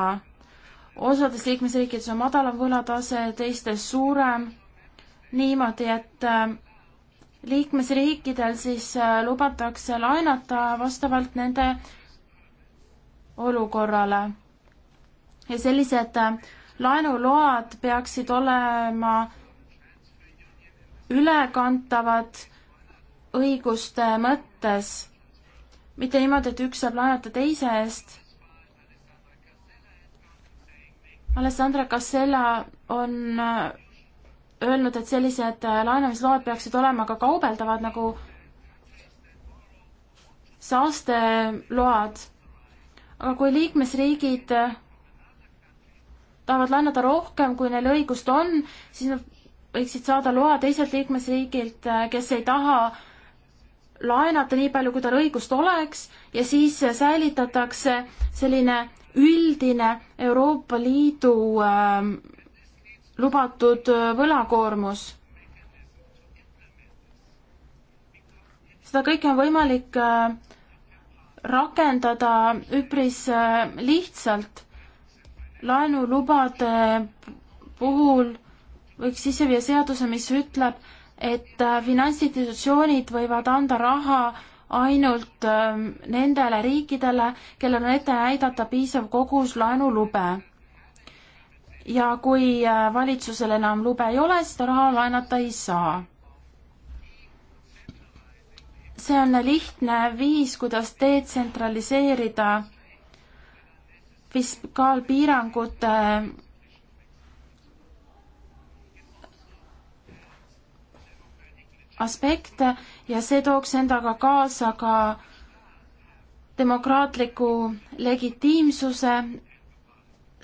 osades liikmesriikides on madalam võlatase, teistes suurem. niimoodi, et äh, liikmesriikidel siis lubatakse laenata vastavalt nende olukorrale. ja sellised äh, laenuload peaksid olema ülekantavad õiguste mõttes, mitte niimoodi, et üks saab laenata teise eest. Alessandra Cassella on äh, öelnud, et sellised äh, laenamisload peaksid olema ka kaubeldavad nagu saasteload aga kui liikmesriigid äh, tahavad laenada rohkem, kui neil õigust on, siis nad võiksid saada loa teiselt liikmesriigilt, äh, kes ei taha laenata nii palju, kui tal õigust oleks ja siis äh, säilitatakse selline üldine Euroopa Liidu äh, lubatud võlakoormus. seda kõike on võimalik äh, rakendada üpris äh, lihtsalt. laenulubade puhul võiks sisse viia seaduse, mis ütleb, et äh, finantsinstitutsioonid võivad anda raha ainult ähm, nendele riikidele, kellel on ette näidata piisav kogus laenulube. ja kui äh, valitsusel enam lube ei ole, seda raha laenata ei saa see on lihtne viis, kuidas detsentraliseerida fiskaalpiirangute aspekte ja see tooks endaga kaasa ka demokraatliku legitiimsuse,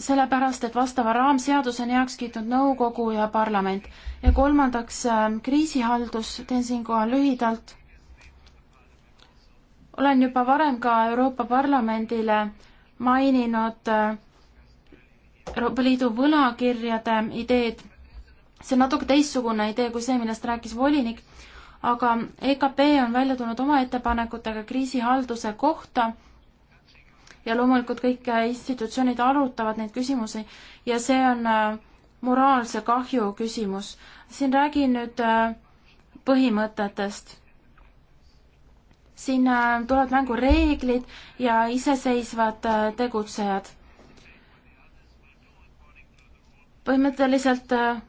sellepärast et vastava raamseaduse on heaks kiitnud nõukogu ja parlament. ja kolmandaks äh, kriisihaldus, teen siinkohal lühidalt olen juba varem ka Euroopa Parlamendile maininud äh, Euroopa Liidu võlakirjade ideed. see on natuke teistsugune idee kui see, millest rääkis volinik, aga EKP on välja tulnud oma ettepanekutega kriisihalduse kohta ja loomulikult kõik institutsioonid arutavad neid küsimusi ja see on äh, moraalse kahju küsimus. siin räägin nüüd äh, põhimõtetest siin äh, tulevad mängu reeglid ja iseseisvad äh, tegutsejad. põhimõtteliselt äh,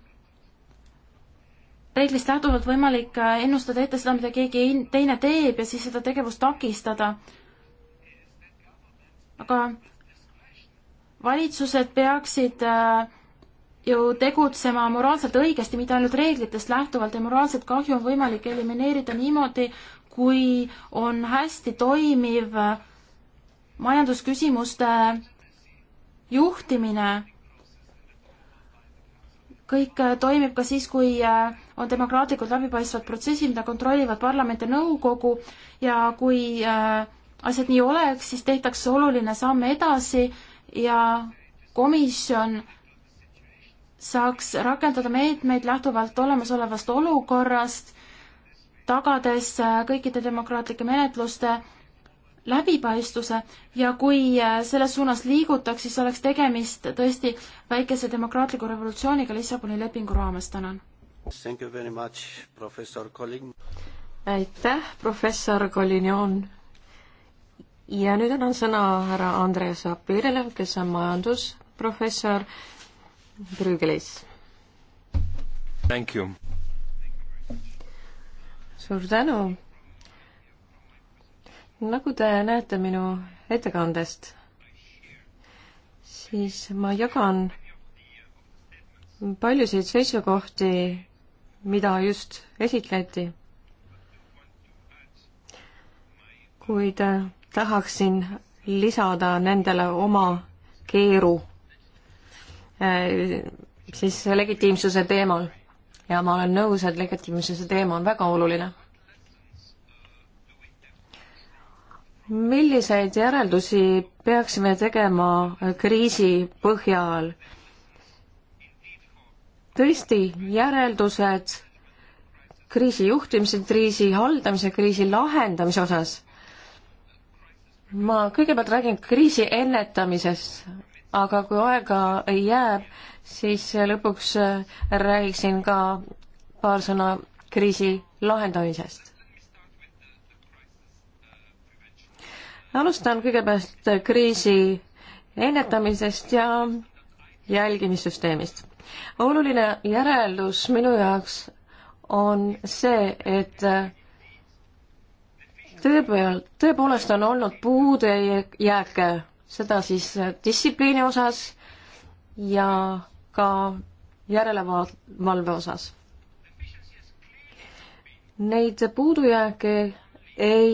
reeglist lähtuvalt võimalik ennustada ette seda, mida keegi teine teeb ja siis seda tegevust takistada. aga valitsused peaksid ju tegutsema moraalselt õigesti, mitte ainult reeglitest lähtuvalt ja moraalset kahju on võimalik elimineerida niimoodi, kui on hästi toimiv majandusküsimuste juhtimine. kõik toimib ka siis, kui on demokraatlikud läbipaistvad protsessid, mida kontrollivad parlament ja nõukogu ja kui äh, asjad nii oleks, siis tehtakse oluline samm edasi ja komisjon saaks rakendada meetmeid lähtuvalt olemasolevast olukorrast tagades äh, kõikide demokraatlike menetluste läbipaistvuse ja kui äh, selles suunas liigutaks, siis oleks tegemist tõesti väikese demokraatliku revolutsiooniga Lissaboni lepingu raames, tänan. aitäh, professor Collignon. ja nüüd annan sõna härra Andres Apirile, kes on majandusprofessor Brügelis. Thank you suur tänu. nagu te näete minu ettekandest, siis ma jagan paljusid seisukohti, mida just esitleti. kuid äh, tahaksin lisada nendele oma keeru äh, siis legitiimsuse teemal ja ma olen nõus, et legitiimsuse teema on väga oluline. milliseid järeldusi peaksime tegema kriisi põhjal? tõesti, järeldused kriisi juhtimise, kriisi haldamise, kriisi lahendamise osas. ma kõigepealt räägin kriisi ennetamisest, aga kui aega jääb, siis lõpuks äh, räägiksin ka paar sõna kriisi lahendamisest. alustan kõigepealt kriisi ennetamisest ja jälgimissüsteemist. oluline järeldus minu jaoks on see, et äh, tõepeal-, tõepoolest on olnud puudejääke, seda siis distsipliini osas ja ka järelevalve osas. Neid puudujääke ei,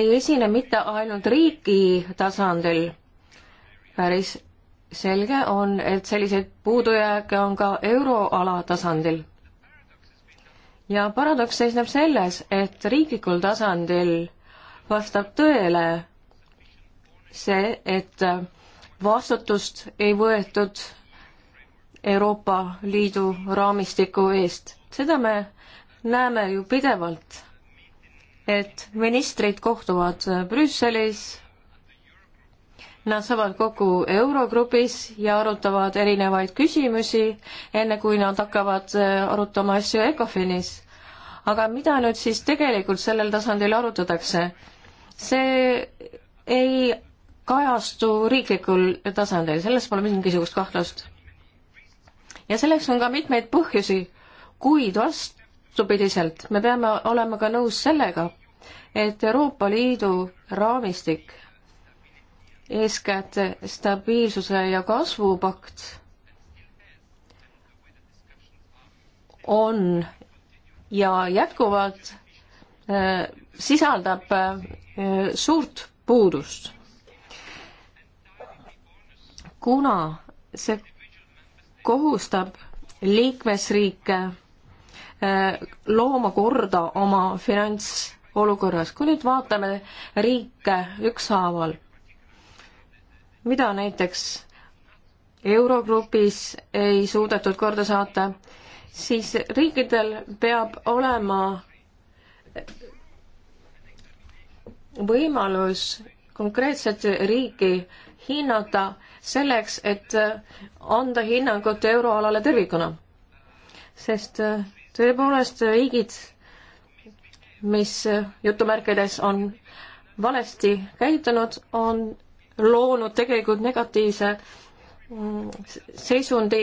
ei esine mitte ainult riigi tasandil. päris selge on, et selliseid puudujääke on ka euroala tasandil. ja paradoks seisneb selles, et riiklikul tasandil vastab tõele see, et vastutust ei võetud Euroopa Liidu raamistiku eest. seda me näeme ju pidevalt, et ministrid kohtuvad Brüsselis, nad saavad kokku Eurogrupis ja arutavad erinevaid küsimusi, enne kui nad hakkavad äh, arutama asju ECOFINis. aga mida nüüd siis tegelikult sellel tasandil arutatakse? see ei kajastu riiklikul tasandil, selles pole mingisugust kahtlust. ja selleks on ka mitmeid põhjusi, kuid vastupidiselt me peame olema ka nõus sellega, et Euroopa Liidu raamistik, eeskätt stabiilsuse ja kasvupakt, on ja jätkuvalt äh, sisaldab äh, suurt puudust kuna see kohustab liikmesriike äh, looma korda oma finantsolukorras. kui nüüd vaatame riike ükshaaval, mida näiteks Eurogrupis ei suudetud korda saata, siis riikidel peab olema võimalus konkreetset riiki hinnata selleks, et äh, anda hinnangut euroalale tervikuna. sest äh, tõepoolest äh, riigid, mis jutumärkides on valesti käitunud, on loonud tegelikult negatiivse mm, seisundi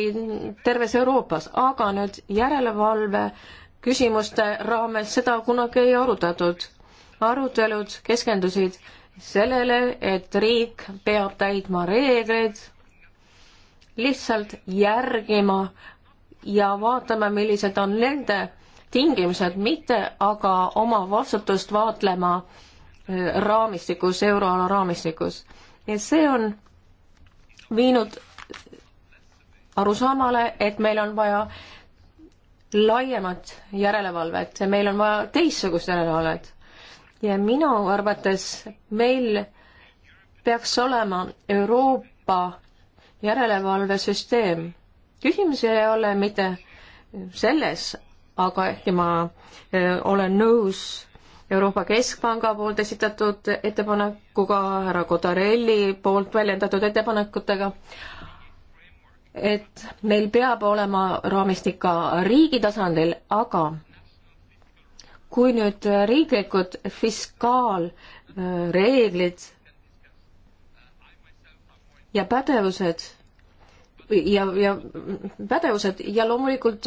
terves Euroopas, aga nüüd järelevalve küsimuste raames seda kunagi ei arutatud. arutelud keskendusid sellele, et riik peab täitma reegleid, lihtsalt järgima ja vaatama, millised on nende tingimused, mitte aga oma vastutust vaatlema äh, raamistikus, euroala raamistikus. ja see on viinud arusaamale, et meil on vaja laiemat järelevalvet ja meil on vaja teistsugust järelevalvet ja minu arvates meil peaks olema Euroopa järelevalvesüsteem. küsimus ei ole mitte selles, aga ehkki ma e, olen nõus Euroopa Keskpanga poolt esitatud ettepanekuga, härra Kodarelli poolt väljendatud ettepanekutega, et meil peab olema raamistik ka riigi tasandil, aga kui nüüd riiklikud fiskaalreeglid ja pädevused ja, ja pädevused ja loomulikult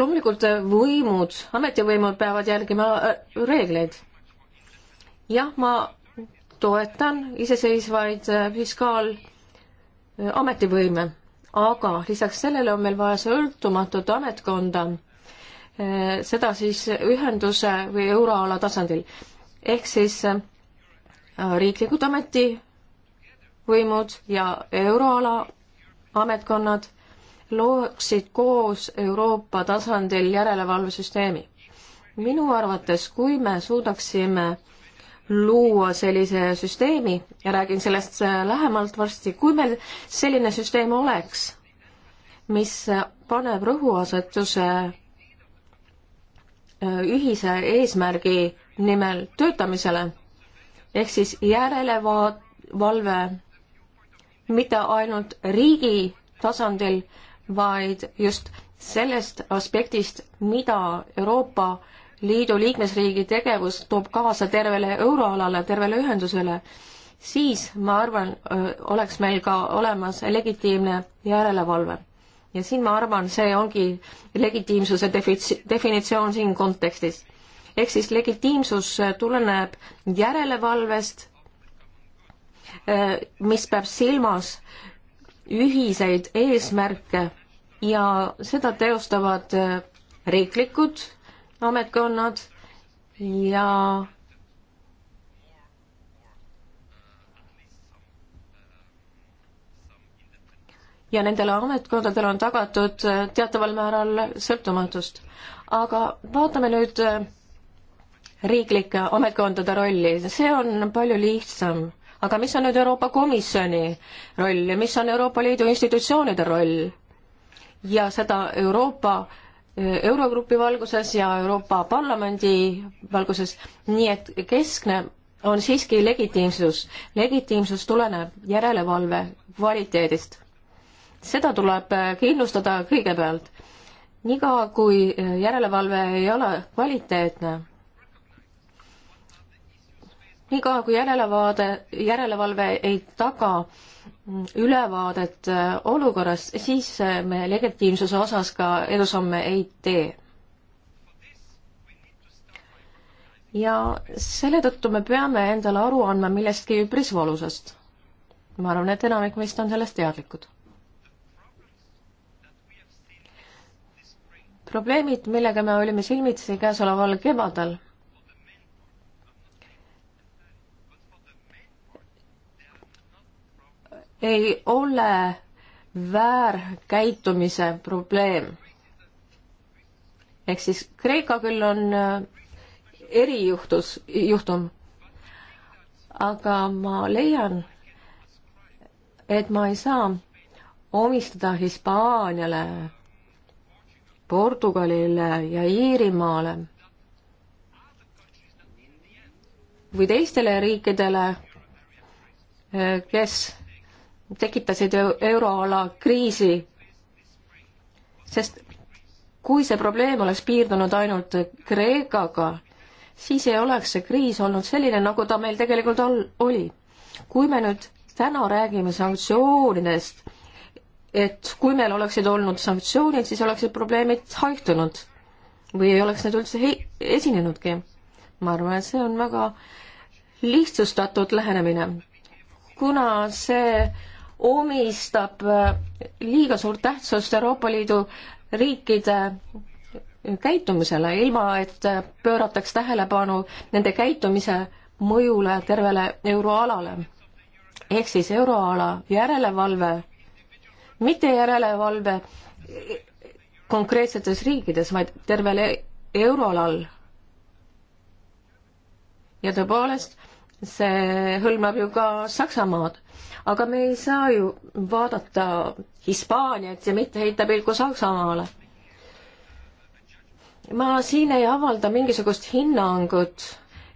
loomulikult võimud, ametivõimud peavad järgima äh, reegleid. jah, ma toetan iseseisvaid äh, fiskaalametivõime, äh, aga lisaks sellele on meil vaja sõltumatut ametkonda, seda siis ühenduse või euroala tasandil. ehk siis äh, riiklikud ametivõimud ja euroala ametkonnad looksid koos Euroopa tasandil järelevalvesüsteemi. minu arvates, kui me suudaksime luua sellise süsteemi ja räägin sellest äh, lähemalt varsti, kui meil selline süsteem oleks, mis paneb rõhuasetuse Äh, ühise eesmärgi nimel töötamisele ehk siis järelevalve mitte ainult riigi tasandil, vaid just sellest aspektist, mida Euroopa Liidu liikmesriigi tegevus toob kaasa tervele euroalale, tervele ühendusele, siis ma arvan, äh, oleks meil ka olemas legitiimne järelevalve ja siin ma arvan, see ongi legitiimsuse defitsi-, definitsioon siin kontekstis. ehk siis legitiimsus äh, tuleneb järelevalvest, äh, mis peab silmas ühiseid eesmärke ja seda teostavad äh, riiklikud ametkonnad ja ja nendele ametkondadele on tagatud äh, teataval määral sõltumatust. aga vaatame nüüd äh, riiklike ametkondade rolli, see on palju lihtsam. aga mis on nüüd Euroopa Komisjoni roll ja mis on Euroopa Liidu institutsioonide roll? ja seda Euroopa äh, Eurogrupi valguses ja Euroopa Parlamendi valguses, nii et keskne on siiski legitiimsus. legitiimsus tuleneb järelevalve kvaliteedist seda tuleb kindlustada kõigepealt. niikaua, kui järelevalve ei ole kvaliteetne, niikaua, kui järelevaade, järelevalve ei taga ülevaadet olukorrast, siis me legitiimsuse osas ka edusamme ei tee ja selle tõttu me peame endale aru andma millestki üpris valusast. ma arvan, et enamik meist on sellest teadlikud. probleemid, millega me olime silmitsi käesoleval kevadel. ei ole väärkäitumise probleem. ehk siis Kreeka küll on äh, erijuhtus, juhtum, aga ma leian, et ma ei saa omistada Hispaaniale Portugalile ja Iirimaale või teistele riikidele, eh, kes tekitasid euroala kriisi, sest kui see probleem oleks piirdunud ainult Kreekaga, siis ei oleks see kriis olnud selline, nagu ta meil tegelikult ol-, oli. kui me nüüd täna räägime sanktsioonidest et kui meil oleksid olnud sanktsioonid, siis oleksid probleemid haihtunud või ei oleks need üldse esinenudki. ma arvan, et see on väga lihtsustatud lähenemine, kuna see omistab äh, liiga suurt tähtsust Euroopa Liidu riikide käitumisele, ilma et äh, pöörataks tähelepanu nende käitumise mõjule tervele euroalale. ehk siis euroala järelevalve mitte järelevalve konkreetsetes riikides, vaid tervel e-, euroalal. ja tõepoolest, see hõlmab ju ka Saksamaad, aga me ei saa ju vaadata Hispaaniat ja mitte heita pilku Saksamaale. ma siin ei avalda mingisugust hinnangut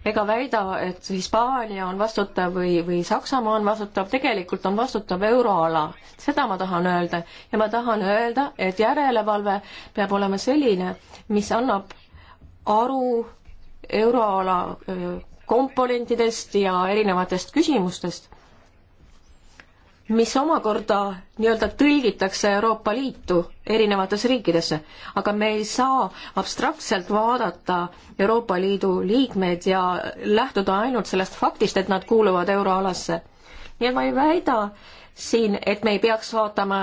ega väida, et Hispaania on vastutav või, või Saksamaa on vastutav, tegelikult on vastutav euroala. seda ma tahan öelda ja ma tahan öelda, et järelevalve peab olema selline, mis annab aru euroala äh, komponentidest ja erinevatest küsimustest mis omakorda nii-öelda tõlgitakse Euroopa Liitu erinevatesse riikidesse, aga me ei saa abstraktselt vaadata Euroopa Liidu liikmeid ja lähtuda ainult sellest faktist, et nad kuuluvad euroalasse. nii et ma ei väida siin, et me ei peaks vaatama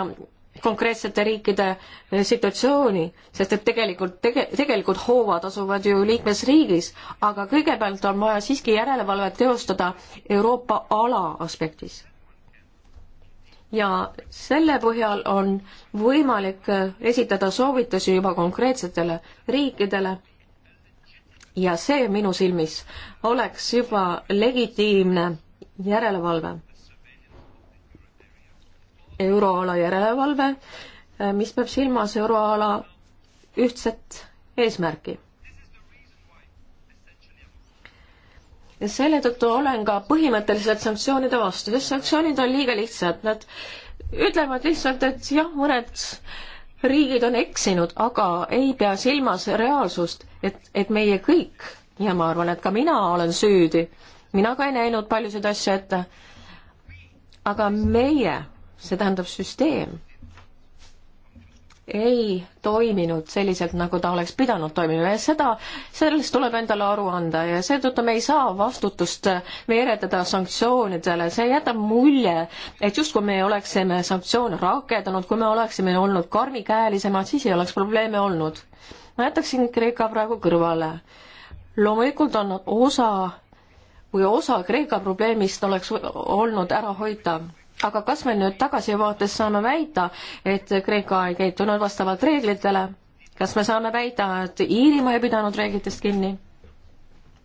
konkreetsete riikide eh, situatsiooni, sest et tegelikult tege,, tegelikult hoovad asuvad ju liikmesriigis, aga kõigepealt on vaja siiski järelevalvet teostada Euroopa ala aspektis ja selle põhjal on võimalik esitada soovitusi juba konkreetsetele riikidele ja see minu silmis oleks juba legitiimne järelevalve. euroala järelevalve, mis peab silmas euroala ühtset eesmärki ja selle tõttu olen ka põhimõtteliselt sanktsioonide vastu, sest sanktsioonid on liiga lihtsad, nad ütlevad lihtsalt, et jah, mõned riigid on eksinud, aga ei pea silmas reaalsust, et, et meie kõik ja ma arvan, et ka mina olen süüdi, mina ka ei näinud paljusid asju ette, aga meie, see tähendab süsteem ei toiminud selliselt, nagu ta oleks pidanud toimima ja seda, sellest tuleb endale aru anda ja seetõttu me ei saa vastutust veeretada sanktsioonidele, see jätab mulje, et justkui me oleksime sanktsioone rakendanud, kui me oleksime olnud karmikäelisemad, siis ei oleks probleeme olnud. ma jätaksin Kreeka praegu kõrvale. loomulikult on osa või osa Kreeka probleemist oleks olnud ära hoitav aga kas me nüüd tagasivaates saame väita, et Kreeka ei käitunud vastavalt reeglitele? kas me saame väida, et Iirimaa ei pidanud reeglitest kinni?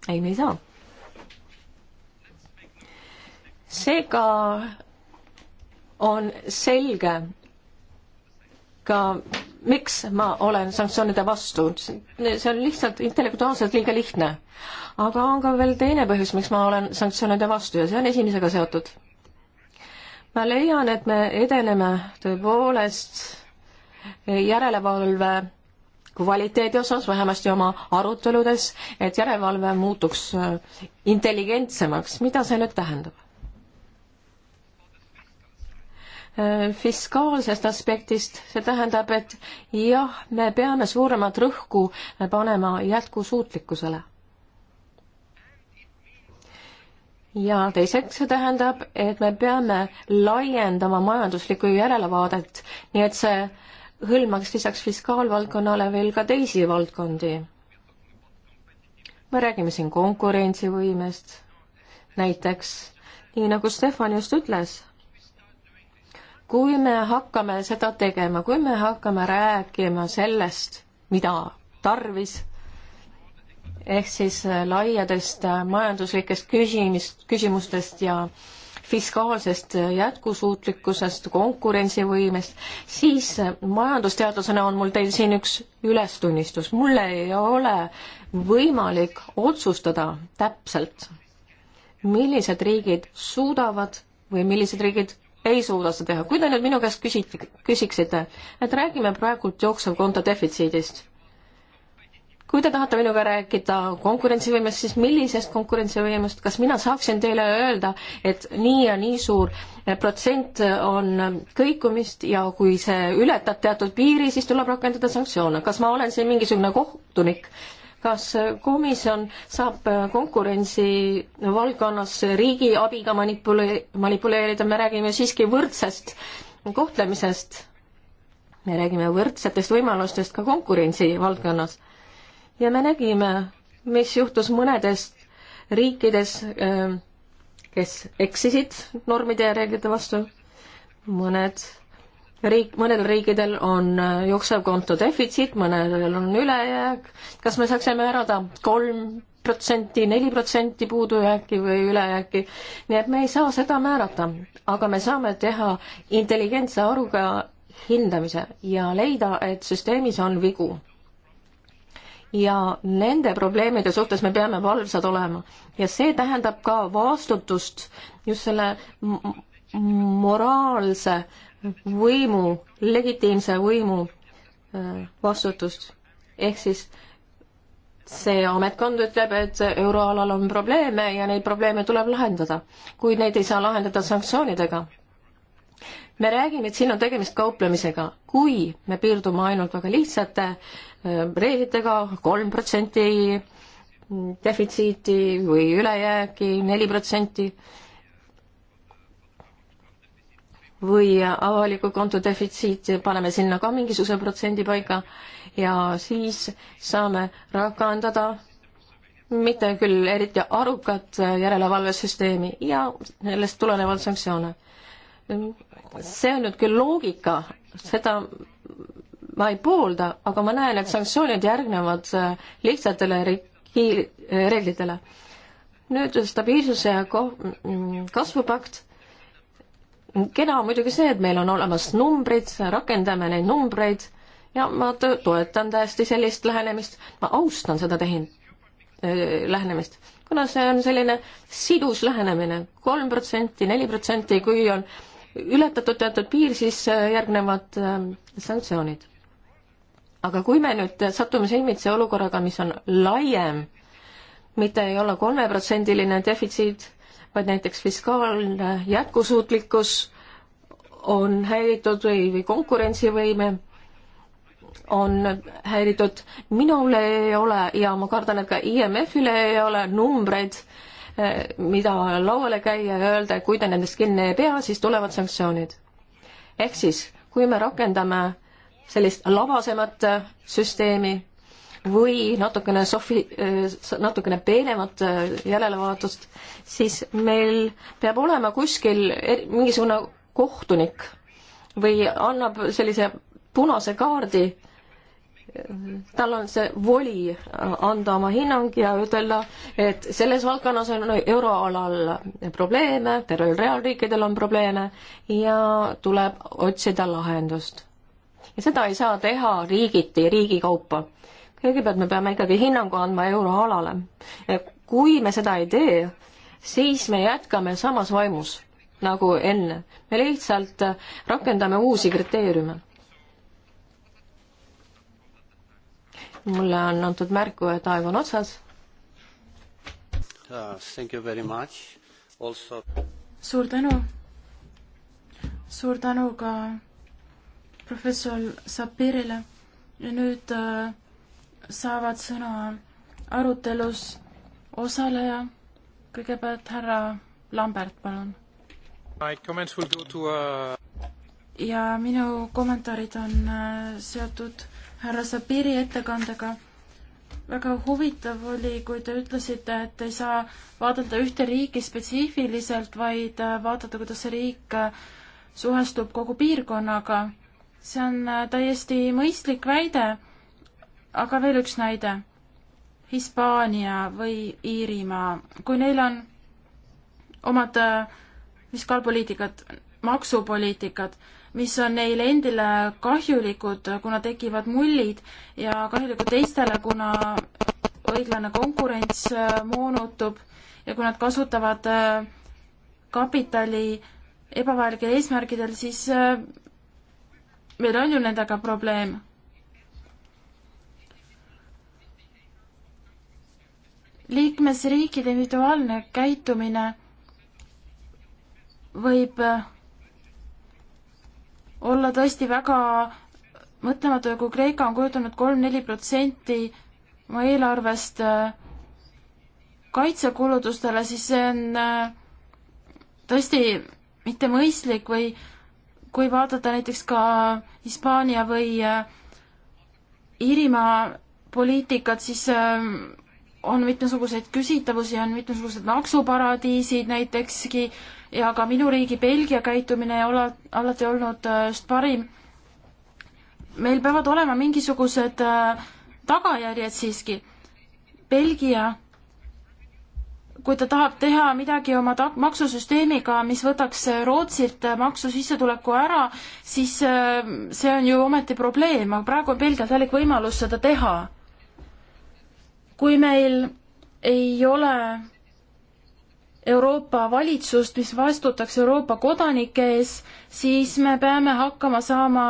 ei, me ei saa. seega on selge ka, miks ma olen sanktsioonide vastu. see on lihtsalt intellektuaalselt liiga lihtne. aga on ka veel teine põhjus, miks ma olen sanktsioonide vastu ja see on esimesega seotud ma leian, et me edeneme tõepoolest järelevalve kvaliteedi osas, vähemasti oma aruteludes, et järelevalve muutuks äh, intelligentsemaks, mida see nüüd tähendab? Äh, fiskaalsest aspektist, see tähendab, et jah, me peame suuremat rõhku panema jätkusuutlikkusele ja teiseks see tähendab, et me peame laiendama majanduslikku järelevaadet, nii et see hõlmaks lisaks fiskaalvaldkonnale veel ka teisi valdkondi. me räägime siin konkurentsivõimest näiteks, nii nagu Stefan just ütles, kui me hakkame seda tegema, kui me hakkame rääkima sellest, mida tarvis ehk siis äh, laiadest äh, majanduslikest küsimist, küsimustest ja fiskaalsest äh, jätkusuutlikkusest, konkurentsivõimest, siis majandusteadlasena on mul teil siin üks ülestunnistus. mul ei ole võimalik otsustada täpselt, millised riigid suudavad või millised riigid ei suuda seda teha. kui te nüüd minu käest küsite, küsiksite, et räägime praegult jooksevkonto defitsiidist kui te tahate minuga rääkida konkurentsivõimest, siis millisest konkurentsivõimest, kas mina saaksin teile öelda, et nii ja nii suur protsent on kõikumist ja kui see ületab teatud piiri, siis tuleb rakendada sanktsioone, kas ma olen siin mingisugune kohtunik? kas komisjon saab konkurentsi valdkonnas riigi abiga manipule-, manipuleerida, me räägime siiski võrdsest kohtlemisest, me räägime võrdsetest võimalustest ka konkurentsi valdkonnas ja me nägime, mis juhtus mõnedes riikides, ähm, kes eksisid normide ja reeglite vastu. mõned riik, mõnel riikidel on äh, jooksev konto defitsiit, mõnel on ülejääk. kas me saaksime erada kolm protsenti, neli protsenti puudujääki või ülejääki. nii et me ei saa seda määrata, aga me saame teha intelligentse aruga hindamise ja leida, et süsteemis on vigu ja nende probleemide suhtes me peame valvsad olema. ja see tähendab ka vastutust just selle moraalse võimu, legitiimse võimu äh, vastutust. ehk siis see ametkond ütleb, et euroalal on probleeme ja neid probleeme tuleb lahendada, kuid neid ei saa lahendada sanktsioonidega me räägime, et siin on tegemist kauplemisega. kui me piirdume ainult väga lihtsate äh, reeglitega, kolm protsenti defitsiiti või ülejääki, neli protsenti, või avaliku konto defitsiit, paneme sinna ka mingisuguse protsendi paika ja siis saame rakendada mitte küll eriti arukat järelevalvesüsteemi ja sellest tulenevalt sanktsioone see on nüüd küll loogika, seda ma ei poolda, aga ma näen, et sanktsioonid järgnevad äh, lihtsatele reeglitele. nüüd stabiilsuse ja mm, kasvupakt. kena on muidugi see, et meil on olemas numbrid, rakendame neid numbreid ja ma toetan täiesti sellist lähenemist, ma austan seda tehin-, äh, lähenemist, kuna see on selline sidus lähenemine, kolm protsenti, neli protsenti, kui on äh, ületatud teatud piir, siis äh, järgnevad äh, sanktsioonid. aga kui me nüüd satume silmitsi olukorraga, mis on laiem, mitte ei ole kolmeprotsendiline defitsiit, vaid näiteks fiskaalne jätkusuutlikkus on häiritud või, või konkurentsivõime on häiritud, minul ei ole ja ma kardan, et ka IMF-ile ei ole numbreid äh, Eh, mida lauale käia ja öelda, et kui te nendest kinni ei pea, siis tulevad sanktsioonid. ehk siis, kui me rakendame sellist labasemat eh, süsteemi või natukene sohvi, eh, natukene peenemat järelevaatust, siis meil peab olema kuskil er-, mingisugune kohtunik või annab sellise punase kaardi tal on see voli äh, anda oma hinnang ja ütelda, et selles valdkonnas on euroalal probleeme, tervel reaalriikidel on probleeme ja tuleb otsida lahendust. ja seda ei saa teha riigiti, riigi kaupa. kõigepealt me peame ikkagi hinnangu andma euroalale. kui me seda ei tee, siis me jätkame samas vaimus nagu enne. me lihtsalt rakendame uusi kriteeriume mulle on antud märku, et aeg on otsas uh,. Thank you very much also. suur tänu. suur tänu ka professor Sapirile ja nüüd äh, saavad sõna arutelus osaleja, kõigepealt härra Lambert, palun. Uh- ja minu kommentaarid on äh, seotud härra Sabiri ettekandega. väga huvitav oli, kui te ütlesite, et ei saa vaadata ühte riiki spetsiifiliselt, vaid äh, vaadata, kuidas see riik äh, suhestub kogu piirkonnaga. see on äh, täiesti mõistlik väide. aga veel üks näide. Hispaania või Iirimaa, kui neil on omad fiskaalpoliitikad, maksupoliitikad mis on neile endile kahjulikud, kuna tekivad mullid ja kahjulikud teistele, kuna õiglane konkurents äh, moonutub ja kui nad kasutavad äh, kapitali ebavajalikel eesmärkidel, siis äh, meil on ju nendega probleem. liikmesriikide individuaalne käitumine võib olla tõesti väga mõtlematu ja kui Kreeka on kujutanud kolm-neli protsenti oma eelarvest äh, kaitsekulutustele, siis see on äh, tõesti mitte mõistlik või kui vaadata näiteks ka Hispaania või äh, Iirimaa poliitikat, siis on mitmesuguseid küsitavusi, on mitmesugused maksuparadiisid näitekski ja ka minu riigi Belgia käitumine ei ole alati olnud äh, just parim. meil peavad olema mingisugused äh, tagajärjed siiski. Belgia, kui ta tahab teha midagi oma ta-, maksusüsteemiga, mis võtaks äh, Rootsilt maksusissetuleku ära, siis see on ju ometi probleem, aga praegu on Belgial täielik võimalus seda teha kui meil ei ole Euroopa valitsust, mis vastutaks Euroopa kodanike ees, siis me peame hakkama saama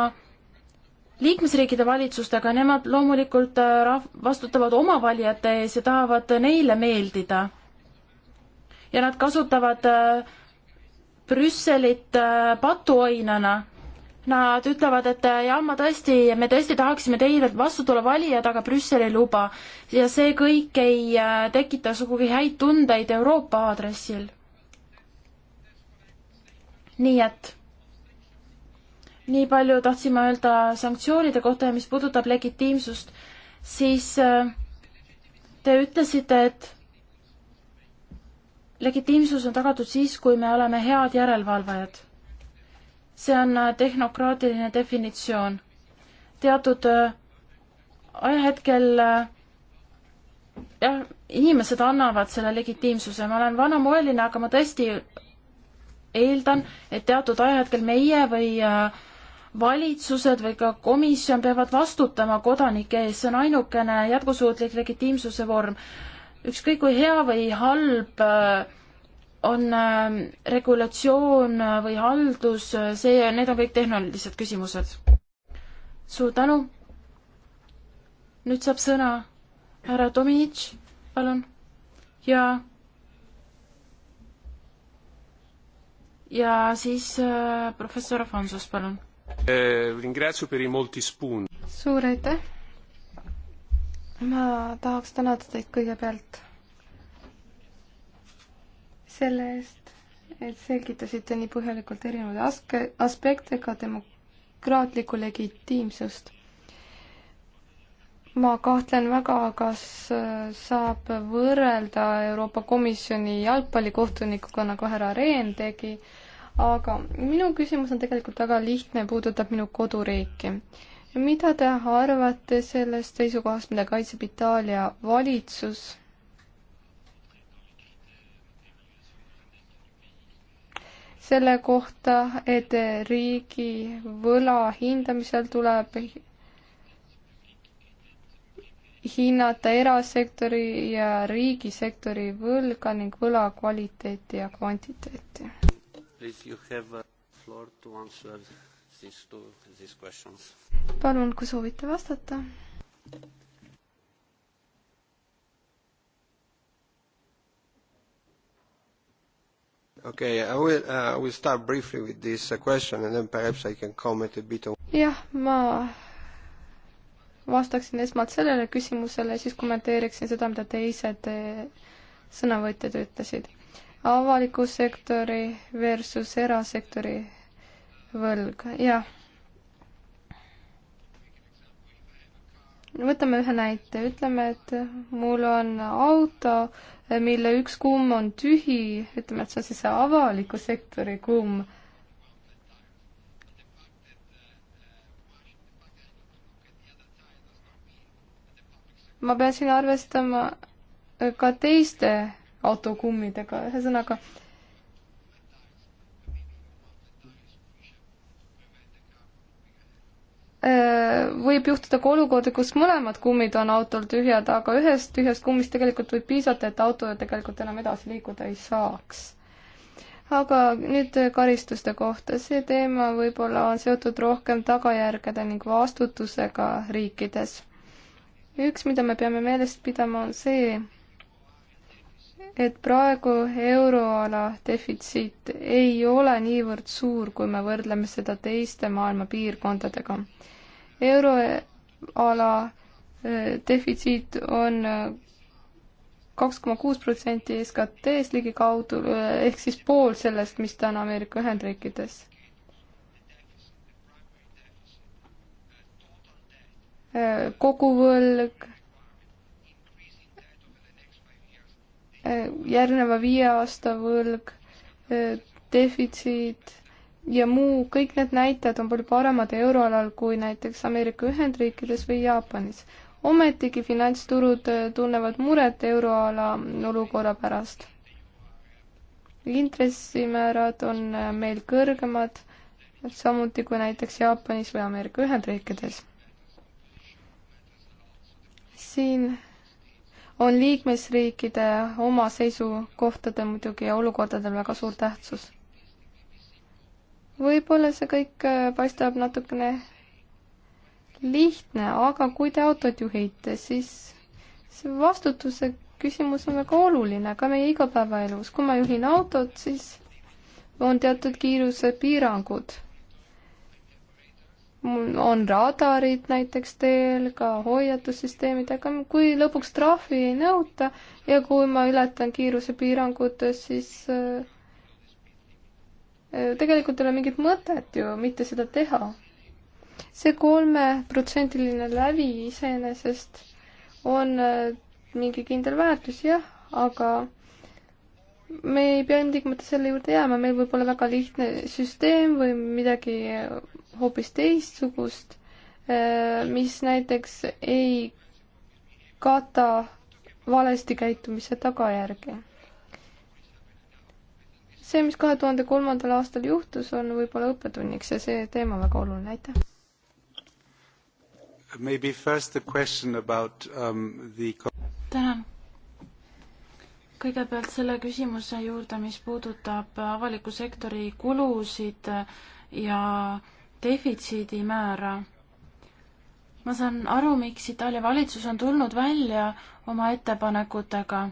liikmesriikide valitsustega, nemad loomulikult äh, rahv-, vastutavad oma valijate ees ja tahavad neile meeldida. ja nad kasutavad äh, Brüsselit äh, patuoinana Nad ütlevad, et jah, ma tõesti, me tõesti tahaksime teile vastu tulla valijad, aga Brüssel ei luba. ja see kõik ei äh, tekita sugugi häid tundeid Euroopa aadressil. nii et nii palju tahtsin ma öelda sanktsioonide kohta ja mis puudutab legitiimsust, siis äh, te ütlesite, et legitiimsus on tagatud siis, kui me oleme head järelevalvajad see on äh, tehnokraatiline definitsioon. teatud äh, ajahetkel äh, jah, inimesed annavad selle legitiimsuse, ma olen vanamoeline, aga ma tõesti eeldan, et teatud ajahetkel meie või valitsused või ka komisjon peavad vastutama kodanike ees, see on ainukene jätkusuutlik legitiimsuse vorm. ükskõik kui hea või halb äh, on ähm, regulatsioon äh, või haldus, äh, see, need on kõik tehnilised küsimused. suur tänu. nüüd saab sõna härra Tominitš, palun, ja ja siis äh, professor Afonsos, palun. Eh, suur aitäh. ma tahaks tänada teid kõigepealt selle eest, et selgitasite nii põhjalikult erinevaid aske, aspekte ka demokraatlikku legitiimsust. ma kahtlen väga, kas äh, saab võrrelda Euroopa Komisjoni jalgpallikohtunikuga, nagu härra Rehn tegi, aga minu küsimus on tegelikult väga lihtne, puudutab minu koduriiki mida te arvate sellest seisukohast, mida kaitseb Itaalia valitsus selle kohta, et riigi võla hindamisel tuleb hinnata erasektori ja riigisektori võlga ning võla kvaliteeti ja kvantiteeti. palun, kui soovite vastata. Okay, I will, uh, I will start briefly with this uh, question and then perhaps I can comment a bit on jah, ma vastaksin esmalt sellele küsimusele ja siis kommenteeriksin seda, mida teised äh, sõnavõtjad ütlesid. avaliku sektori versus erasektori võlg, jah võtame ühe näite, ütleme, et mul on auto, mille üks kumm on tühi, ütleme, et see on siis see avaliku sektori kumm ma pean siin arvestama ka teiste autokummidega, ühesõnaga Äh, võib juhtuda ka olukordi, kus mõlemad kummid on autol tühjad, aga ühest tühjast kummist tegelikult võib piisata, et auto tegelikult enam edasi liikuda ei saaks. aga nüüd karistuste kohta, see teema võib-olla on seotud rohkem tagajärgede ning vastutusega riikides. üks, mida me peame meeles pidama, on see, et praegu euroala defitsiit ei ole niivõrd suur, kui me võrdleme seda teiste maailma piirkondadega euroala eh, defitsiit on eh, kaks koma kuus protsenti SKT-st ligikaudu eh, ehk siis pool sellest, mis ta on Ameerika Ühendriikides. koguvõlg järgneva viie aasta võlg, defitsiit ja muu, kõik need näitajad on palju paremad euroalal kui näiteks Ameerika Ühendriikides või Jaapanis. ometigi finantsturud äh, tunnevad muret euroala olukorra pärast. intressimäärad on äh, meil kõrgemad, samuti kui näiteks Jaapanis või Ameerika Ühendriikides. siin on liikmesriikide oma seisukohtade muidugi ja olukordadel väga suur tähtsus võib-olla see kõik äh, paistab natukene lihtne, aga kui te autot juhite, siis see vastutuse küsimus on väga oluline ka meie igapäevaelus. kui ma juhin autot, siis on teatud kiirusepiirangud. mul on radarid näiteks teel, ka hoiatussüsteemid, aga kui lõpuks trahvi ei nõuta ja kui ma ületan kiirusepiirangud, siis äh, Äh, tegelikult ei ole mingit mõtet ju mitte seda teha. see kolmeprotsendiline lävi iseenesest on äh, mingi kindel väärtus, jah, aga me ei pea ilmtingimata selle juurde jääma, meil võib olla väga lihtne süsteem või midagi hoopis teistsugust, äh, mis näiteks ei kata valesti käitumise tagajärgi see, mis kahe tuhande kolmandal aastal juhtus, on võib-olla õppetunniks ja see teema väga oluline, aitäh. Maybe first a question about um, the tänan. kõigepealt selle küsimuse juurde, mis puudutab avaliku sektori kulusid ja defitsiidi määra. ma saan aru, miks Itaalia valitsus on tulnud välja oma ettepanekutega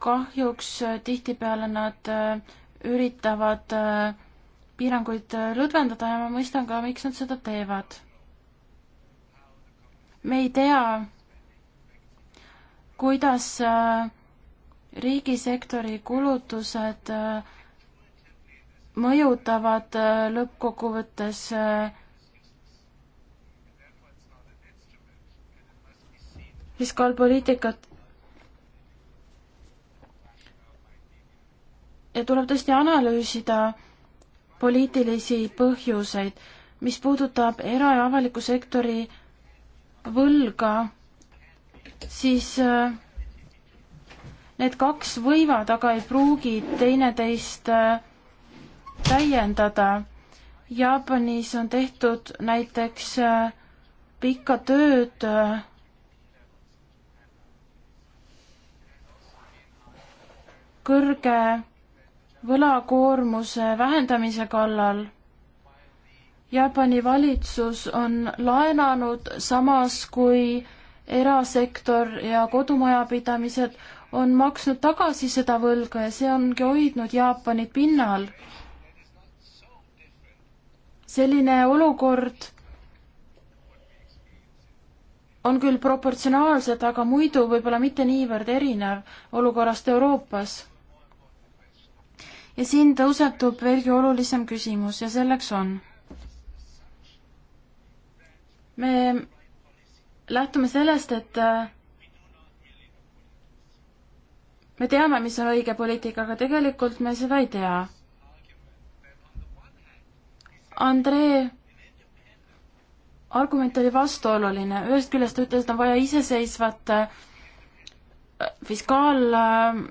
kahjuks äh, tihtipeale nad äh, üritavad äh, piiranguid lõdvendada ja ma mõistan ka, miks nad seda teevad. me ei tea, kuidas riigisektori kulutused mõjutavad lõppkokkuvõttes fiskaalpoliitikat ja tuleb tõesti analüüsida poliitilisi põhjuseid. mis puudutab era- ja avaliku sektori võlga, siis äh, need kaks võivad, aga ei pruugi teineteist äh, täiendada. Jaapanis on tehtud näiteks äh, pikka tööd kõrge võlakoormuse vähendamise kallal. Jaapani valitsus on laenanud, samas kui erasektor ja kodumajapidamised on maksnud tagasi seda võlga ja see ongi hoidnud Jaapanit pinnal. selline olukord on küll proportsionaalselt, aga muidu võib-olla mitte niivõrd erinev olukorrast Euroopas ja siin tõusetub veelgi olulisem küsimus ja selleks on. me lähtume sellest, et äh, me teame, mis on õige poliitika, aga tegelikult me seda ei tea. Andrei argument oli vastuoluline, ühest küljest ta ütles, et on vaja iseseisvat äh, fiskaal- äh,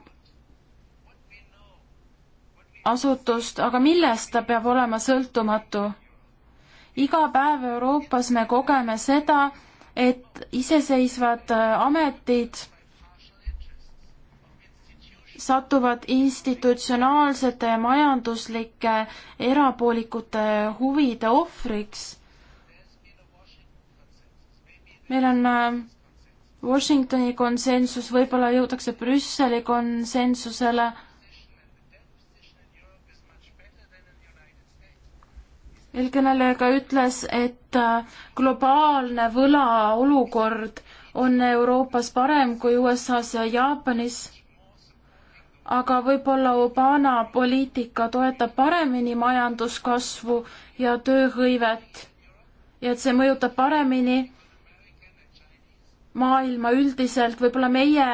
asutust, aga millest ta peab olema sõltumatu? iga päev Euroopas me kogeme seda, et iseseisvad äh, ametid satuvad institutsionaalsete ja majanduslike erapoolikute huvide ohvriks. meil on äh, Washingtoni konsensus, võib-olla jõutakse Brüsseli konsensusele eelkõneleja ka ütles, et äh, globaalne võlaolukord on Euroopas parem kui USA-s ja Jaapanis, aga võib-olla Obama poliitika toetab paremini majanduskasvu ja tööhõivet ja et see mõjutab paremini maailma üldiselt, võib-olla meie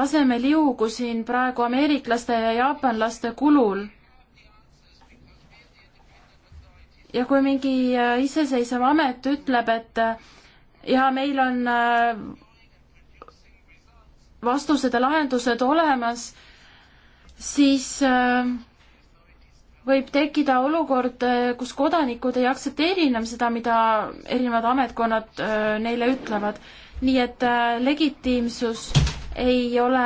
laseme liugu siin praegu ameeriklaste ja jaapanlaste kulul ja kui mingi äh, iseseisev amet ütleb, et äh, ja meil on äh, vastused ja lahendused olemas, siis võib tekkida olukord, kus kodanikud ei aktsepteeri enam seda, mida erinevad ametkonnad neile ütlevad. nii et legitiimsus ei ole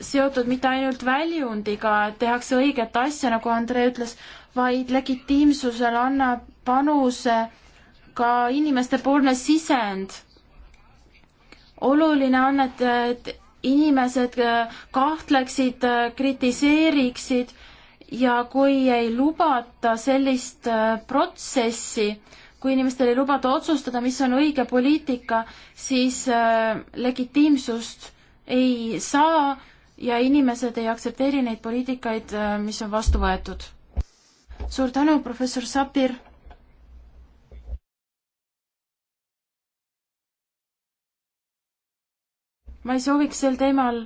seotud mitte ainult väljundiga, et tehakse õiget asja, nagu Andrei ütles, vaid legitiimsusele annab panuse ka inimestepoolne sisend. oluline on, et, et inimesed äh, kahtleksid, äh, kritiseeriksid ja kui ei lubata sellist äh, protsessi, kui inimestel ei lubata otsustada, mis on õige poliitika, siis legitiimsust ei saa ja inimesed ei aktsepteeri neid poliitikaid, mis on vastu võetud suur tänu, professor Sapir. ma ei sooviks sel teemal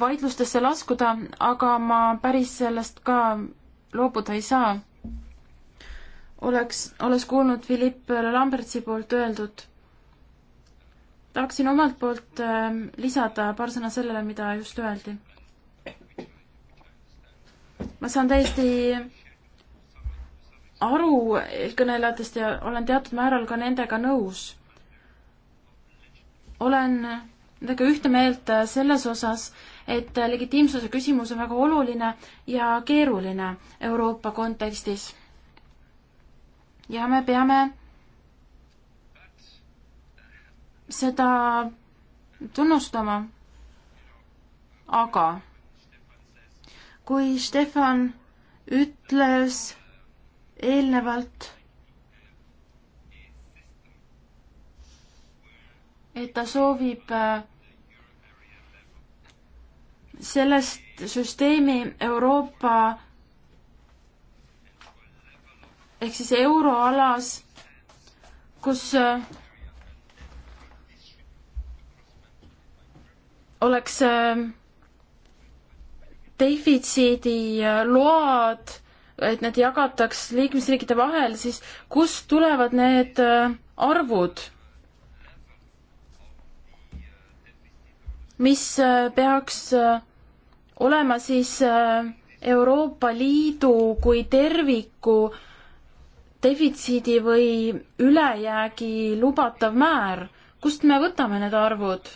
vaidlustesse laskuda, aga ma päris sellest ka loobuda ei saa. oleks, olles kuulnud Philipp Lambertsi poolt öeldud, tahaksin omalt poolt ähm, lisada paar sõna sellele, mida just öeldi ma saan täiesti aru eelkõnelejatest ja olen teatud määral ka nendega nõus. olen nendega ühte meelt selles osas, et legitiimsuse küsimus on väga oluline ja keeruline Euroopa kontekstis. ja me peame seda tunnustama, aga kui Stefan ütles eelnevalt, et ta soovib äh, sellest süsteemi Euroopa ehk siis euroalas, kus äh, oleks äh, defitsiidi load, et need jagataks liikmesriikide vahel, siis kust tulevad need äh, arvud? mis äh, peaks äh, olema siis Euroopa Liidu kui terviku defitsiidi või ülejäägi lubatav määr, kust me võtame need arvud?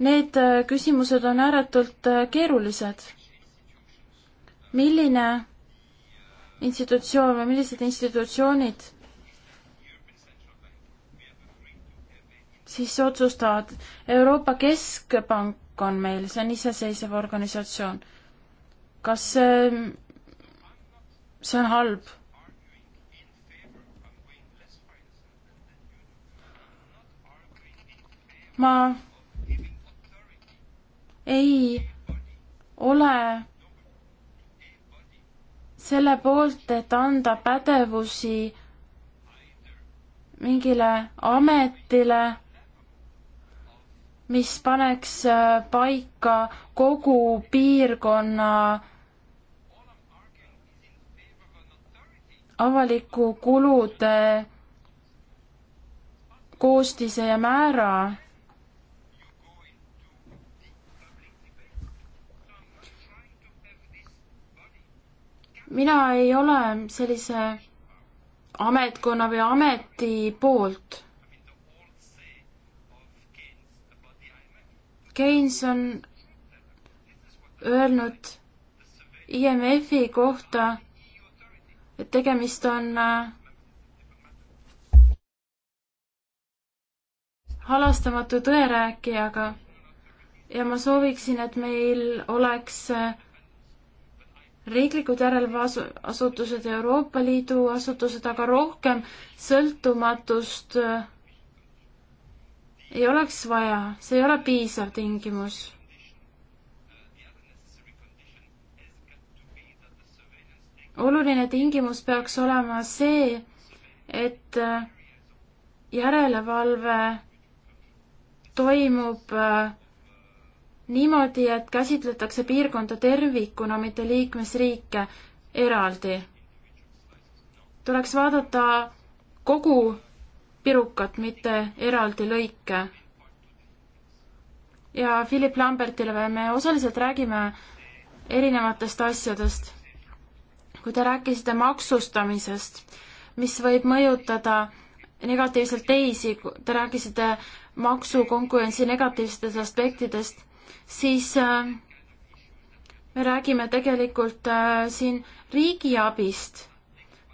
Need äh, küsimused on ääretult äh, keerulised. milline institutsioon või millised institutsioonid siis otsustavad, Euroopa Keskpank on meil, see on iseseisev organisatsioon. kas ähm, see on halb? ma ei ole selle poolt, et anda pädevusi mingile ametile, mis paneks äh, paika kogu piirkonna avaliku kulude koostise ja määra mina ei ole sellise ametkonna või ameti poolt. Keynes on öelnud IMF-i kohta, et tegemist on äh, halastamatu tõerääkijaga ja ma sooviksin, et meil oleks äh, riiklikud järelevalveasutused ja Euroopa Liidu asutused, aga rohkem sõltumatust äh, ei oleks vaja, see ei ole piisav tingimus. oluline tingimus peaks olema see, et äh, järelevalve toimub äh, niimoodi, et käsitletakse piirkonda tervikuna, mitte liikmesriike eraldi. tuleks vaadata kogu pirukat, mitte eraldi lõike. ja Philip Lambertile veel, me osaliselt räägime erinevatest asjadest. kui te rääkisite maksustamisest, mis võib mõjutada negatiivselt teisi, te rääkisite maksukonkurentsi negatiivsetest aspektidest siis äh, me räägime tegelikult äh, siin riigiabist.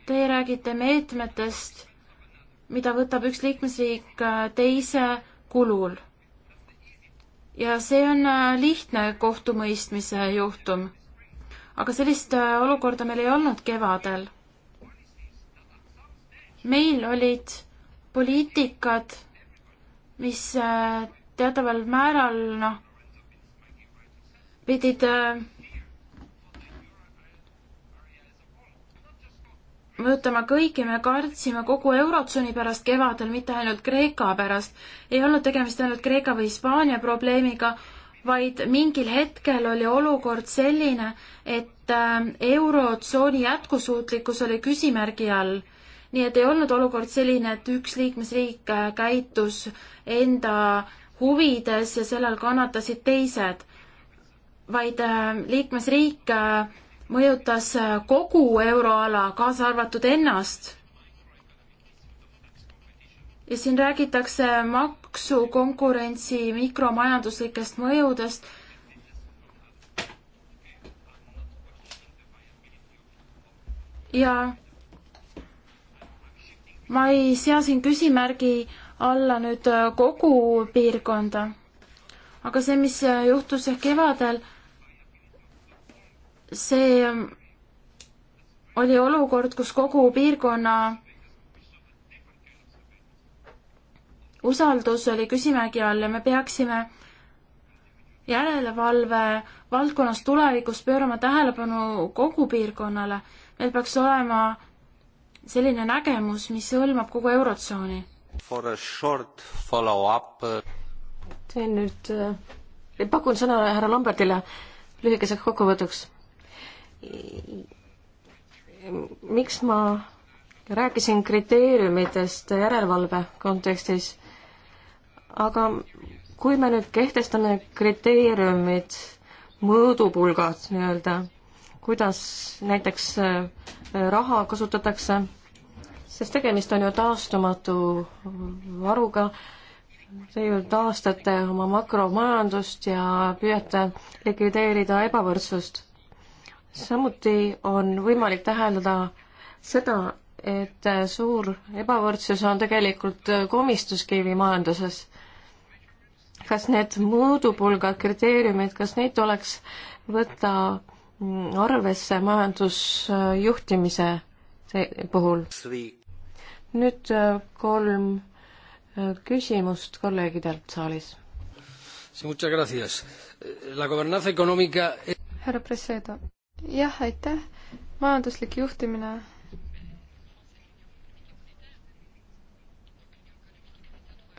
Teie räägite meetmetest, mida võtab üks liikmesriik äh, teise kulul. ja see on lihtne kohtumõistmise juhtum. aga sellist olukorda meil ei olnud kevadel. meil olid poliitikad, mis teataval määral noh, pidid äh, mõjutama kõiki, me kartsime kogu Eurotsooni pärast kevadel, mitte ainult Kreeka pärast. ei olnud tegemist ainult Kreeka või Hispaania probleemiga, vaid mingil hetkel oli olukord selline, et äh, Eurotsooni jätkusuutlikkus oli küsimärgi all. nii et ei olnud olukord selline, et üks liikmesriik äh, käitus enda huvides ja sellel kannatasid teised vaid äh, liikmesriik äh, mõjutas äh, kogu euroala, kaasa arvatud ennast. ja siin räägitakse maksukonkurentsi mikromajanduslikest mõjudest. ja ma ei sea siin küsimärgi alla nüüd kogu piirkonda. aga see, mis juhtus kevadel see oli olukord, kus kogu piirkonna usaldus oli küsimärgi all ja me peaksime järelevalve valdkonnas tulevikus pöörama tähelepanu kogu piirkonnale. meil peaks olema selline nägemus, mis hõlmab kogu Eurotsooni. Uh, teen nüüd, äh, pakun sõna härra Lambertile lühikeseks kokkuvõtuks miks ma rääkisin kriteeriumidest järelevalve kontekstis, aga kui me nüüd kehtestame kriteeriumid, mõõdupulgad nii-öelda, kuidas näiteks äh, raha kasutatakse, sest tegemist on ju taastumatu varuga, te ju taastate oma makromajandust ja püüate likvideerida ebavõrdsust samuti on võimalik täheldada seda, et suur ebavõrdsus on tegelikult komistuskivi majanduses. kas need mõõdupulgad, kriteeriumid, kas neid tuleks võtta arvesse majandusjuhtimise puhul? nüüd kolm küsimust kolleegidelt saalis. härra Presedo jah, aitäh. majanduslik juhtimine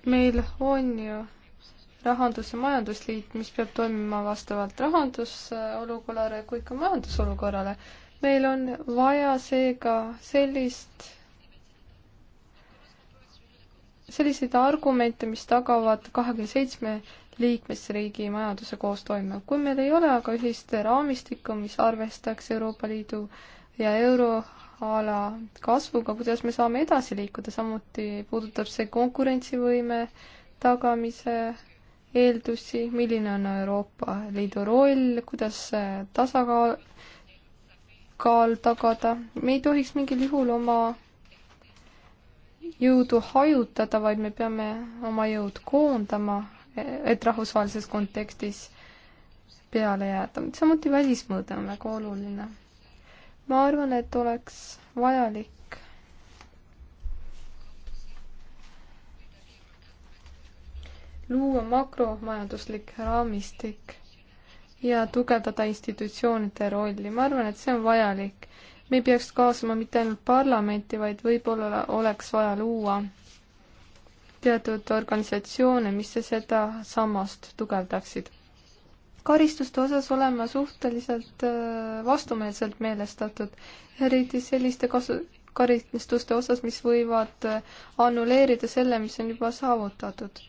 meil on ju rahandus- ja majandusliit, mis peab toimima vastavalt rahandusolukorrale kui ka majandusolukorrale. meil on vaja seega sellist, selliseid argumente, mis tagavad kahekümne seitsme liikmesriigi majanduse koostoime. kui meil ei ole aga ühist raamistikku, mis arvestaks Euroopa Liidu ja euroala kasvuga, kuidas me saame edasi liikuda, samuti puudutab see konkurentsivõime tagamise eeldusi, milline on Euroopa Liidu roll, kuidas tasakaal, kaal tagada, me ei tohiks mingil juhul oma jõudu hajutada, vaid me peame oma jõud koondama et rahvusvahelises kontekstis peale jääda. samuti välismõõde on väga oluline. ma arvan, et oleks vajalik luua makromajanduslik raamistik ja tugevdada institutsioonide rolli. ma arvan, et see on vajalik. me ei peaks kaasama mitte ainult parlamenti, vaid võib-olla oleks vaja luua teatud organisatsioone, mis seda sammast tugevdaksid. karistuste osas oleme suhteliselt äh, vastumeelselt meelestatud, eriti selliste kasu, karistuste osas, mis võivad äh, annuleerida selle, mis on juba saavutatud.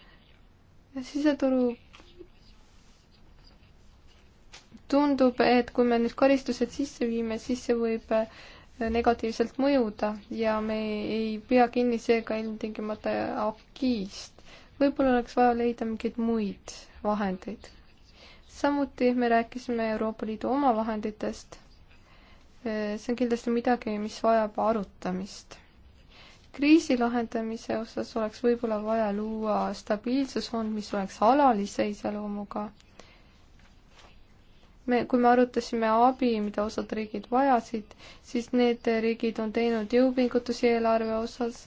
siseturu tundub, et kui me nüüd karistused sisse viime, siis see võib äh, negatiivselt mõjuda ja me ei pea kinni seega ilmtingimata akiist. võib-olla oleks vaja leida mingeid muid vahendeid. samuti me rääkisime Euroopa Liidu omavahenditest. see on kindlasti midagi, mis vajab arutamist. kriisi lahendamise osas oleks võib-olla vaja luua stabiilsusfond, mis oleks alalise iseloomuga me, kui me arutasime abi, mida osad riigid vajasid, siis need riigid on teinud jõupingutusi eelarve osas,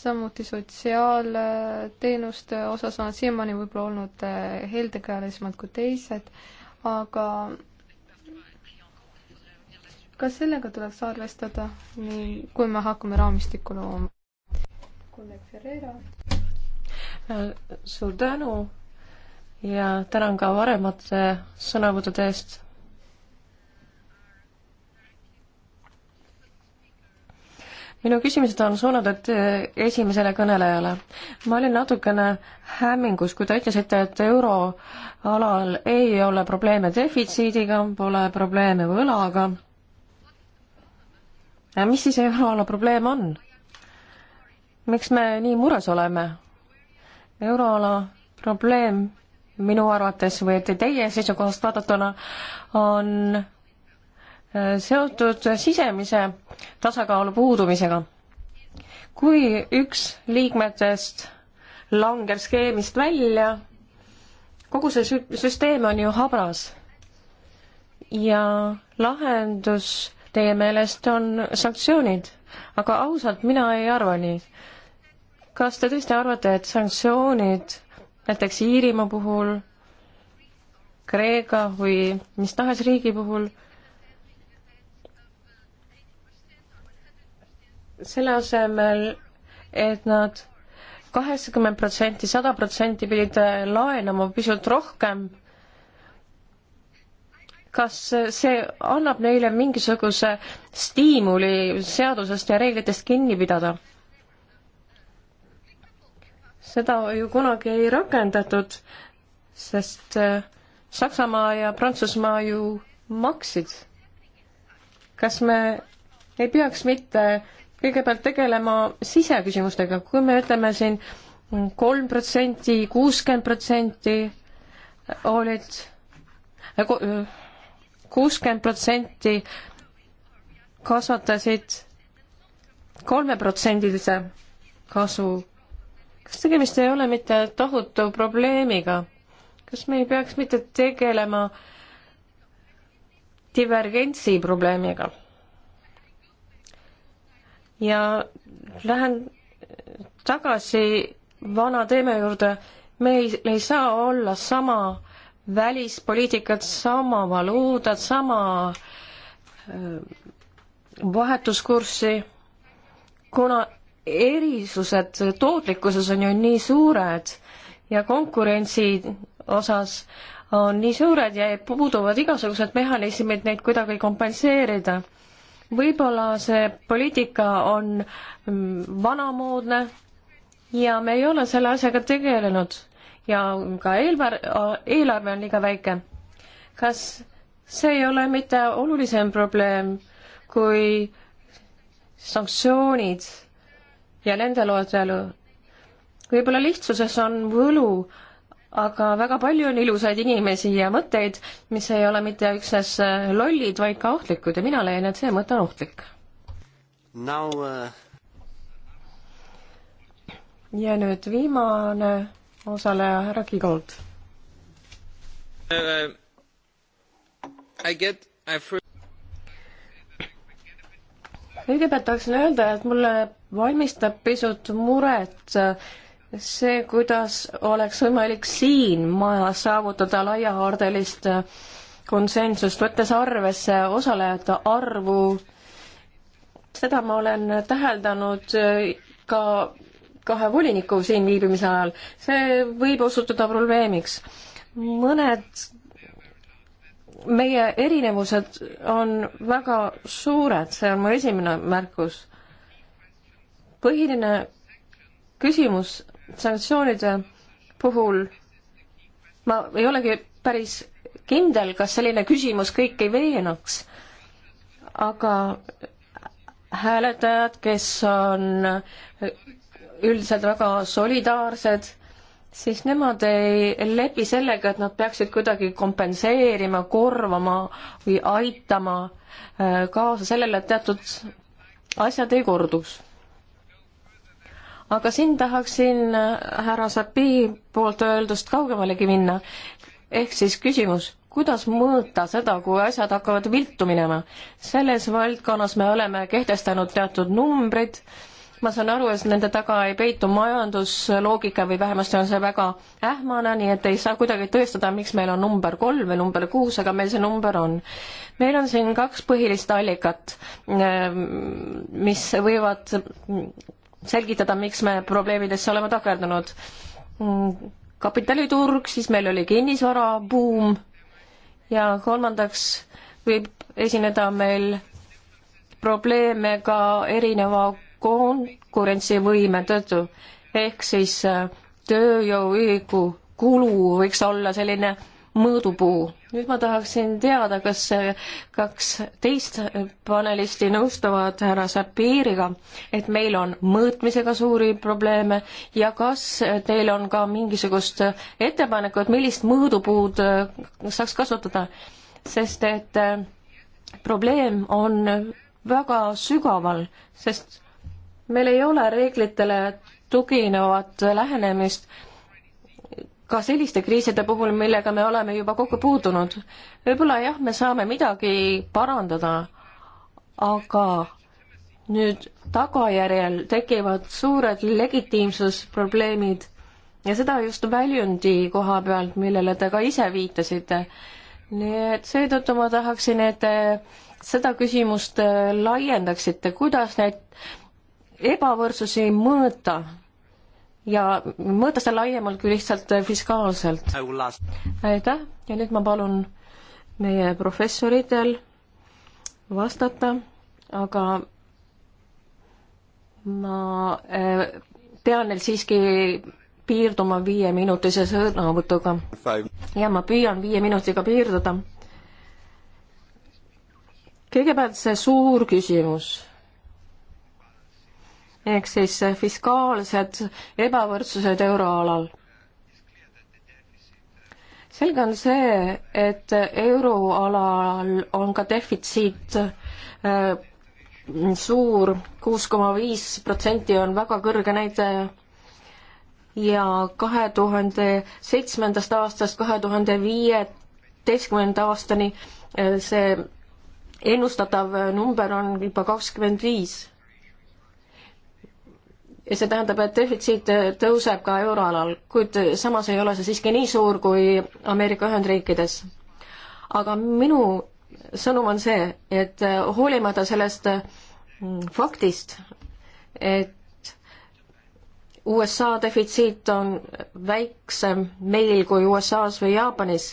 samuti sotsiaalteenuste osas on siiamaani võib-olla olnud eh, heldekäelisemad kui teised, aga ka sellega tuleks arvestada, nii, kui me hakkame raamistikku looma. kolleeg Ferreira. Äh, suur tänu ja tänan ka varemate sõnavõttude eest minu küsimused on suunatud äh, esimesele kõnelejale. ma olin natukene hämmingus, kui te ütlesite, et euroalal ei ole probleeme defitsiidiga, pole probleeme võlaga. mis siis euroala probleem on? miks me nii mures oleme? euroala probleem minu arvates või et teie seisukohast vaadatuna on seotud sisemise tasakaalu puudumisega. kui üks liikmetest langeb skeemist välja, kogu see süsteem on ju habras. ja lahendus teie meelest on sanktsioonid, aga ausalt, mina ei arva nii. kas te tõesti arvate, et sanktsioonid näiteks Iirimaa puhul, Kreeka või mis tahes riigi puhul selle asemel, et nad kaheksakümmend protsenti, sada protsenti pidid äh, laenama pisut rohkem, kas see annab neile mingisuguse stiimuli seadusest ja reeglitest kinni pidada? seda ju kunagi ei rakendatud, sest äh, Saksamaa ja Prantsusmaa ju maksid. kas me ei peaks mitte kõigepealt tegelema siseküsimustega, kui me ütleme siin kolm protsenti, kuuskümmend protsenti olid, äh, äh, kuuskümmend protsenti kasvatasid kolmeprotsendilise kasu. kas tegemist ei ole mitte tohutu probleemiga? kas me ei peaks mitte tegelema divergentsi probleemiga? ja lähen tagasi vana teeme juurde, meil ei saa olla sama välispoliitikat, sama valuutat, sama äh, vahetuskurssi, kuna erisused tootlikkuses on ju nii suured ja konkurentsi osas on nii suured ja puuduvad igasugused mehhanismid neid kuidagi kompenseerida võib-olla see poliitika on mm, vanamoodne ja me ei ole selle asjaga tegelenud ja ka eelarve, eelarve on liiga väike. kas see ei ole mitte olulisem probleem kui sanktsioonid ja nende loetelu? võib-olla lihtsuses on võlu aga väga palju on ilusaid inimesi ja mõtteid, mis ei ole mitte üksnes äh, lollid, vaid ka ohtlikud ja mina leian, et see mõte on ohtlik. Uh... ja nüüd viimane osaleja, härra Kigold uh,. I get, I first kõigepealt tahaksin öelda, et mulle valmistab pisut muret äh, see, kuidas oleks võimalik siin majas saavutada laiahaardelist äh, konsensust, võttes arvesse osalejate arvu, seda ma olen täheldanud äh, ka kahe voliniku siin viibimise ajal, see võib osutuda probleemiks. mõned meie erinevused on väga suured, see on mu esimene märkus. põhiline küsimus sanktsioonide puhul ma ei olegi päris kindel, kas selline küsimus kõiki veenaks, aga hääletajad, kes on üldiselt väga solidaarsed, siis nemad ei lepi sellega, et nad peaksid kuidagi kompenseerima, korvama või aitama äh, kaasa sellele, et teatud asjad ei korduks aga siin tahaksin äh, härra Sapi poolt öeldust kaugemalegi minna. ehk siis küsimus, kuidas mõõta seda, kui asjad hakkavad viltu minema? selles valdkonnas me oleme kehtestanud teatud numbrid, ma saan aru, et nende taga ei peitu majandusloogika või vähemasti on see väga ähmane, nii et ei saa kuidagi tõestada, miks meil on number kolm või number kuus, aga meil see number on. meil on siin kaks põhilist allikat, ehm, mis võivad selgitada, miks me probleemidesse oleme takerdunud. kapitaliturg, siis meil oli kinnisvarabuum ja kolmandaks võib esineda meil probleeme ka erineva konkurentsivõime tõttu, ehk siis äh, tööjõuühiku kulu võiks olla selline mõõdupuu nüüd ma tahaksin teada, kas kaks teist panelisti nõustuvad härra Sapiriga, et meil on mõõtmisega suuri probleeme ja kas teil on ka mingisugust ettepanekut, millist mõõdupuud saaks kasutada, sest et äh, probleem on väga sügaval, sest meil ei ole reeglitele tuginevat lähenemist ka selliste kriiside puhul, millega me oleme juba kokku puutunud. võib-olla jah, me saame midagi parandada, aga nüüd tagajärjel tekivad suured legitiimsusprobleemid ja seda just väljundi koha pealt, millele te ka ise viitasite. nii et seetõttu ma tahaksin, et seda küsimust laiendaksite, kuidas neid ebavõrdsusi mõõta ja mõõta seda laiemalt kui lihtsalt äh, fiskaalselt. aitäh ja nüüd ma palun meie professoritel vastata, aga ma äh, pean neil siiski piirduma viieminutise sõnavõtuga. ja ma püüan viie minutiga piirduda. kõigepealt see suur küsimus ehk siis fiskaalsed ebavõrdsused euroalal. selge on see, et euroalal on ka defitsiit äh, suur, kuus koma viis protsenti on väga kõrge näitaja ja kahe tuhande seitsmendast aastast kahe tuhande viieteistkümnenda aastani äh, see ennustatav number on juba kakskümmend viis ja see tähendab, et defitsiit äh, tõuseb ka euroalal, kuid äh, samas ei ole see siiski nii suur kui Ameerika Ühendriikides. aga minu sõnum on see, et äh, hoolimata sellest faktist, et USA defitsiit on väiksem meil kui USA-s või Jaapanis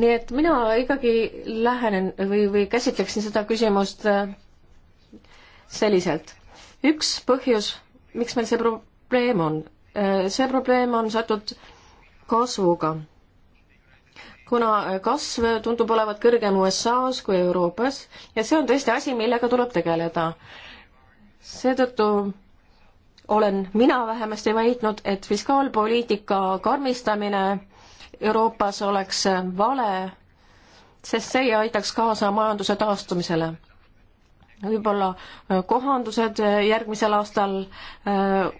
nii et mina ikkagi lähenen või, või käsitleksin seda küsimust äh, selliselt. üks põhjus, miks meil see probleem on, äh, see probleem on seotud kasvuga. kuna kasv tundub olevat kõrgem USA-s kui Euroopas ja see on tõesti asi, millega tuleb tegeleda. seetõttu olen mina vähemasti väitnud, et fiskaalpoliitika karmistamine Euroopas oleks vale, sest see ei aitaks kaasa majanduse taastumisele. võib-olla äh, kohandused äh, järgmisel aastal äh,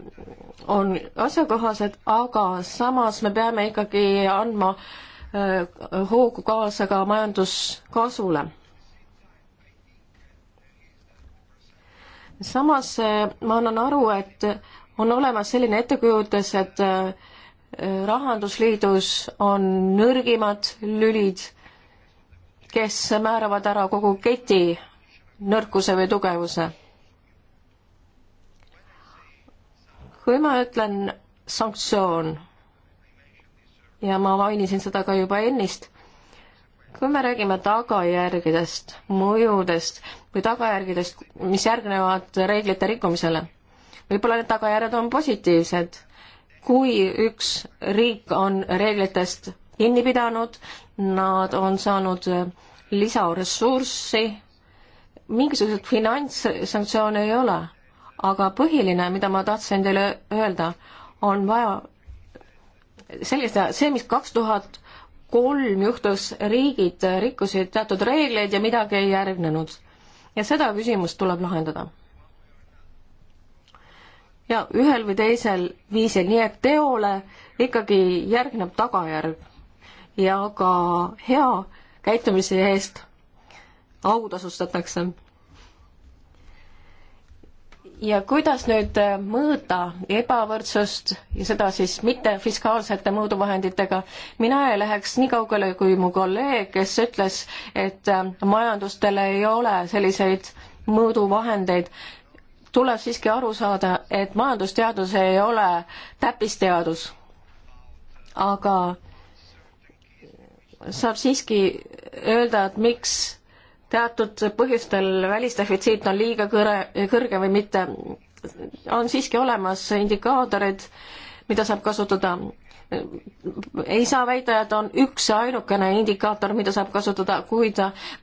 on asjakohased, aga samas me peame ikkagi andma hoogu kaasa ka majanduskasvule samas ma annan aru, et on olemas selline ettekujutus, et rahandusliidus on nõrgimad lülid, kes määravad ära kogu keti nõrkuse või tugevuse. kui ma ütlen sanktsioon ja ma mainisin seda ka juba ennist, kui me räägime tagajärgedest, mõjudest või tagajärgedest, mis järgnevad reeglite rikkumisele, võib-olla need tagajärjed on positiivsed kui üks riik on reeglitest kinni pidanud, nad on saanud lisaressurssi, mingisuguseid finantssanktsioone ei ole, aga põhiline, mida ma tahtsin teile öelda, on vaja sellist, see, mis kaks tuhat kolm juhtus, riigid rikkusid teatud reegleid ja midagi ei järgnenud. ja seda küsimust tuleb lahendada ja ühel või teisel viisil, nii et teole ikkagi järgneb tagajärg ja ka hea käitumise eest autasustatakse. ja kuidas nüüd mõõta ebavõrdsust ja seda siis mitte fiskaalsete mõõduvahenditega, mina ei läheks nii kaugele kui mu kolleeg, kes ütles, et majandustele ei ole selliseid mõõduvahendeid tuleb siiski aru saada, et majandusteadus ei ole täppisteadus, aga saab siiski öelda, et miks teatud põhjustel välisdefitsiit on liiga kõre, kõrge või mitte. on siiski olemas indikaatorid, mida saab kasutada ei saa väita, et on üks ainukene indikaator, mida saab kasutada, kuid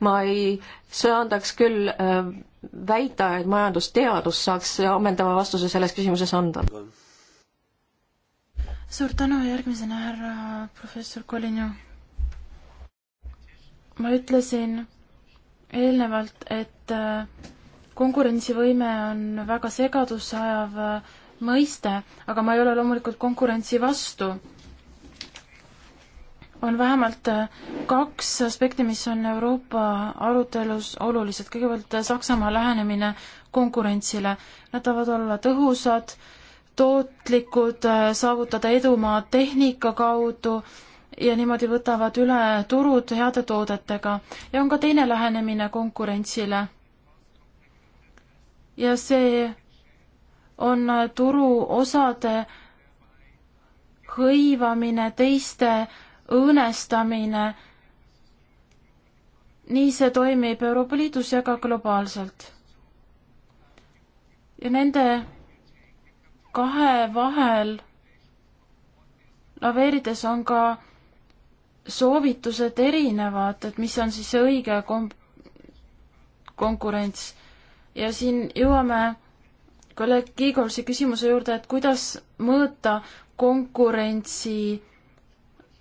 ma ei söandaks küll äh, väita, et majandusteadus saaks ammendava vastuse selles küsimuses anda. suur tänu, järgmisena härra professor Kolinju. ma ütlesin eelnevalt, et äh, konkurentsivõime on väga segadusse ajav äh, mõiste, aga ma ei ole loomulikult konkurentsi vastu on vähemalt äh, kaks aspekti, mis on Euroopa arutelus olulised. kõigepealt äh, Saksamaa lähenemine konkurentsile. Nad tahavad olla tõhusad, tootlikud, äh, saavutada edumaa tehnika kaudu ja niimoodi võtavad üle turud heade toodetega. ja on ka teine lähenemine konkurentsile. ja see on turuosade hõivamine teiste õõnestamine. nii see toimib Euroopa Liidus ja ka globaalselt. ja nende kahe vahel laveerides on ka soovitused erinevad, et mis on siis see õige kom-, konkurents. ja siin jõuame kolleeg Igorsi küsimuse juurde, et kuidas mõõta konkurentsi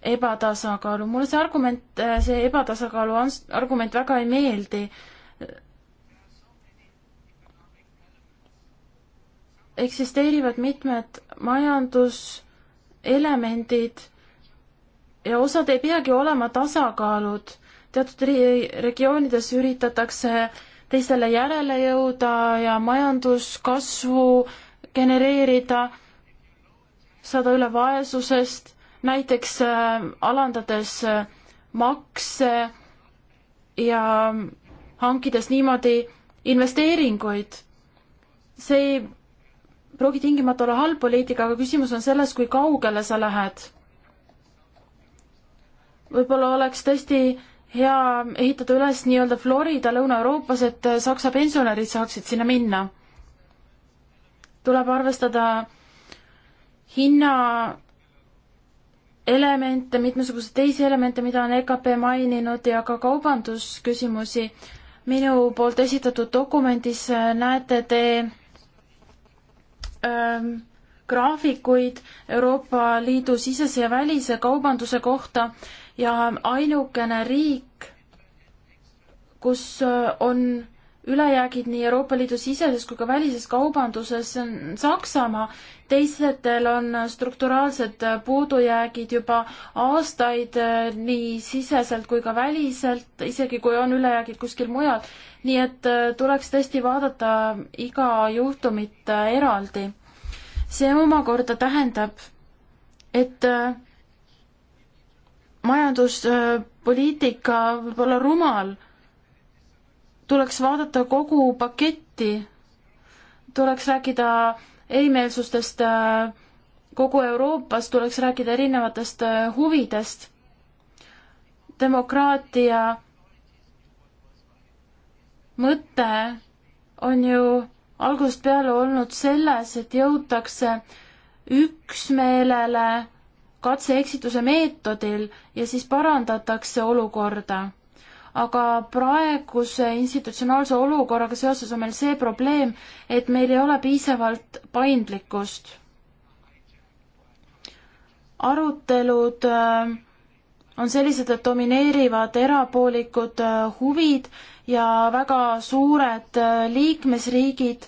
ebatasakaalu. mulle see argument, äh, see ebatasakaalu argument väga ei meeldi. eksisteerivad mitmed majanduselemendid ja osad ei peagi olema tasakaalud. teatud regioonides üritatakse teistele järele jõuda ja majanduskasvu genereerida, saada üle vaesusest näiteks äh, alandades äh, makse ja hankides niimoodi investeeringuid. see ei pruugi tingimata olla halb poliitika, aga küsimus on selles, kui kaugele sa lähed. võib-olla oleks tõesti hea ehitada üles nii-öelda Florida Lõuna-Euroopas, et äh, Saksa pensionärid saaksid sinna minna. tuleb arvestada hinna elemente, mitmesuguseid teisi elemente, mida on EKP maininud ja ka kaubandusküsimusi. minu poolt esitatud dokumendis äh, näete te ähm, graafikuid Euroopa Liidu sisese ja välise kaubanduse kohta ja ainukene riik, kus äh, on ülejäägid nii Euroopa Liidu siseses kui ka välises kaubanduses on Saksamaa, teistel on strukturaalsed puudujäägid juba aastaid nii siseselt kui ka väliselt, isegi kui on ülejäägid kuskil mujal. nii et äh, tuleks tõesti vaadata iga juhtumit äh, eraldi. see omakorda tähendab, et äh, majanduspoliitika võib olla rumal tuleks vaadata kogu paketti, tuleks rääkida erimeelsustest äh, kogu Euroopas, tuleks rääkida erinevatest äh, huvidest, demokraatia mõte on ju algusest peale olnud selles, et jõutakse üksmeelele katse-eksituse meetodil ja siis parandatakse olukorda aga praeguse institutsionaalse olukorraga seoses on meil see probleem, et meil ei ole piisavalt paindlikkust. arutelud äh, on sellised, et domineerivad erapoolikud äh, huvid ja väga suured äh, liikmesriigid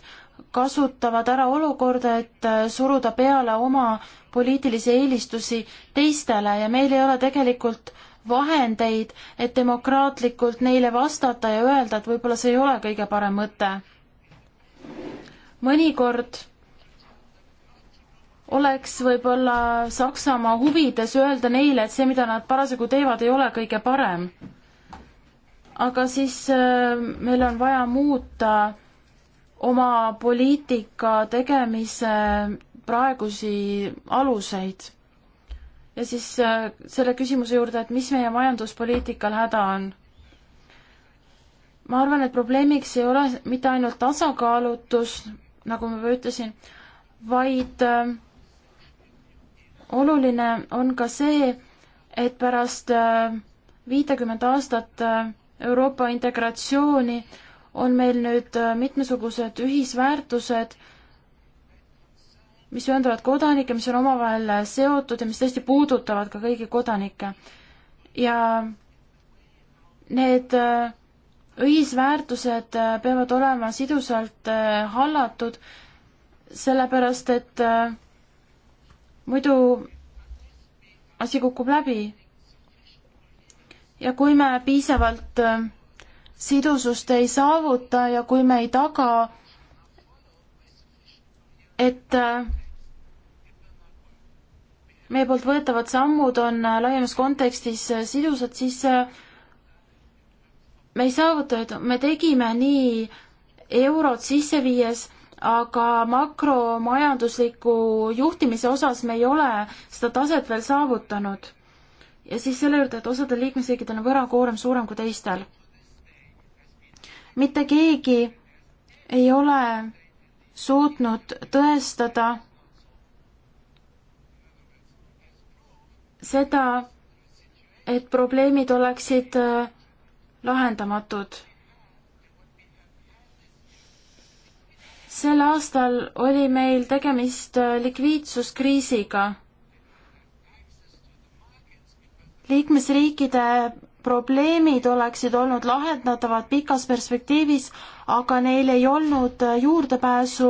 kasutavad ära olukorda, et suruda peale oma poliitilisi eelistusi teistele ja meil ei ole tegelikult vahendeid, et demokraatlikult neile vastata ja öelda, et võib-olla see ei ole kõige parem mõte. mõnikord oleks võib-olla Saksamaa huvides öelda neile, et see, mida nad parasjagu teevad, ei ole kõige parem. aga siis äh, meil on vaja muuta oma poliitika tegemise praegusi aluseid ja siis äh, selle küsimuse juurde, et mis meie majanduspoliitikal häda on. ma arvan, et probleemiks ei ole mitte ainult tasakaalutus, nagu ma juba ütlesin, vaid äh, oluline on ka see, et pärast äh, viitekümmet aastat Euroopa integratsiooni on meil nüüd mitmesugused ühisväärtused mis ühendavad kodanikke, mis on omavahel seotud ja mis tõesti puudutavad ka kõigi kodanikke. ja need ühisväärtused äh, äh, peavad olema sidusalt äh, hallatud, sellepärast et muidu asi kukub läbi. ja kui me piisavalt sidusust ei saavuta ja kui me ei taga, et äh, meie poolt võetavad sammud on äh, laiemas kontekstis äh, sidusad, siis äh, me ei saavuta, et me tegime nii eurot sisse viies, aga makromajandusliku juhtimise osas me ei ole seda taset veel saavutanud. ja siis selle juurde, et osadel liikmesriikidel on võrakoorem suurem kui teistel. mitte keegi ei ole suutnud tõestada seda, et probleemid oleksid äh, lahendamatud. sel aastal oli meil tegemist äh, likviidsuskriisiga. liikmesriikide probleemid oleksid olnud lahendatavad pikas perspektiivis, aga neil ei olnud juurdepääsu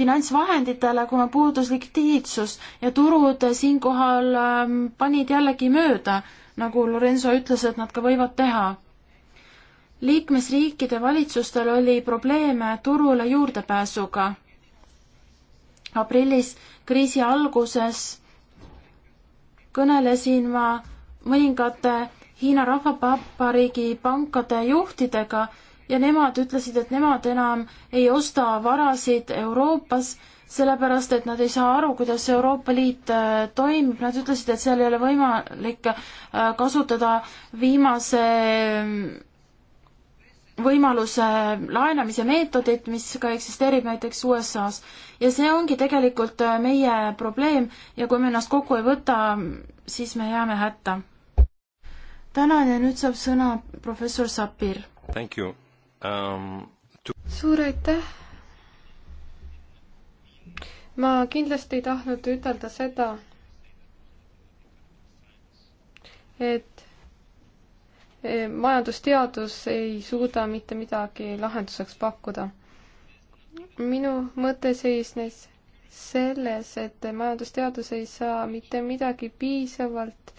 finantsvahenditele, kuna puudus likviidsus ja turud siinkohal ähm, panid jällegi mööda, nagu Lorenzo ütles, et nad ka võivad teha. liikmesriikide valitsustel oli probleeme turule juurdepääsuga. aprillis kriisi alguses kõnelesin ma mõningate Hiina Rahvavabariigi pankade juhtidega ja nemad ütlesid, et nemad enam ei osta varasid Euroopas, sellepärast et nad ei saa aru, kuidas Euroopa Liit äh, toimib, nad ütlesid, et seal ei ole võimalik äh, kasutada viimase mm, võimaluse laenamise meetodit, mis ka eksisteerib näiteks USA-s. ja see ongi tegelikult äh, meie probleem ja kui me ennast kokku ei võta, siis me jääme hätta tänan ja nüüd saab sõna professor Sapir. Thank you um,. To... suur aitäh. ma kindlasti ei tahtnud ütelda seda, et e, majandusteadus ei suuda mitte midagi lahenduseks pakkuda. minu mõte seisnes selles, et majandusteadus ei saa mitte midagi piisavalt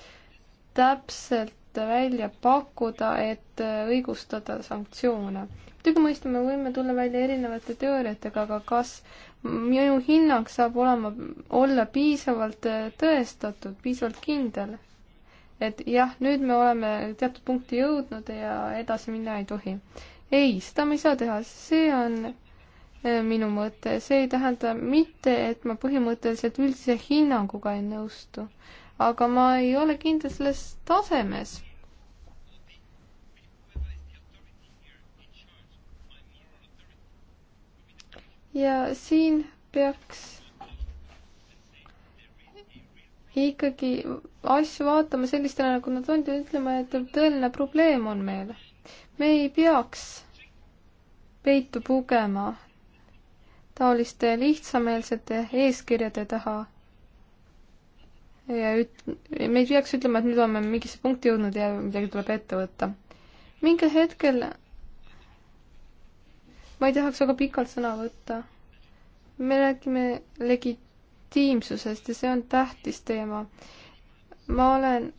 täpselt välja pakkuda, et õigustada sanktsioone. muidugi mõista, me võime tulla välja erinevate teooriatega, aga kas minu hinnang saab olema, olla piisavalt äh, tõestatud, piisavalt kindel? et jah, nüüd me oleme teatud punkti jõudnud ja edasi minna ei tohi. ei, seda me ei saa teha, see on äh, minu mõte, see ei tähenda mitte, et ma põhimõtteliselt üldise hinnanguga ei nõustu aga ma ei ole kindel selles tasemes. ja siin peaks ikkagi asju vaatama sellistena, nagu nad on ja ütlema, et tõeline probleem on meil. me ei peaks peitu pugema taoliste lihtsameelsete eeskirjade taha ja üt-, me ei peaks ütlema, et nüüd oleme mingisse punkti jõudnud ja midagi tuleb ette võtta. mingil hetkel ma ei tahaks väga pikalt sõna võtta. me räägime legitiimsusest ja see on tähtis teema. ma olen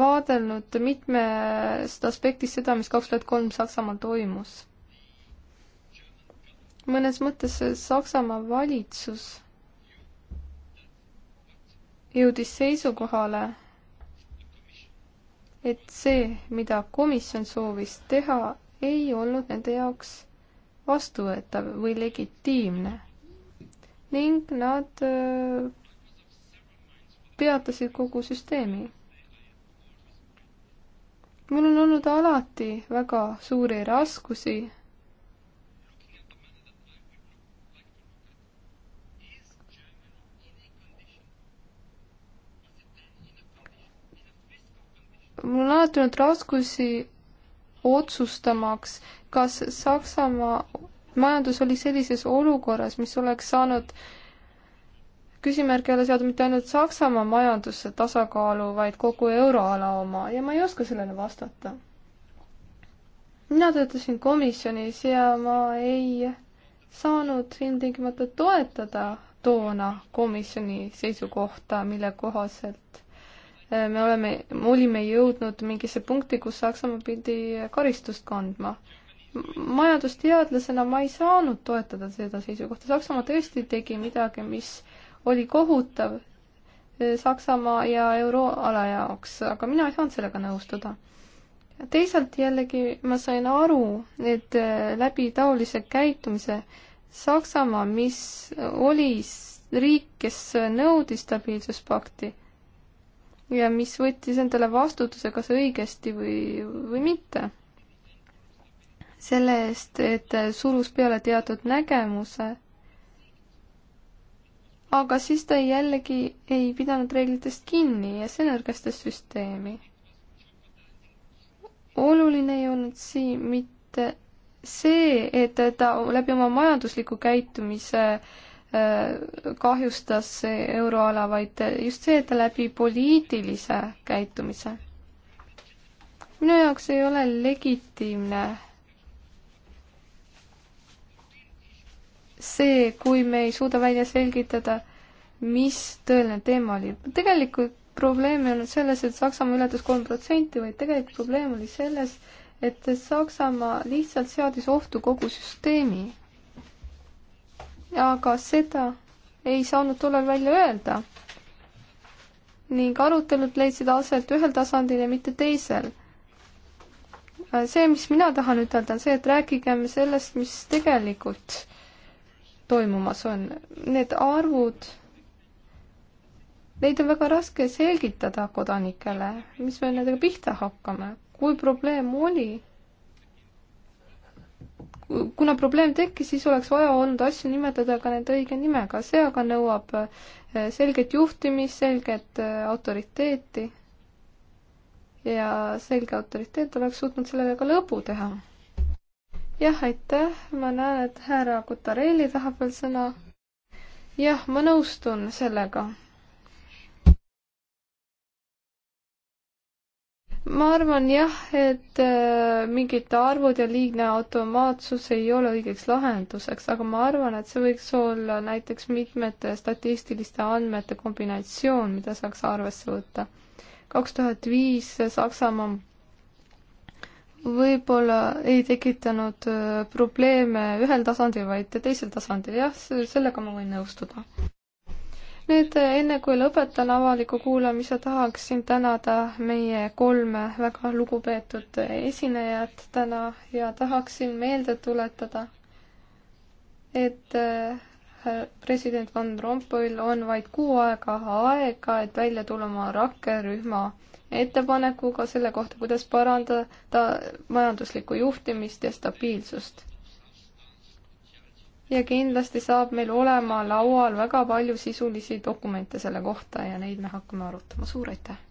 vaadelnud mitmest aspektist seda, mis kaks tuhat kolm Saksamaal toimus mõnes mõttes Saksamaa valitsus jõudis seisukohale, et see, mida komisjon soovis teha, ei olnud nende jaoks vastuvõetav või legitiimne. ning nad äh, peatasid kogu süsteemi. mul on olnud alati väga suuri raskusi mul on alati olnud raskusi otsustamaks, kas Saksamaa majandus oli sellises olukorras, mis oleks saanud küsimärgi alla seada mitte ainult Saksamaa majanduse tasakaalu, vaid kogu euroala oma ja ma ei oska sellele vastata. mina töötasin komisjonis ja ma ei saanud ilmtingimata toetada toona komisjoni seisukohta, mille kohaselt me oleme, olime jõudnud mingisse punkti, kus Saksamaa pidi karistust kandma. majandusteadlasena ma ei saanud toetada seda seisukohta, Saksamaa tõesti tegi midagi, mis oli kohutav eh, Saksamaa ja euroala jaoks, aga mina ei saanud sellega nõustuda. teisalt jällegi ma sain aru, et eh, läbi taolise käitumise Saksamaa, mis oli riik, kes nõudis stabiilsuspakti ja mis võttis endale vastutuse, kas õigesti või, või mitte. selle eest, et surus peale teatud nägemuse. aga siis ta jällegi ei pidanud reeglitest kinni ja see nõrgestas süsteemi. oluline ei olnud siin mitte see, et ta läbi oma majandusliku käitumise äh, Äh, kahjustas euroala, vaid just see, et läbi poliitilise käitumise. minu jaoks ei ole legitiimne see, kui me ei suuda välja selgitada, mis tõeline teema oli. tegelikult probleem ei olnud selles, et Saksamaa ületas kolm protsenti, vaid tegelikult probleem oli selles, et Saksamaa lihtsalt seadis ohtu kogu süsteemi aga seda ei saanud tollal välja öelda. ning arutelud leidsid aset ühel tasandil ja mitte teisel. see, mis mina tahan ütelda, on see, et rääkigem sellest, mis tegelikult toimumas on. Need arvud, neid on väga raske selgitada kodanikele, mis me nendega pihta hakkame, kui probleem oli kuna probleem tekkis, siis oleks vaja olnud asju nimetada ka nende õige nimega, see aga nõuab äh, selget juhtimist, selget äh, autoriteeti. ja selge autoriteet oleks suutnud sellele ka lõbu teha. jah, aitäh, ma näen, et härra Kutarelli tahab veel sõna. jah, ma nõustun sellega ma arvan jah, et äh, mingid arvud ja liigne automaatsus ei ole õigeks lahenduseks, aga ma arvan, et see võiks olla näiteks mitmete statistiliste andmete kombinatsioon, mida saaks arvesse võtta. kaks tuhat viis Saksamaa võib-olla ei tekitanud äh, probleeme ühel tasandil, vaid teisel tasandil, jah, sellega ma võin nõustuda nüüd enne kui lõpetan avaliku kuulamise, tahaksin tänada meie kolme väga lugupeetud esinejat täna ja tahaksin meelde tuletada, et äh, president Van Rompuil on vaid kuu aega aega, et välja tulla oma rakkerühma ettepanekuga selle kohta, kuidas parandada majanduslikku juhtimist ja stabiilsust ja kindlasti saab meil olema laual väga palju sisulisi dokumente selle kohta ja neid me hakkame arutama. suur aitäh!